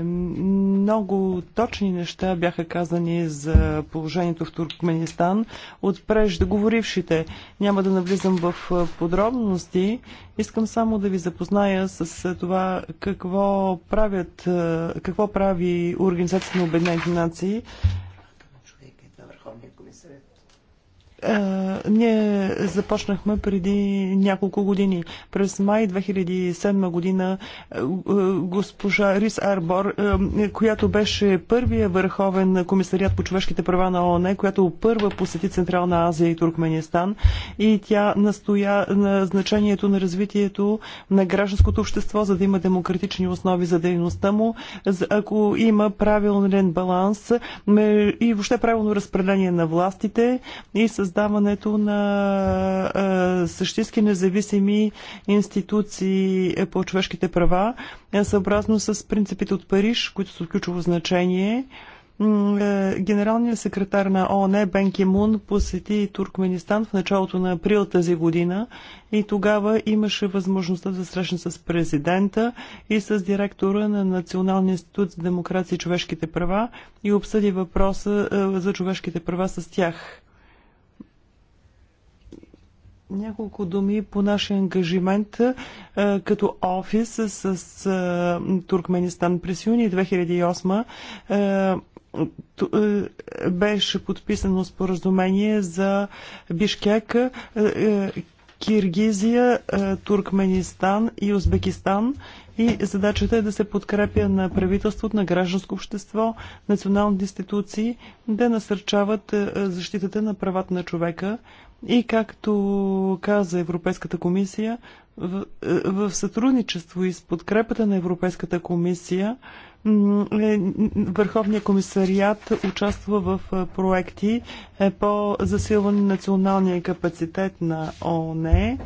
много точни неща бяха казани за положението в Туркменистан от преждеговорившите. Няма да навлизам в подробности. Искам само да ви запозная с това какво, правят, какво прави Организацията на Обединените нации ние започнахме преди няколко години. През май 2007 година госпожа Рис Арбор, която беше първия върховен комисариат по човешките права на ООН, която първа посети Централна Азия и Туркменистан и тя настоя на значението на развитието на гражданското общество, за да има демократични основи за дейността му, ако има правилен баланс и въобще правилно разпределение на властите и с създаването на същински независими институции е, по човешките права, е, съобразно с принципите от Париж, които са от ключово значение. Е, генералният секретар на ООН Бен Кимун посети Туркменистан в началото на април тази година и тогава имаше възможността да срещне с президента и с директора на Националния институт за демокрация и човешките права и обсъди въпроса за човешките права с тях. Няколко думи по нашия ангажимент е, като офис с е, Туркменистан през юни 2008 е, беше подписано споразумение за Бишкек, Киргизия, Туркменистан и Узбекистан и задачата е да се подкрепя на правителството, на гражданско общество, националните институции, да насърчават защитата на правата на човека, и както каза Европейската комисия, в, е, в сътрудничество и с подкрепата на Европейската комисия, е, Върховният комисариат участва в е, проекти по засилване на националния капацитет на ООН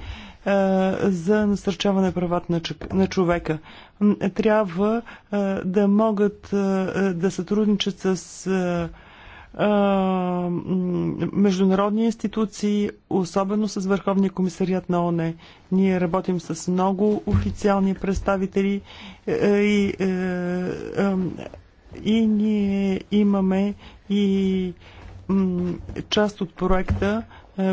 за насърчаване правата на човека. Трябва да могат да сътрудничат с международни институции, особено с Върховния комисарият на ОНЕ. Ние работим с много официални представители е, е, и, е, и ние имаме и част от проекта,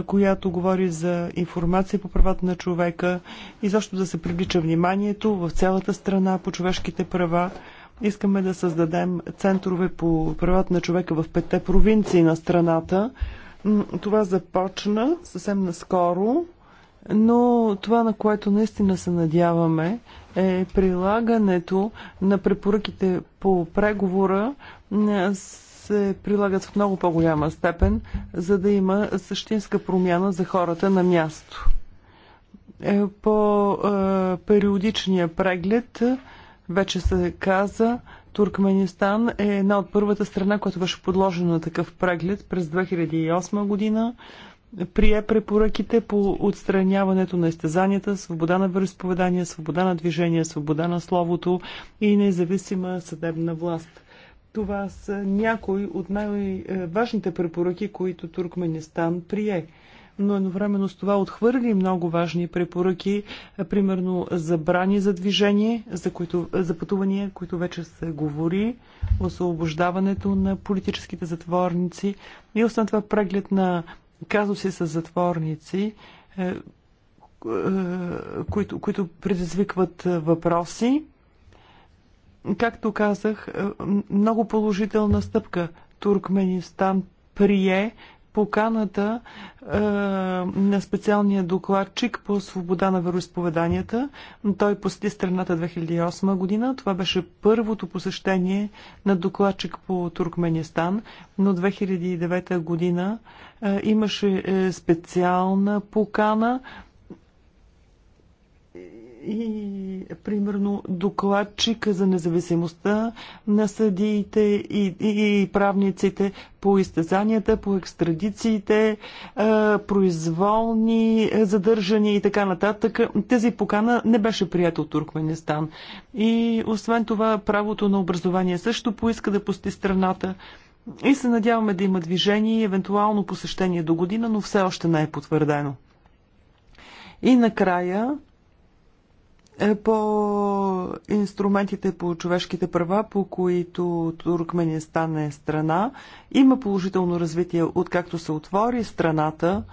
която говори за информация по правата на човека и защо да се привлича вниманието в цялата страна по човешките права. Искаме да създадем центрове по правата на човека в петте провинции на страната. Това започна съвсем наскоро, но това, на което наистина се надяваме, е прилагането на препоръките по преговора се прилагат в много по-голяма степен, за да има същинска промяна за хората на място. Е, по е, периодичния преглед вече се каза, Туркменистан е една от първата страна, която беше подложена на такъв преглед през 2008 година. Прие препоръките по отстраняването на изтезанията, свобода на вероисповедание, свобода на движение, свобода на словото и независима съдебна власт. Това са някои от най-важните препоръки, които Туркменистан прие но едновременно с това отхвърли много важни препоръки, примерно забрани за движение, за, които, за пътувания, които вече се говори, освобождаването на политическите затворници и освен това преглед на казуси с затворници, е, е, които, които предизвикват въпроси. Както казах, е, много положителна стъпка. Туркменистан прие поканата е, на специалния докладчик по свобода на вероисповеданията. Той посети страната 2008 година. Това беше първото посещение на докладчик по Туркменистан, но 2009 година е, имаше е, специална покана и, примерно, докладчика за независимостта на съдиите и, и, и правниците по изтезанията, по екстрадициите, а, е, произволни е, задържания и така нататък. Тази покана не беше прията от Туркменистан. И, освен това, правото на образование също поиска да пусти страната. И се надяваме да има движение и евентуално посещение до година, но все още не е потвърдено. И накрая е по инструментите по човешките права, по които Туркменистан е страна. Има положително развитие, откакто се отвори страната.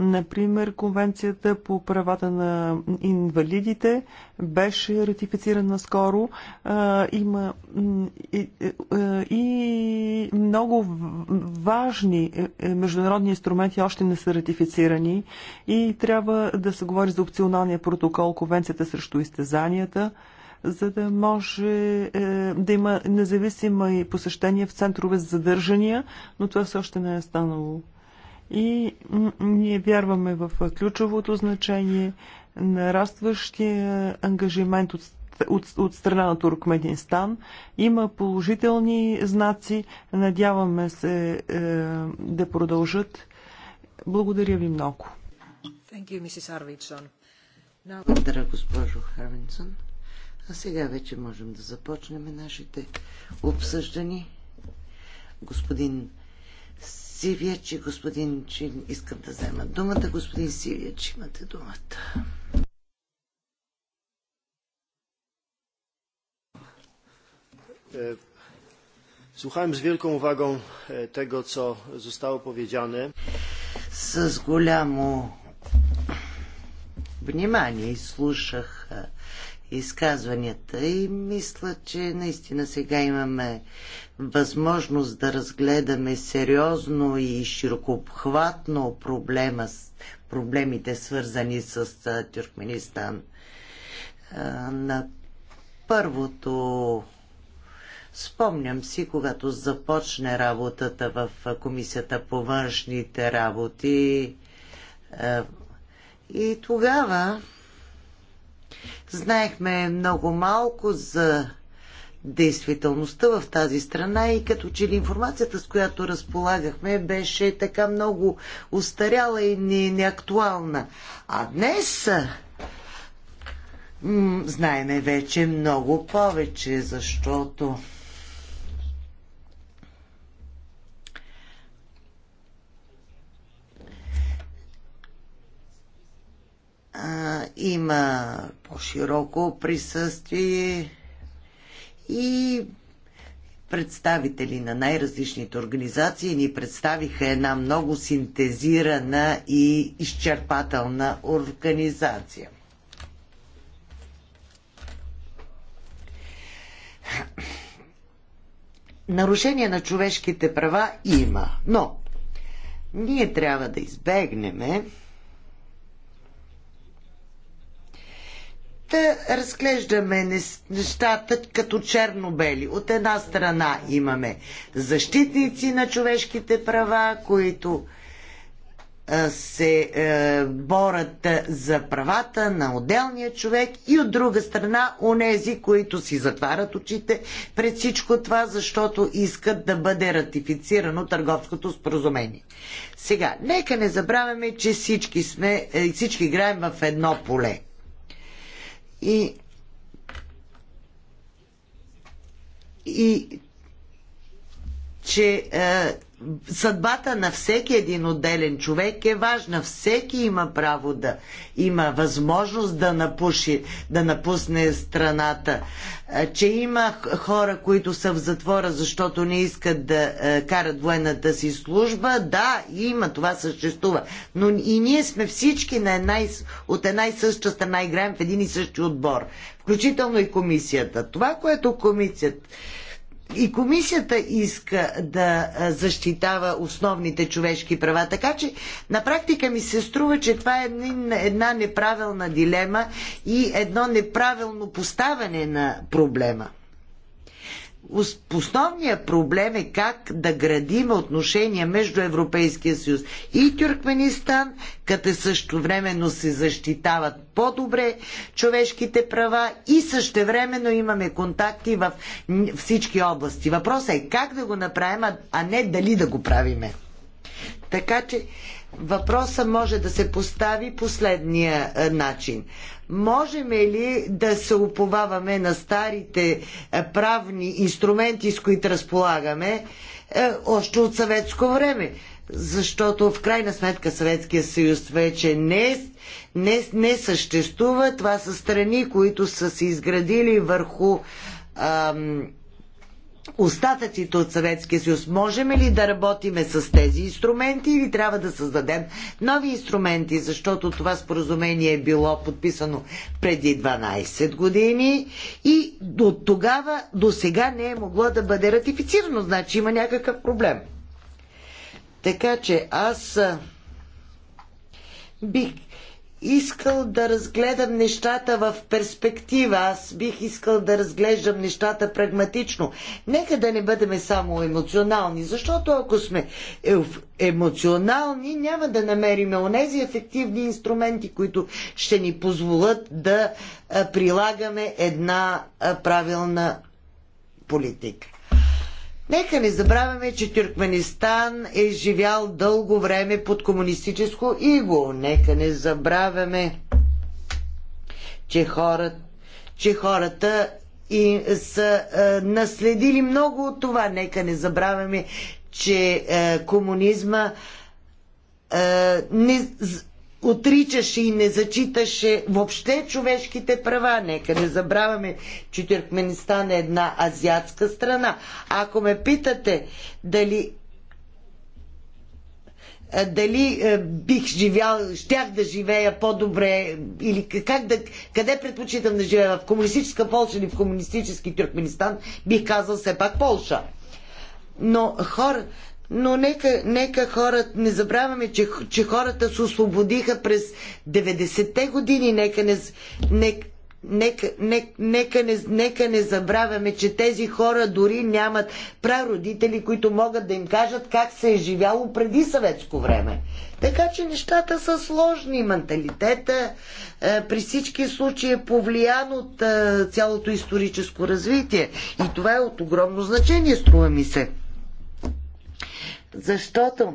Например, Конвенцията по правата на инвалидите беше ратифицирана скоро. Има и, много важни е, е, международни инструменти още не са ратифицирани и трябва да се говори за опционалния протокол, Конвенцията срещу изтезанията за да може е, да има независимо и посещение в центрове за задържания, но това все още не е станало и ние вярваме в ключовото значение нарастващия ангажимент от от, от страна на Туркменистан. Има положителни знаци. Надяваме се е, да продължат. Благодаря ви много. Thank you, Mrs. Now... Благодаря, госпожо Харвинсон. А сега вече можем да започнем нашите обсъждани. Господин Сивиечи, господин Чин, искам да взема думата. Господин имате думата. Słuchałem z wielką uwagą tego, co zostało powiedziane. С голямо внимание слушах е, изказванията и мисля, че наистина сега имаме възможност да разгледаме сериозно и широкообхватно проблема, проблемите свързани с Тюркменистан. На първото Спомням си, когато започне работата в Комисията по външните работи и тогава Знаехме много малко за действителността в тази страна и като че ли информацията, с която разполагахме, беше така много устаряла и не, неактуална. А днес знаеме вече много повече, защото а, има по-широко присъствие и представители на най-различните организации ни представиха една много синтезирана и изчерпателна организация. Нарушение на човешките права има, но ние трябва да избегнеме да разглеждаме нещата като черно-бели. От една страна имаме защитници на човешките права, които се борят за правата на отделния човек и от друга страна онези, които си затварят очите пред всичко това, защото искат да бъде ратифицирано търговското споразумение. Сега, нека не забравяме, че всички, сме, е, всички играем в едно поле. И, и че е, съдбата на всеки един отделен човек е важна. Всеки има право да има възможност да, напуши, да напусне страната. Че има хора, които са в затвора, защото не искат да карат военната си служба, да, има, това съществува. Но и ние сме всички на една, от една и съща страна, играем в един и същи отбор, включително и комисията. Това, което комисията и комисията иска да защитава основните човешки права. Така че на практика ми се струва, че това е една неправилна дилема и едно неправилно поставяне на проблема. Основният проблем е как да градим отношения между Европейския съюз и Тюркменистан, като същевременно се защитават по-добре човешките права и същевременно имаме контакти в всички области. Въпросът е как да го направим, а не дали да го правиме. Така че Въпросът може да се постави последния е, начин. Можем е ли да се уповаваме на старите е, правни инструменти, с които разполагаме, още от съветско време? Защото в крайна сметка Съветския съюз вече не, не, не съществува. Това са страни, които са се изградили върху ам, остатъците от Съветския съюз. Можем ли да работиме с тези инструменти или трябва да създадем нови инструменти, защото това споразумение е било подписано преди 12 години и от тогава до сега не е могло да бъде ратифицирано, значи има някакъв проблем. Така че аз бих искал да разгледам нещата в перспектива. Аз бих искал да разглеждам нещата прагматично. Нека да не бъдем само емоционални, защото ако сме емоционални, няма да намерим онези ефективни инструменти, които ще ни позволят да прилагаме една правилна политика. Нека не забравяме, че Тюркменистан е живял дълго време под комунистическо иго. Нека не забравяме, че хората, че хората и са е, наследили много от това. Нека не забравяме, че е, комунизма е, не, отричаше и не зачиташе въобще човешките права. Нека не забравяме, че Тюркменистан е една азиатска страна. Ако ме питате дали е, дали е, бих живял, щях да живея по-добре или как да, къде предпочитам да живея, в комунистическа Полша или в комунистически Тюркменистан, бих казал все пак Полша. Но хора, но нека, нека хората, не забравяме, че, че хората се освободиха през 90-те години. Нека не, нека, нека, нека, нека, не, нека не забравяме, че тези хора дори нямат прародители, които могат да им кажат как се е живяло преди съветско време. Така че нещата са сложни. Менталитета е, при всички случаи е повлиян от е, цялото историческо развитие. И това е от огромно значение, струва ми се. Защото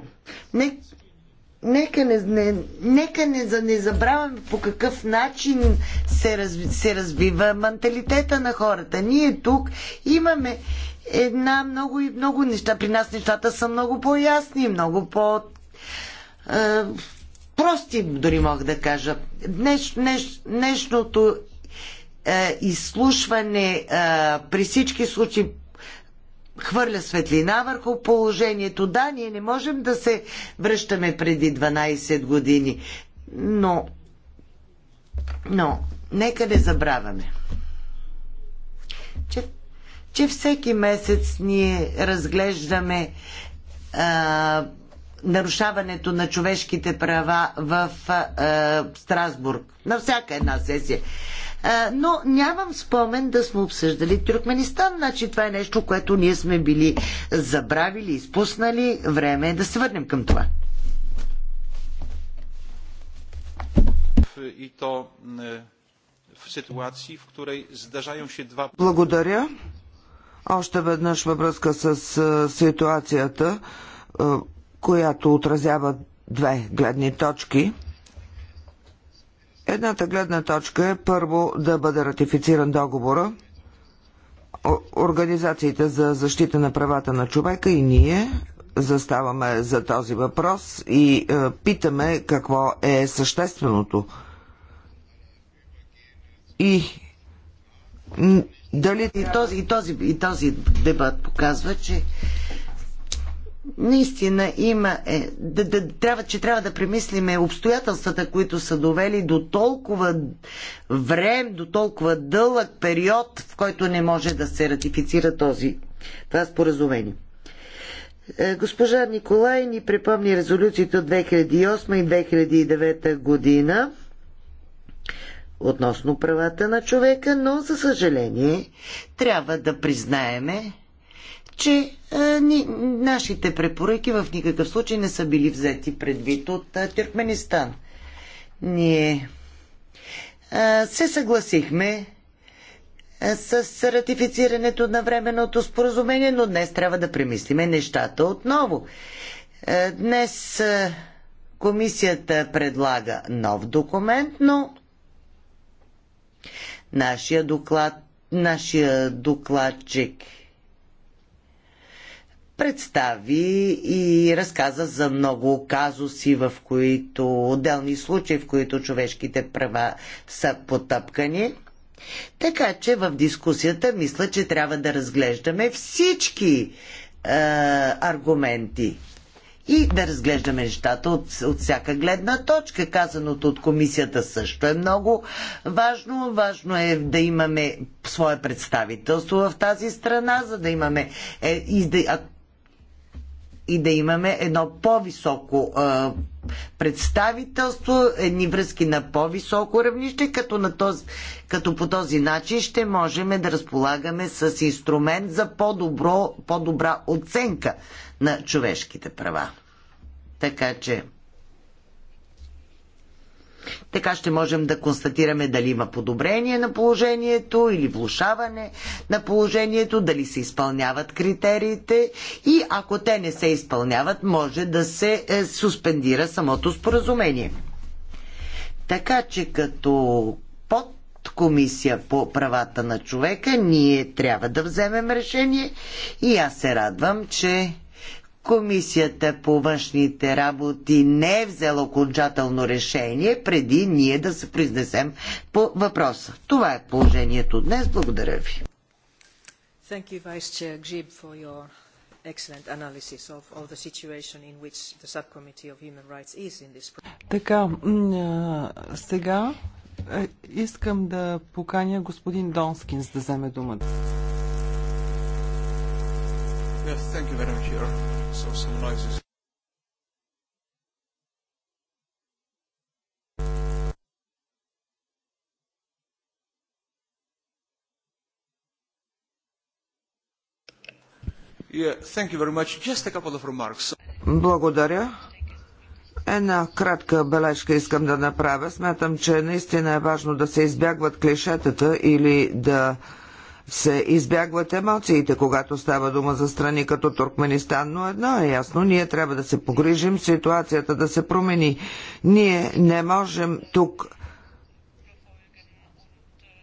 не, нека, не, не, нека не, не забравяме по какъв начин се, раз, се развива менталитета на хората. Ние тук имаме една много и много неща. При нас нещата са много по-ясни, много по... Е, прости, дори мога да кажа. Днеш, днеш, днешното е, изслушване е, при всички случаи хвърля светлина върху положението. Да, ние не можем да се връщаме преди 12 години, но, но нека не забравяме, че, че всеки месец ние разглеждаме а, нарушаването на човешките права в а, Страсбург. На всяка една сесия но нямам спомен да сме обсъждали Туркменистан. Значи това е нещо, което ние сме били забравили, изпуснали. Време е да се върнем към това. И то е, в ситуации, в której задържаем се два... Благодаря. Още веднъж във връзка с е, ситуацията, е, която отразява две гледни точки. Едната гледна точка е първо да бъде ратифициран договора. Организациите за защита на правата на човека и ние заставаме за този въпрос и е, питаме какво е същественото. И дали... И този, и този, и този дебат показва, че наистина има, е, да, да, трябва, че трябва да премислиме обстоятелствата, които са довели до толкова време, до толкова дълъг период, в който не може да се ратифицира този, това споразумение. Е, госпожа Николай ни припомни резолюциите от 2008 и 2009 година относно правата на човека, но за съжаление трябва да признаеме, че а, е, ни, нашите препоръки в никакъв случай не са били взети предвид от а, е, Тюркменистан. Ние а, е, се съгласихме с ратифицирането на временното споразумение, но днес трябва да премислиме нещата отново. Днес комисията предлага нов документ, но нашия доклад, нашия докладчик представи и разказа за много казуси, в които отделни случаи, в които човешките права са потъпкани. Така че в дискусията мисля, че трябва да разглеждаме всички е, аргументи и да разглеждаме нещата от, от всяка гледна точка. Казаното от комисията също е много важно. Важно е да имаме свое представителство в тази страна, за да имаме е, и да, и да имаме едно по-високо представителство, едни връзки на по-високо равнище, като, на този, като по този начин ще можем да разполагаме с инструмент за по-добро, по-добра оценка на човешките права. Така че така ще можем да констатираме дали има подобрение на положението или влушаване на положението, дали се изпълняват критериите и ако те не се изпълняват, може да се е, суспендира самото споразумение. Така че като под комисия по правата на човека, ние трябва да вземем решение и аз се радвам, че Комисията по външните работи не е взела окончателно решение преди ние да се произнесем по въпроса. Това е положението днес. Благодаря ви. Thank you, Vice Chair for your excellent analysis of, of the situation in which the Subcommittee of Human Rights is in this. Така, сега е, искам да поканя господин Донскинс да вземе думата. Yes, thank you very much, Your Honor. So some noises. Yeah, thank you very much. Just a couple of remarks. Благодаря. Една кратка бележка искам да направя. Смятам, че наистина е важно да се избягват клишетата или да се избягват емоциите, когато става дума за страни като Туркменистан, но едно е ясно, ние трябва да се погрижим ситуацията да се промени. Ние не можем тук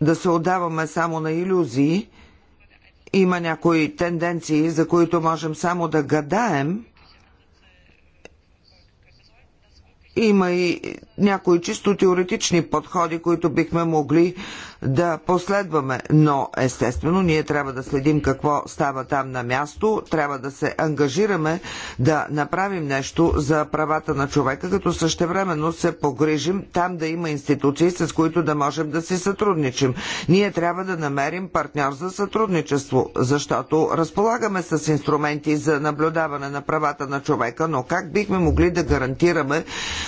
да се отдаваме само на иллюзии. Има някои тенденции, за които можем само да гадаем. Има и някои чисто теоретични подходи, които бихме могли да последваме, но естествено ние трябва да следим какво става там на място, трябва да се ангажираме да направим нещо за правата на човека, като същевременно се погрижим там да има институции, с които да можем да си сътрудничим. Ние трябва да намерим партньор за сътрудничество, защото разполагаме с инструменти за наблюдаване на правата на човека, но как бихме могли да гарантираме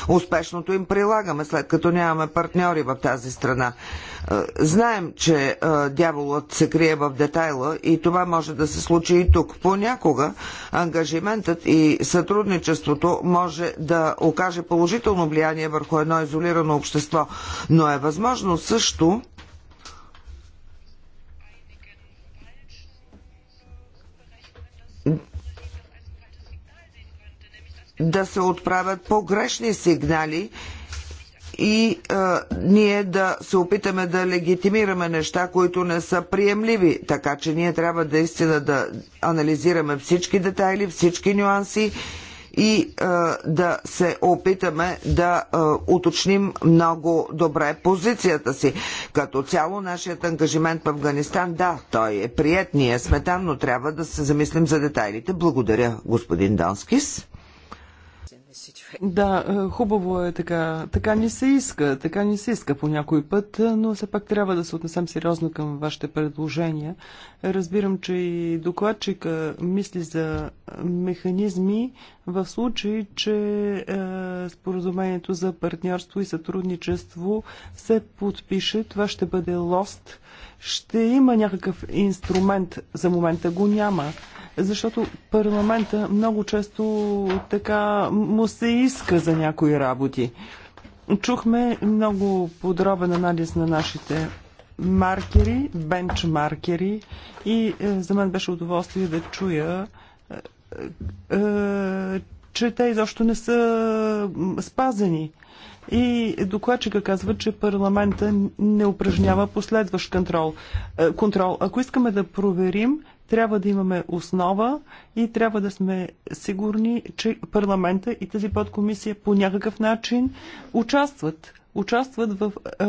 успешното им прилагаме, след като нямаме партньори в тази страна? Знаем, че дяволът се крие в детайла и това може да се случи и тук. Понякога ангажиментът и сътрудничеството може да окаже положително влияние върху едно изолирано общество, но е възможно също да се отправят погрешни сигнали и а, ние да се опитаме да легитимираме неща, които не са приемливи. Така че ние трябва да истина да анализираме всички детайли, всички нюанси и а, да се опитаме да а, уточним много добре позицията си. Като цяло нашият ангажимент в Афганистан, да, той е прият, сметан, но трябва да се замислим за детайлите. Благодаря, господин Донскис. Да, е, хубаво е така. Така ни се иска, така ни се иска по някой път, е, но все пак трябва да се отнесем сериозно към вашите предложения. Разбирам, че и докладчика мисли за механизми в случай, че е, споразумението за партньорство и сътрудничество се подпише. Това ще бъде лост. Ще има някакъв инструмент. За момента го няма защото парламента много често така му се иска за някои работи. Чухме много подробен анализ на нашите маркери, бенчмаркери и е, за мен беше удоволствие да чуя, е, е, че те изобщо не са спазени. И докладчика казва, че парламента не упражнява последващ контрол. контрол. Ако искаме да проверим трябва да имаме основа и трябва да сме сигурни, че парламента и тази подкомисия по някакъв начин участват участват в е,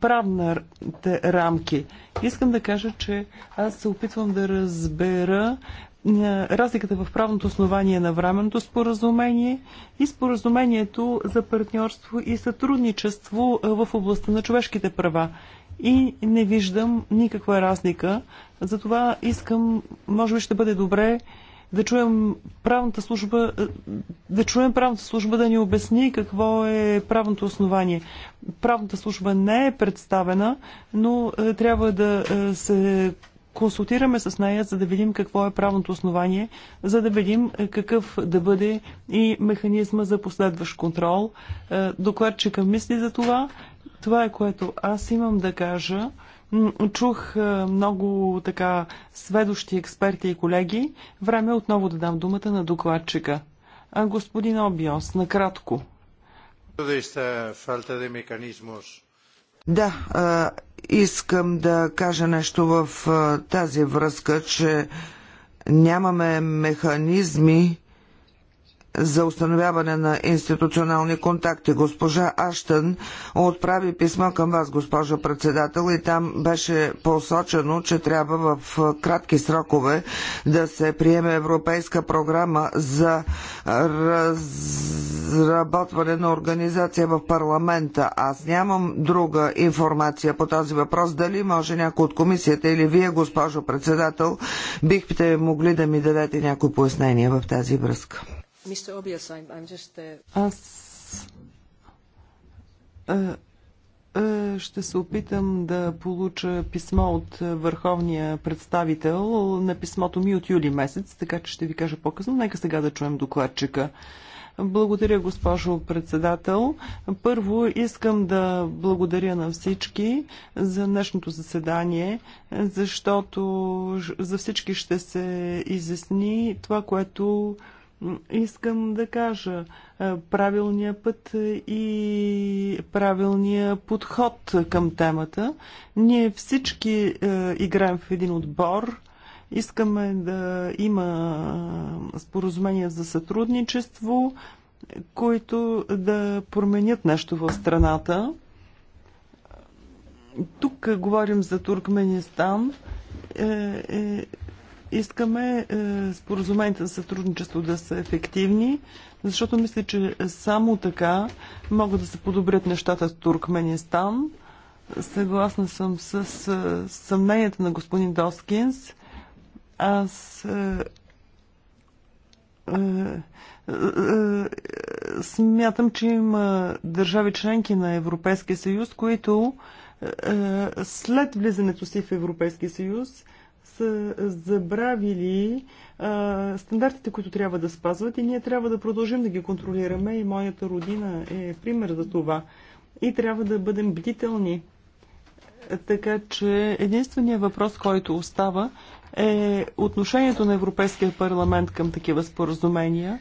правните рамки. Искам да кажа, че аз се опитвам да разбера е, разликата в правното основание на временното споразумение и споразумението за партньорство и сътрудничество е, в областта на човешките права и не виждам никаква разлика. Затова искам, може би ще бъде добре да чуем правната служба, е, да чуем правната служба да ни обясни какво е правното основание. Правната служба не е представена, но е, трябва да е, се консултираме с нея, за да видим какво е правното основание, за да видим какъв да бъде и механизма за последващ контрол. Докладчика мисли за това това е което аз имам да кажа. Чух много така сведощи експерти и колеги. Време е отново да дам думата на докладчика. А господин Обиос, накратко. Да, искам да кажа нещо в тази връзка, че нямаме механизми, за установяване на институционални контакти. Госпожа Аштън отправи писмо към вас, госпожо председател, и там беше посочено, че трябва в кратки срокове да се приеме европейска програма за разработване на организация в парламента. Аз нямам друга информация по този въпрос. Дали може някой от комисията или вие, госпожо председател, бихте могли да ми дадете някои пояснения в тази връзка? Uh, Аз е, е, ще се опитам да получа писмо от върховния представител на писмото ми е от юли месец, така че ще ви кажа по-късно. Нека сега да чуем докладчика. Благодаря, госпожо председател. Първо искам да благодаря на всички за днешното заседание, защото за всички ще се изясни това, което Искам да кажа е, правилния път и правилния подход към темата. Ние всички е, играем в един отбор. Искаме да има е, споразумения за сътрудничество, които да променят нещо в страната. Тук говорим за Туркменистан. Искаме е, споразуменията за сътрудничество да са ефективни, защото мисля, че само така могат да се подобрят нещата в Туркменистан. Съгласна съм с е, съмненията на господин Доскинс. Аз е, е, е, смятам, че има държави членки на Европейския съюз, които е, след влизането си в Европейския съюз са забравили а, стандартите, които трябва да спазват и ние трябва да продължим да ги контролираме и моята родина е пример за това. И трябва да бъдем бдителни. Така че единственият въпрос, който остава е отношението на Европейския парламент към такива споразумения.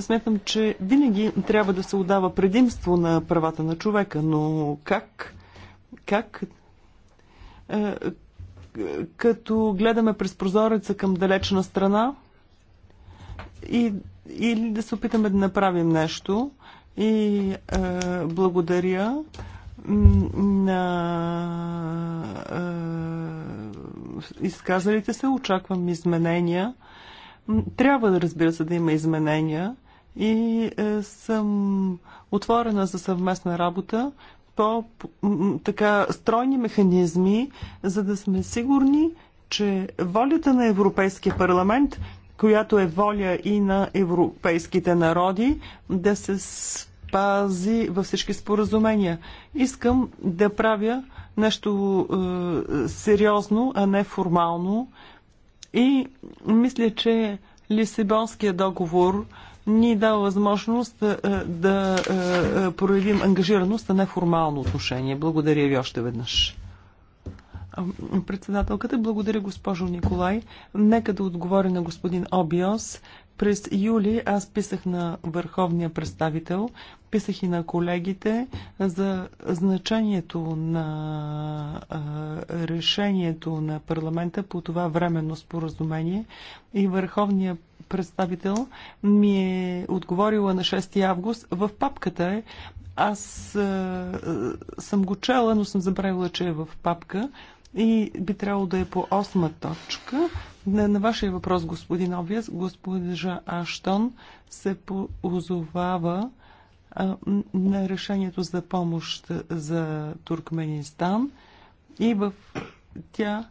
Смятам, че винаги трябва да се отдава предимство на правата на човека, но как? Как? Е, като гледаме през прозореца към далечна страна и, или да се опитаме да направим нещо. И е, благодаря на е, изказалите се, очаквам изменения. Трябва да разбира се да има изменения и е, съм отворена за съвместна работа. По така стройни механизми, за да сме сигурни, че волята на Европейския парламент, която е воля и на европейските народи, да се спази във всички споразумения. Искам да правя нещо е, сериозно, а не формално. И мисля, че Лисибонския договор е, ни дава възможност е, е, да е, проявим ангажираност, а не формално отношение. Благодаря ви още веднъж. Председателката, благодаря госпожо Николай. Нека да отговоря на господин Обиос. През юли аз писах на върховния представител, писах и на колегите за значението на решението на парламента по това временно споразумение и върховния представител ми е отговорила на 6 август. В папката е. Аз съм го чела, но съм забравила, че е в папка и би трябвало да е по осма точка. На, на вашия въпрос, господин Обяс, госпожа Аштон се позовава а, на решението за помощ за Туркменистан и в тя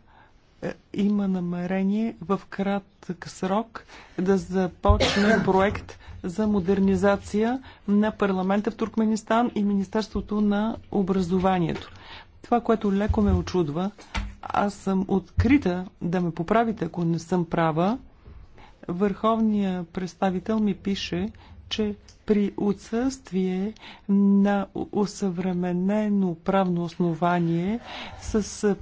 е, има намерение в кратък срок да започне проект за модернизация на парламента в Туркменистан и Министерството на образованието. Това, което леко ме очудва, аз съм открита да ме поправите, ако не съм права. Върховният представител ми пише, че при отсъствие на усъвременено правно основание с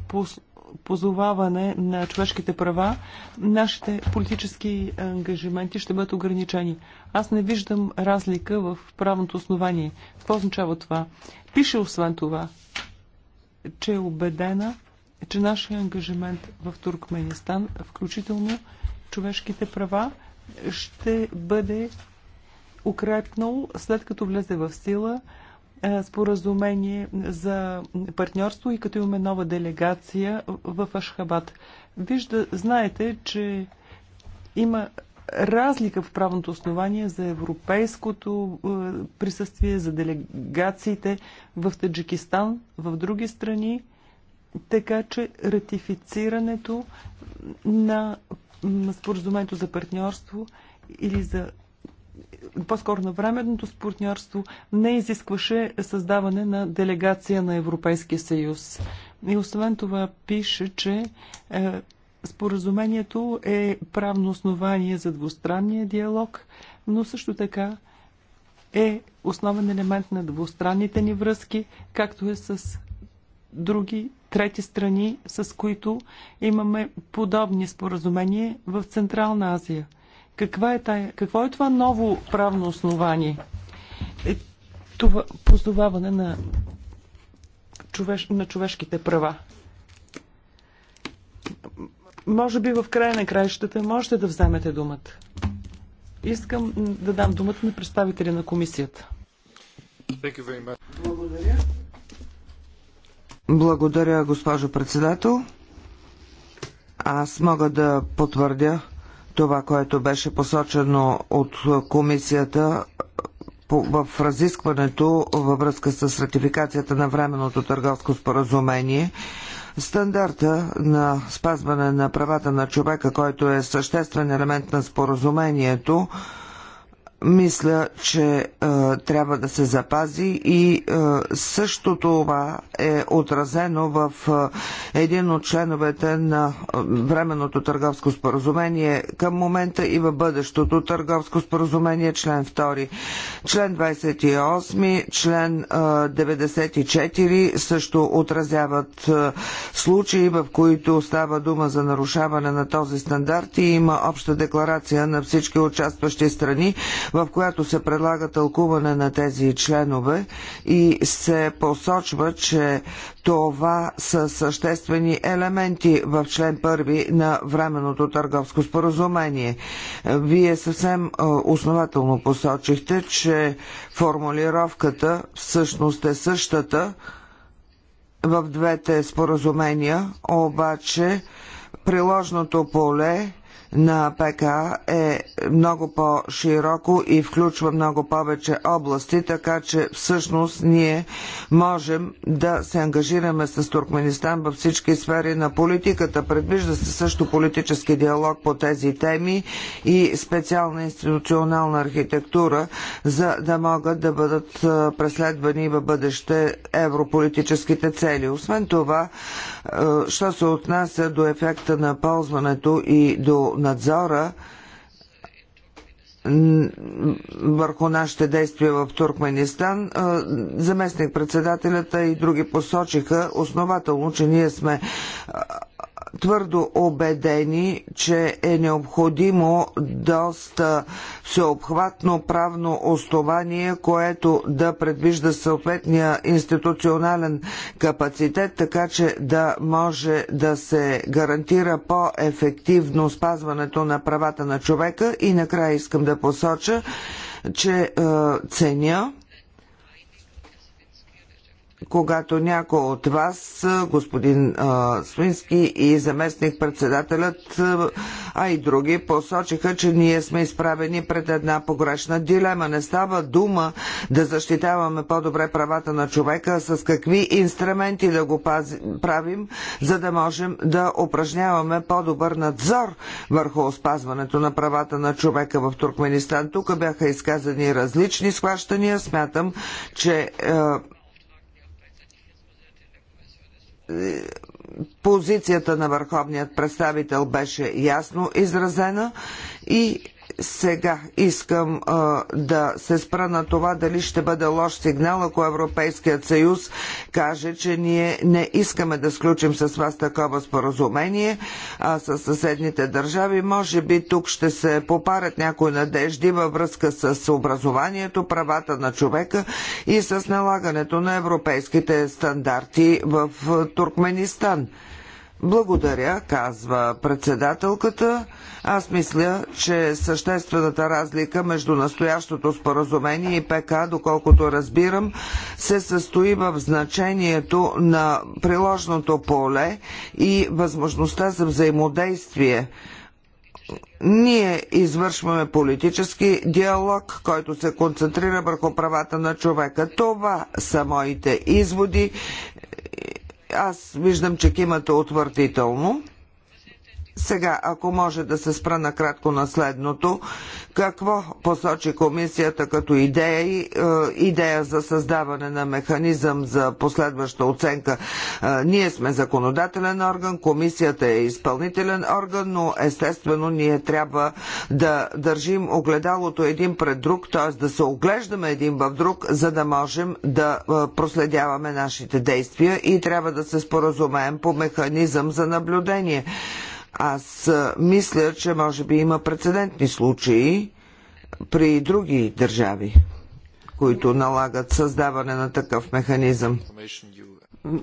позоваване на човешките права, нашите политически ангажименти ще бъдат ограничени. Аз не виждам разлика в правното основание. Какво означава това? Пише освен това, че е убедена, че нашия ангажимент в Туркменистан, включително човешките права, ще бъде укрепнал след като влезе в сила е, споразумение за партньорство и като имаме нова делегация в Ашхабад. Вижда, знаете, че има разлика в правното основание за европейското е, присъствие, за делегациите в Таджикистан, в други страни, така че ратифицирането на споразумението за партньорство или за по-скоро на временното спортньорство не изискваше създаване на делегация на Европейския съюз. И освен това пише, че е, Споразумението е правно основание за двустранния диалог, но също така е основен елемент на двустранните ни връзки, както е с други трети страни, с които имаме подобни споразумения в Централна Азия. Каква е тая, какво е това ново правно основание? Е, това позоваване на, човеш, на човешките права. Може би в края на краищата можете да вземете думата. Искам да дам думата на представители на комисията. Благодаря. Благодаря, госпожо председател. Аз мога да потвърдя това, което беше посочено от комисията в разискването във връзка с ратификацията на временното търговско споразумение. Стандарта на спазване на правата на човека, който е съществен елемент на споразумението, мисля, че е, трябва да се запази и е, също това е отразено в е, един от членовете на Временното търговско споразумение към момента и в бъдещото търговско споразумение, член 2, член 28, член е, 94 също отразяват е, случаи, в които става дума за нарушаване на този стандарт и има обща декларация на всички участващи страни, в която се предлага тълкуване на тези членове и се посочва, че това са съществени елементи в член първи на временното търговско споразумение. Вие съвсем основателно посочихте, че формулировката всъщност е същата в двете споразумения, обаче приложното поле на ПК е много по-широко и включва много повече области, така че всъщност ние можем да се ангажираме с Туркменистан във всички сфери на политиката. Предвижда се също политически диалог по тези теми и специална институционална архитектура, за да могат да бъдат преследвани в бъдеще европолитическите цели. Освен това, що се отнася до ефекта на ползването и до надзора върху нашите действия в Туркменистан. Е, Заместник председателята и други посочиха основателно, че ние сме е, твърдо убедени, че е необходимо доста всеобхватно правно основание, което да предвижда съответния институционален капацитет, така че да може да се гарантира по-ефективно спазването на правата на човека. И накрая искам да посоча, че е, ценя когато някой от вас, господин а, Свински и заместник председателят, а и други, посочиха, че ние сме изправени пред една погрешна дилема. Не става дума да защитаваме по-добре правата на човека, с какви инструменти да го пази, правим, за да можем да упражняваме по-добър надзор върху спазването на правата на човека в Туркменистан. Тук бяха изказани различни схващания. Смятам, че е, позицията на върховният представител беше ясно изразена и сега искам а, да се спра на това дали ще бъде лош сигнал, ако Европейският съюз каже, че ние не искаме да сключим с вас такова споразумение, а с съседните държави. Може би тук ще се попарат някои надежди във връзка с образованието, правата на човека и с налагането на европейските стандарти в Туркменистан. Благодаря, казва председателката. Аз мисля, че съществената разлика между настоящото споразумение и ПК, доколкото разбирам, се състои в значението на приложното поле и възможността за взаимодействие ние извършваме политически диалог, който се концентрира върху правата на човека. Това са моите изводи. Аз виждам, че кимате утвърдително. Сега, ако може да се спра накратко на следното, какво посочи комисията като идея, е, идея за създаване на механизъм за последваща оценка? Е, ние сме законодателен орган, комисията е изпълнителен орган, но естествено ние трябва да държим огледалото един пред друг, т.е. да се оглеждаме един в друг, за да можем да е, проследяваме нашите действия и трябва да се споразумеем по механизъм за наблюдение. Аз мисля, че може би има прецедентни случаи при други държави, които налагат създаване на такъв механизъм.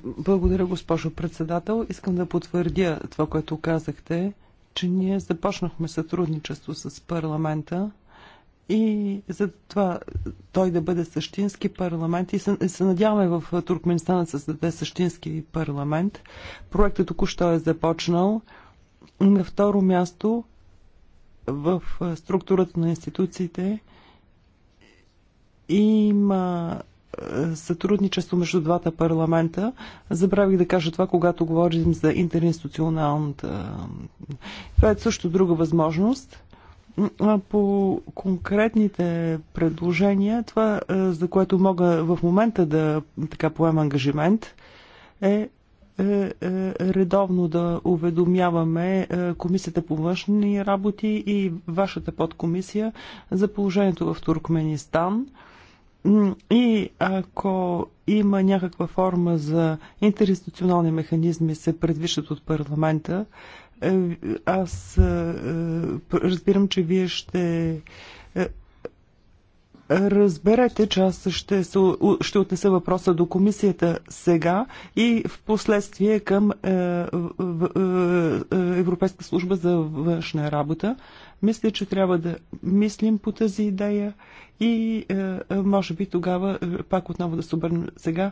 Благодаря, госпожо председател. Искам да потвърдя това, което казахте, че ние започнахме сътрудничество с парламента и за това той да бъде същински парламент и се, се надяваме в Туркменистан да създаде същински парламент. Проектът току-що е започнал. На второ място, в структурата на институциите има сътрудничество между двата парламента. Забравих да кажа това, когато говорим за интеринституционалната. Това е също друга възможност. По конкретните предложения, това, за което мога в момента да така поема ангажимент, е е, е, редовно да уведомяваме е, Комисията по външни работи и вашата подкомисия за положението в Туркменистан. И ако има някаква форма за интерституционални механизми се предвиждат от парламента, аз разбирам, че вие ще Разберете, че аз ще, ще отнеса въпроса до комисията сега и в последствие към е, е, Европейска служба за външна работа. Мисля, че трябва да мислим по тази идея и е, може би тогава, е, пак отново да се обърнем сега,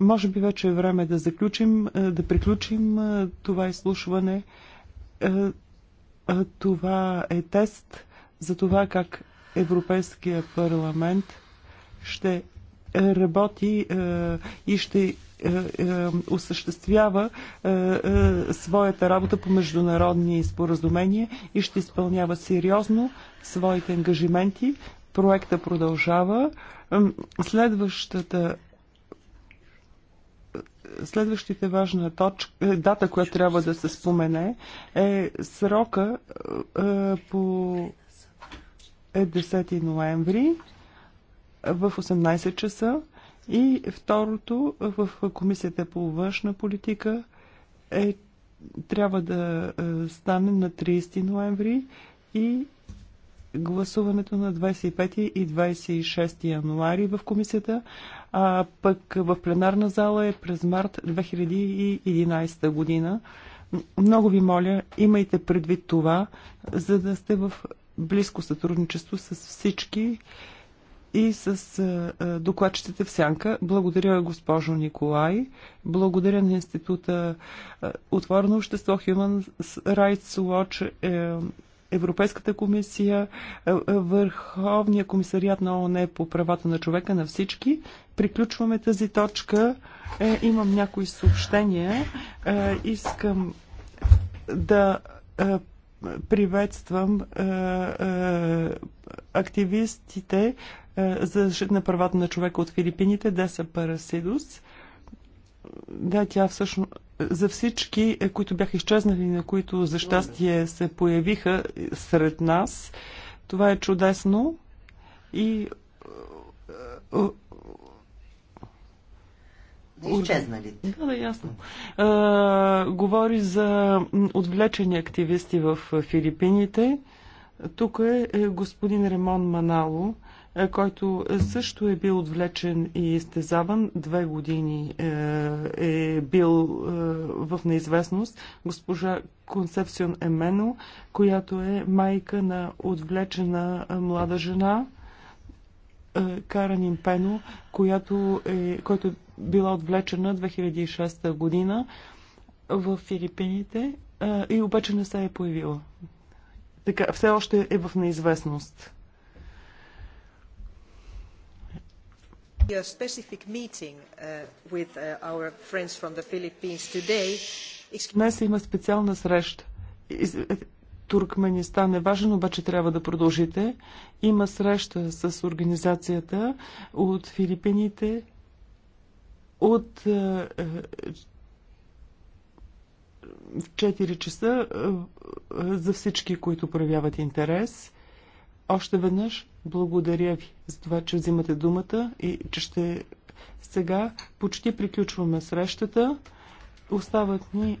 може би вече е време да заключим, е, да приключим е, това изслушване. Това е тест за това как Европейския парламент ще работи е, и ще е, е, осъществява своята работа по международни споразумения и ще изпълнява сериозно своите ангажименти. Проекта продължава. Следващата следващите важна точка, дата, която трябва да се спомене, е срока по е 10 ноември в 18 часа и второто в Комисията по външна политика е, трябва да е, стане на 30 ноември и гласуването на 25 и 26 януари в комисията, а пък в пленарна зала е през март 2011 година. Много ви моля, имайте предвид това, за да сте в близко сътрудничество с всички и с докладчиците в Сянка. Благодаря, госпожо Николай. Благодаря на института Отворено общество, Human Rights Watch, е, Европейската комисия, е, е, Върховния комисариат на ООН по правата на човека на всички. Приключваме тази точка. Имам някои съобщения. Искам да приветствам е, е, активистите е, за защита на правата на човека от Филипините, Деса Парасидус. Да, тя всъщност за всички, които бяха изчезнали, на които за щастие се появиха сред нас. Това е чудесно и Изчезнали. Да, да, ясно. А, говори за отвлечени активисти в Филипините. Тук е, е господин Ремон Манало, е, който също е бил отвлечен и изтезаван. Две години е, е бил в неизвестност. Госпожа Концепсион Емено, която е майка на отвлечена млада жена е, Каранин Пено, която е, който е била отвлечена 2006 година в Филипините е, и обаче не се е появила. Така, все още е в неизвестност. specific meeting uh, with uh, our friends from the Philippines today. Днес има специална среща. Туркменистан е важен, обаче трябва да продължите. Има среща с организацията от Филипините, от 4 е, е, часа е, за всички, които проявяват интерес. Още веднъж благодаря ви за това, че взимате думата и че ще сега почти приключваме срещата. Остават ни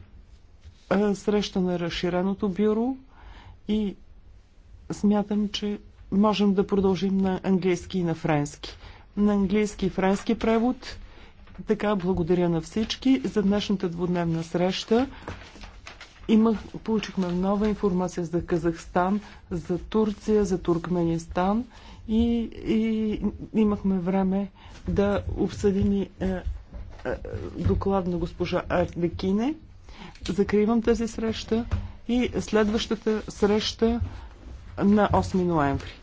среща на разширеното бюро и смятам, че можем да продължим на английски и на френски. На английски и френски превод. Така, благодаря на всички за днешната двудневна среща. Имах, получихме нова информация за Казахстан, за Турция, за Туркменистан и, и имахме време да обсъдим и, е, е, доклад на госпожа Ардекине. Закривам тази среща и следващата среща на 8 ноември.